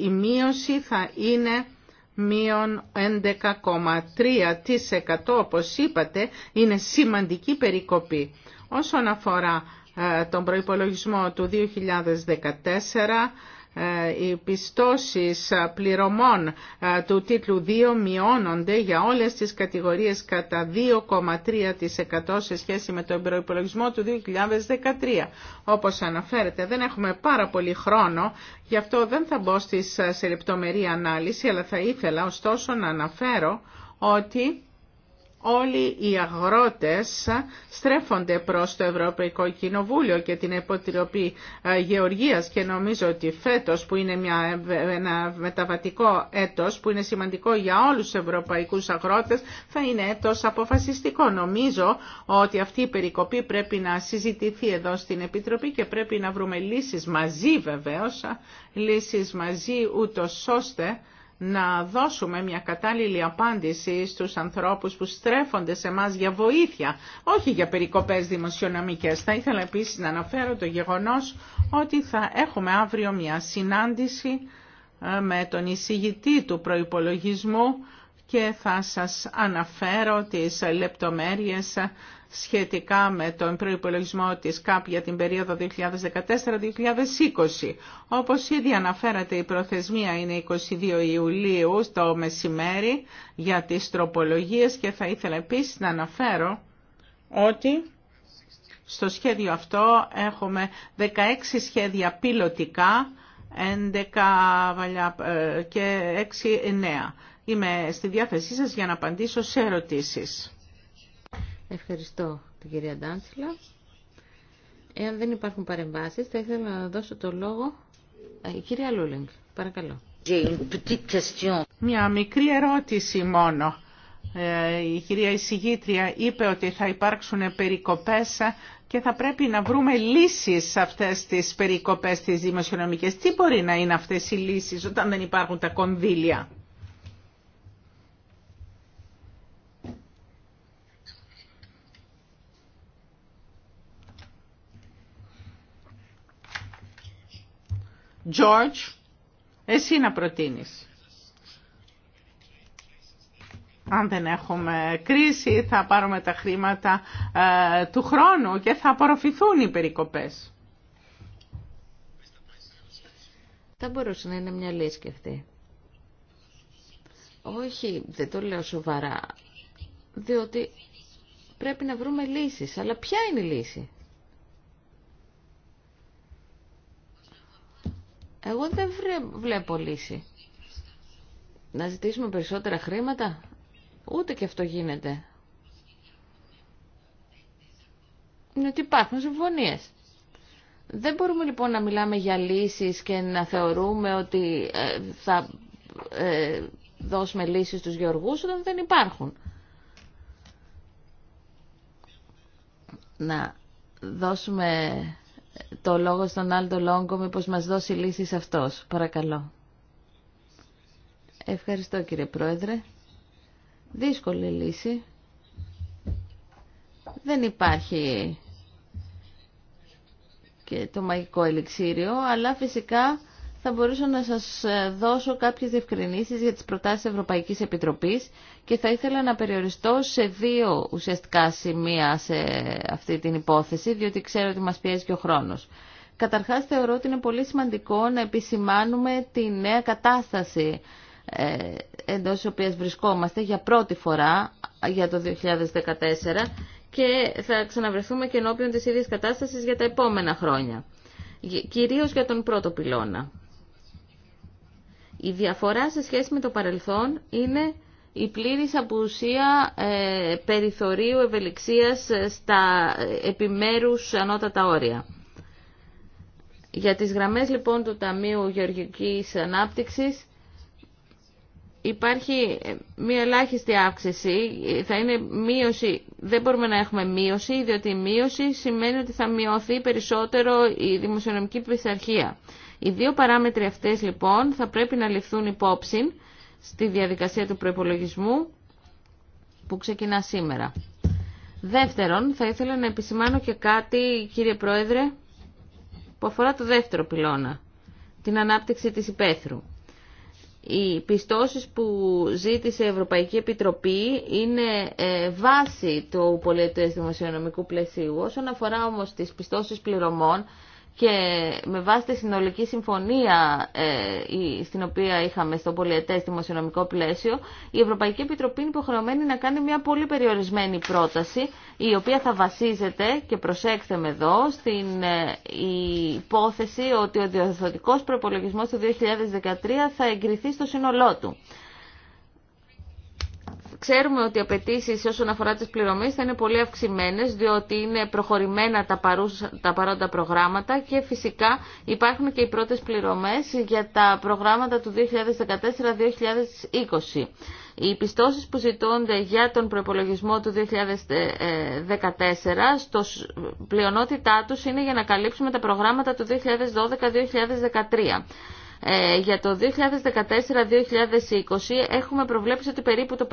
η μείωση θα είναι μείον 11,3%. Όπως είπατε, είναι σημαντική περικοπή. Όσον αφορά ε, τον προϋπολογισμό του 2014, ε, οι πιστώσεις ε, πληρωμών ε, του τίτλου 2 μειώνονται για όλες τις κατηγορίες κατά 2,3% σε σχέση με τον προϋπολογισμό του 2013. Όπως αναφέρεται δεν έχουμε πάρα πολύ χρόνο, γι' αυτό δεν θα μπω σε λεπτομερή ανάλυση, αλλά θα ήθελα ωστόσο να αναφέρω ότι όλοι οι αγρότες στρέφονται προς το Ευρωπαϊκό Κοινοβούλιο και την Επιτροπή ε, Γεωργίας και νομίζω ότι φέτος που είναι μια, ένα μεταβατικό έτος που είναι σημαντικό για όλους τους ευρωπαϊκούς αγρότες θα είναι έτος αποφασιστικό. Νομίζω ότι αυτή η περικοπή πρέπει να συζητηθεί εδώ στην Επιτροπή και πρέπει να βρούμε λύσεις μαζί βεβαίως, λύσεις μαζί ούτως ώστε να δώσουμε μια κατάλληλη απάντηση στους ανθρώπους που στρέφονται σε μας για βοήθεια, όχι για περικοπές δημοσιονομικές. Θα ήθελα επίσης να αναφέρω το γεγονός ότι θα έχουμε αύριο μια συνάντηση ε, με τον εισηγητή του προϋπολογισμού και θα σας αναφέρω τις λεπτομέρειες σχετικά με τον προϋπολογισμό της ΚΑΠ για την περίοδο 2014-2020. Όπως ήδη αναφέρατε, η προθεσμία είναι 22 Ιουλίου στο μεσημέρι για τις τροπολογίες και θα ήθελα επίσης να αναφέρω ότι στο σχέδιο αυτό έχουμε 16 σχέδια πιλωτικά 11 ε, και 6 9. Είμαι στη διάθεσή σας για να απαντήσω σε ερωτήσεις. Ευχαριστώ την κυρία Ντάντσιλα. Εάν δεν υπάρχουν παρεμβάσεις, θα ήθελα να δώσω το λόγο. Ε, η κυρία Λούλινγκ, παρακαλώ. Μια μικρή ερώτηση μόνο. Ε, η κυρία εισηγήτρια είπε ότι θα υπάρξουν περικοπές και θα πρέπει να βρούμε λύσεις σε αυτές τις περικοπές της δημοσιονομικές. Τι μπορεί να είναι αυτές οι λύσεις όταν δεν υπάρχουν τα κονδύλια. George, εσύ να προτείνεις. Αν δεν έχουμε κρίση θα πάρουμε τα χρήματα ε, του χρόνου και θα απορροφηθούν οι περικοπές. Θα μπορούσε να είναι μια λύση και αυτή. Όχι, δεν το λέω σοβαρά, διότι πρέπει να βρούμε λύσεις. Αλλά ποια είναι η λύση. Εγώ δεν βλέπω λύση. Να ζητήσουμε περισσότερα χρήματα. Ούτε και αυτό γίνεται. Είναι ότι υπάρχουν συμφωνίες. Δεν μπορούμε λοιπόν να μιλάμε για λύσεις και να θεωρούμε ότι ε, θα ε, δώσουμε λύσεις στους γεωργούς όταν δεν υπάρχουν. Να δώσουμε το λόγο στον Άλτο Λόγκο, μήπως μας δώσει λύσεις αυτός. Παρακαλώ. Ευχαριστώ κύριε Πρόεδρε. Δύσκολη λύση. Δεν υπάρχει και το μαγικό ελιξίριο, αλλά φυσικά θα μπορούσα να σας ε, δώσω κάποιες διευκρινήσεις για τις προτάσεις Ευρωπαϊκής Επιτροπής και θα ήθελα να περιοριστώ σε δύο ουσιαστικά σημεία σε αυτή την υπόθεση, διότι ξέρω ότι μας πιέζει και ο χρόνος. Καταρχάς θεωρώ ότι είναι πολύ σημαντικό να επισημάνουμε τη νέα κατάσταση ε, εντός της οποίας βρισκόμαστε για πρώτη φορά για το 2014 και θα ξαναβρεθούμε και ενώπιον της ίδιας κατάστασης για τα επόμενα χρόνια κυρίως για τον πρώτο πυλώνα. Η διαφορά σε σχέση με το παρελθόν είναι η πλήρης απουσία ε, περιθωρίου ευελιξίας στα επιμέρους ανώτατα όρια. Για τις γραμμές λοιπόν του Ταμείου Γεωργικής Ανάπτυξης υπάρχει ε, μία ελάχιστη αύξηση, θα είναι μείωση, δεν μπορούμε να έχουμε μείωση, διότι η μείωση σημαίνει ότι θα μειωθεί περισσότερο η δημοσιονομική πειθαρχία. Οι δύο παράμετροι αυτές λοιπόν θα πρέπει να ληφθούν υπόψη στη διαδικασία του προπολογισμού που ξεκινά σήμερα. Δεύτερον, θα ήθελα να επισημάνω και κάτι, κύριε Πρόεδρε, που αφορά το δεύτερο πυλώνα, την ανάπτυξη της υπαίθρου. Οι πιστώσεις που ζήτησε η Ευρωπαϊκή Επιτροπή είναι ε, βάση του πολιτικού δημοσιονομικού πλαισίου. Όσον αφορά όμως τις πιστώσεις πληρωμών, και με βάση τη συνολική συμφωνία ε, στην οποία είχαμε στο πολιετές δημοσιονομικό πλαίσιο, η Ευρωπαϊκή Επιτροπή είναι υποχρεωμένη να κάνει μια πολύ περιορισμένη πρόταση, η οποία θα βασίζεται, και προσέξτε με εδώ, στην ε, υπόθεση ότι ο διορθωτικός προπολογισμό του 2013 θα εγκριθεί στο σύνολό του. Ξέρουμε ότι οι απαιτήσει όσον αφορά τις πληρωμές θα είναι πολύ αυξημένε διότι είναι προχωρημένα τα, παρούσα, τα παρόντα προγράμματα και φυσικά υπάρχουν και οι πρώτες πληρωμές για τα προγράμματα του 2014-2020. Οι πιστώσεις που ζητώνται για τον προπολογισμό του 2014 στο πλειονότητά τους είναι για να καλύψουμε τα προγράμματα του 2012-2013. Ε, για το 2014-2020 έχουμε προβλέψει ότι περίπου το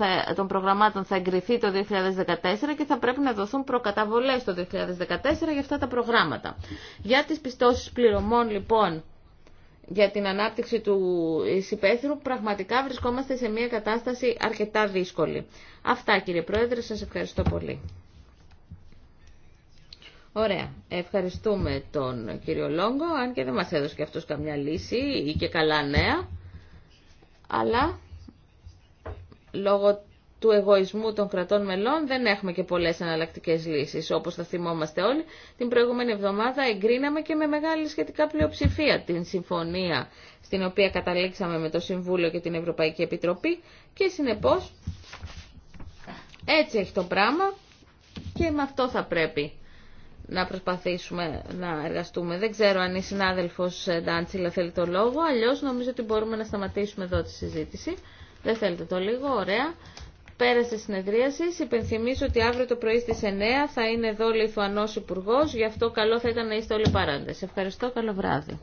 50% των προγραμμάτων θα εγκριθεί το 2014 και θα πρέπει να δοθούν προκαταβολές το 2014 για αυτά τα προγράμματα. Για τις πιστώσεις πληρωμών λοιπόν για την ανάπτυξη του υπαίθρου πραγματικά βρισκόμαστε σε μια κατάσταση αρκετά δύσκολη. Αυτά κύριε Πρόεδρε, σας ευχαριστώ πολύ. Ωραία. Ευχαριστούμε τον κύριο Λόγκο, αν και δεν μας έδωσε και αυτός καμιά λύση ή και καλά νέα, αλλά λόγω του εγωισμού των κρατών μελών δεν έχουμε και πολλές αναλλακτικές λύσεις, όπως θα θυμόμαστε όλοι. Την προηγούμενη εβδομάδα εγκρίναμε και με μεγάλη σχετικά πλειοψηφία την συμφωνία στην οποία καταλήξαμε με το Συμβούλιο και την Ευρωπαϊκή Επιτροπή και συνεπώς έτσι έχει το πράγμα και με αυτό θα πρέπει να προσπαθήσουμε να εργαστούμε. Δεν ξέρω αν η συνάδελφος ε, Ντάντσιλα θέλει το λόγο, αλλιώς νομίζω ότι μπορούμε να σταματήσουμε εδώ τη συζήτηση. Δεν θέλετε το λίγο, ωραία. Πέρασε συνεδρίαση. Υπενθυμίζω ότι αύριο το πρωί στις 9 θα είναι εδώ ο Λιθουανός υπουργό, γι' αυτό καλό θα ήταν να είστε όλοι παρόντες. Ευχαριστώ, καλό βράδυ.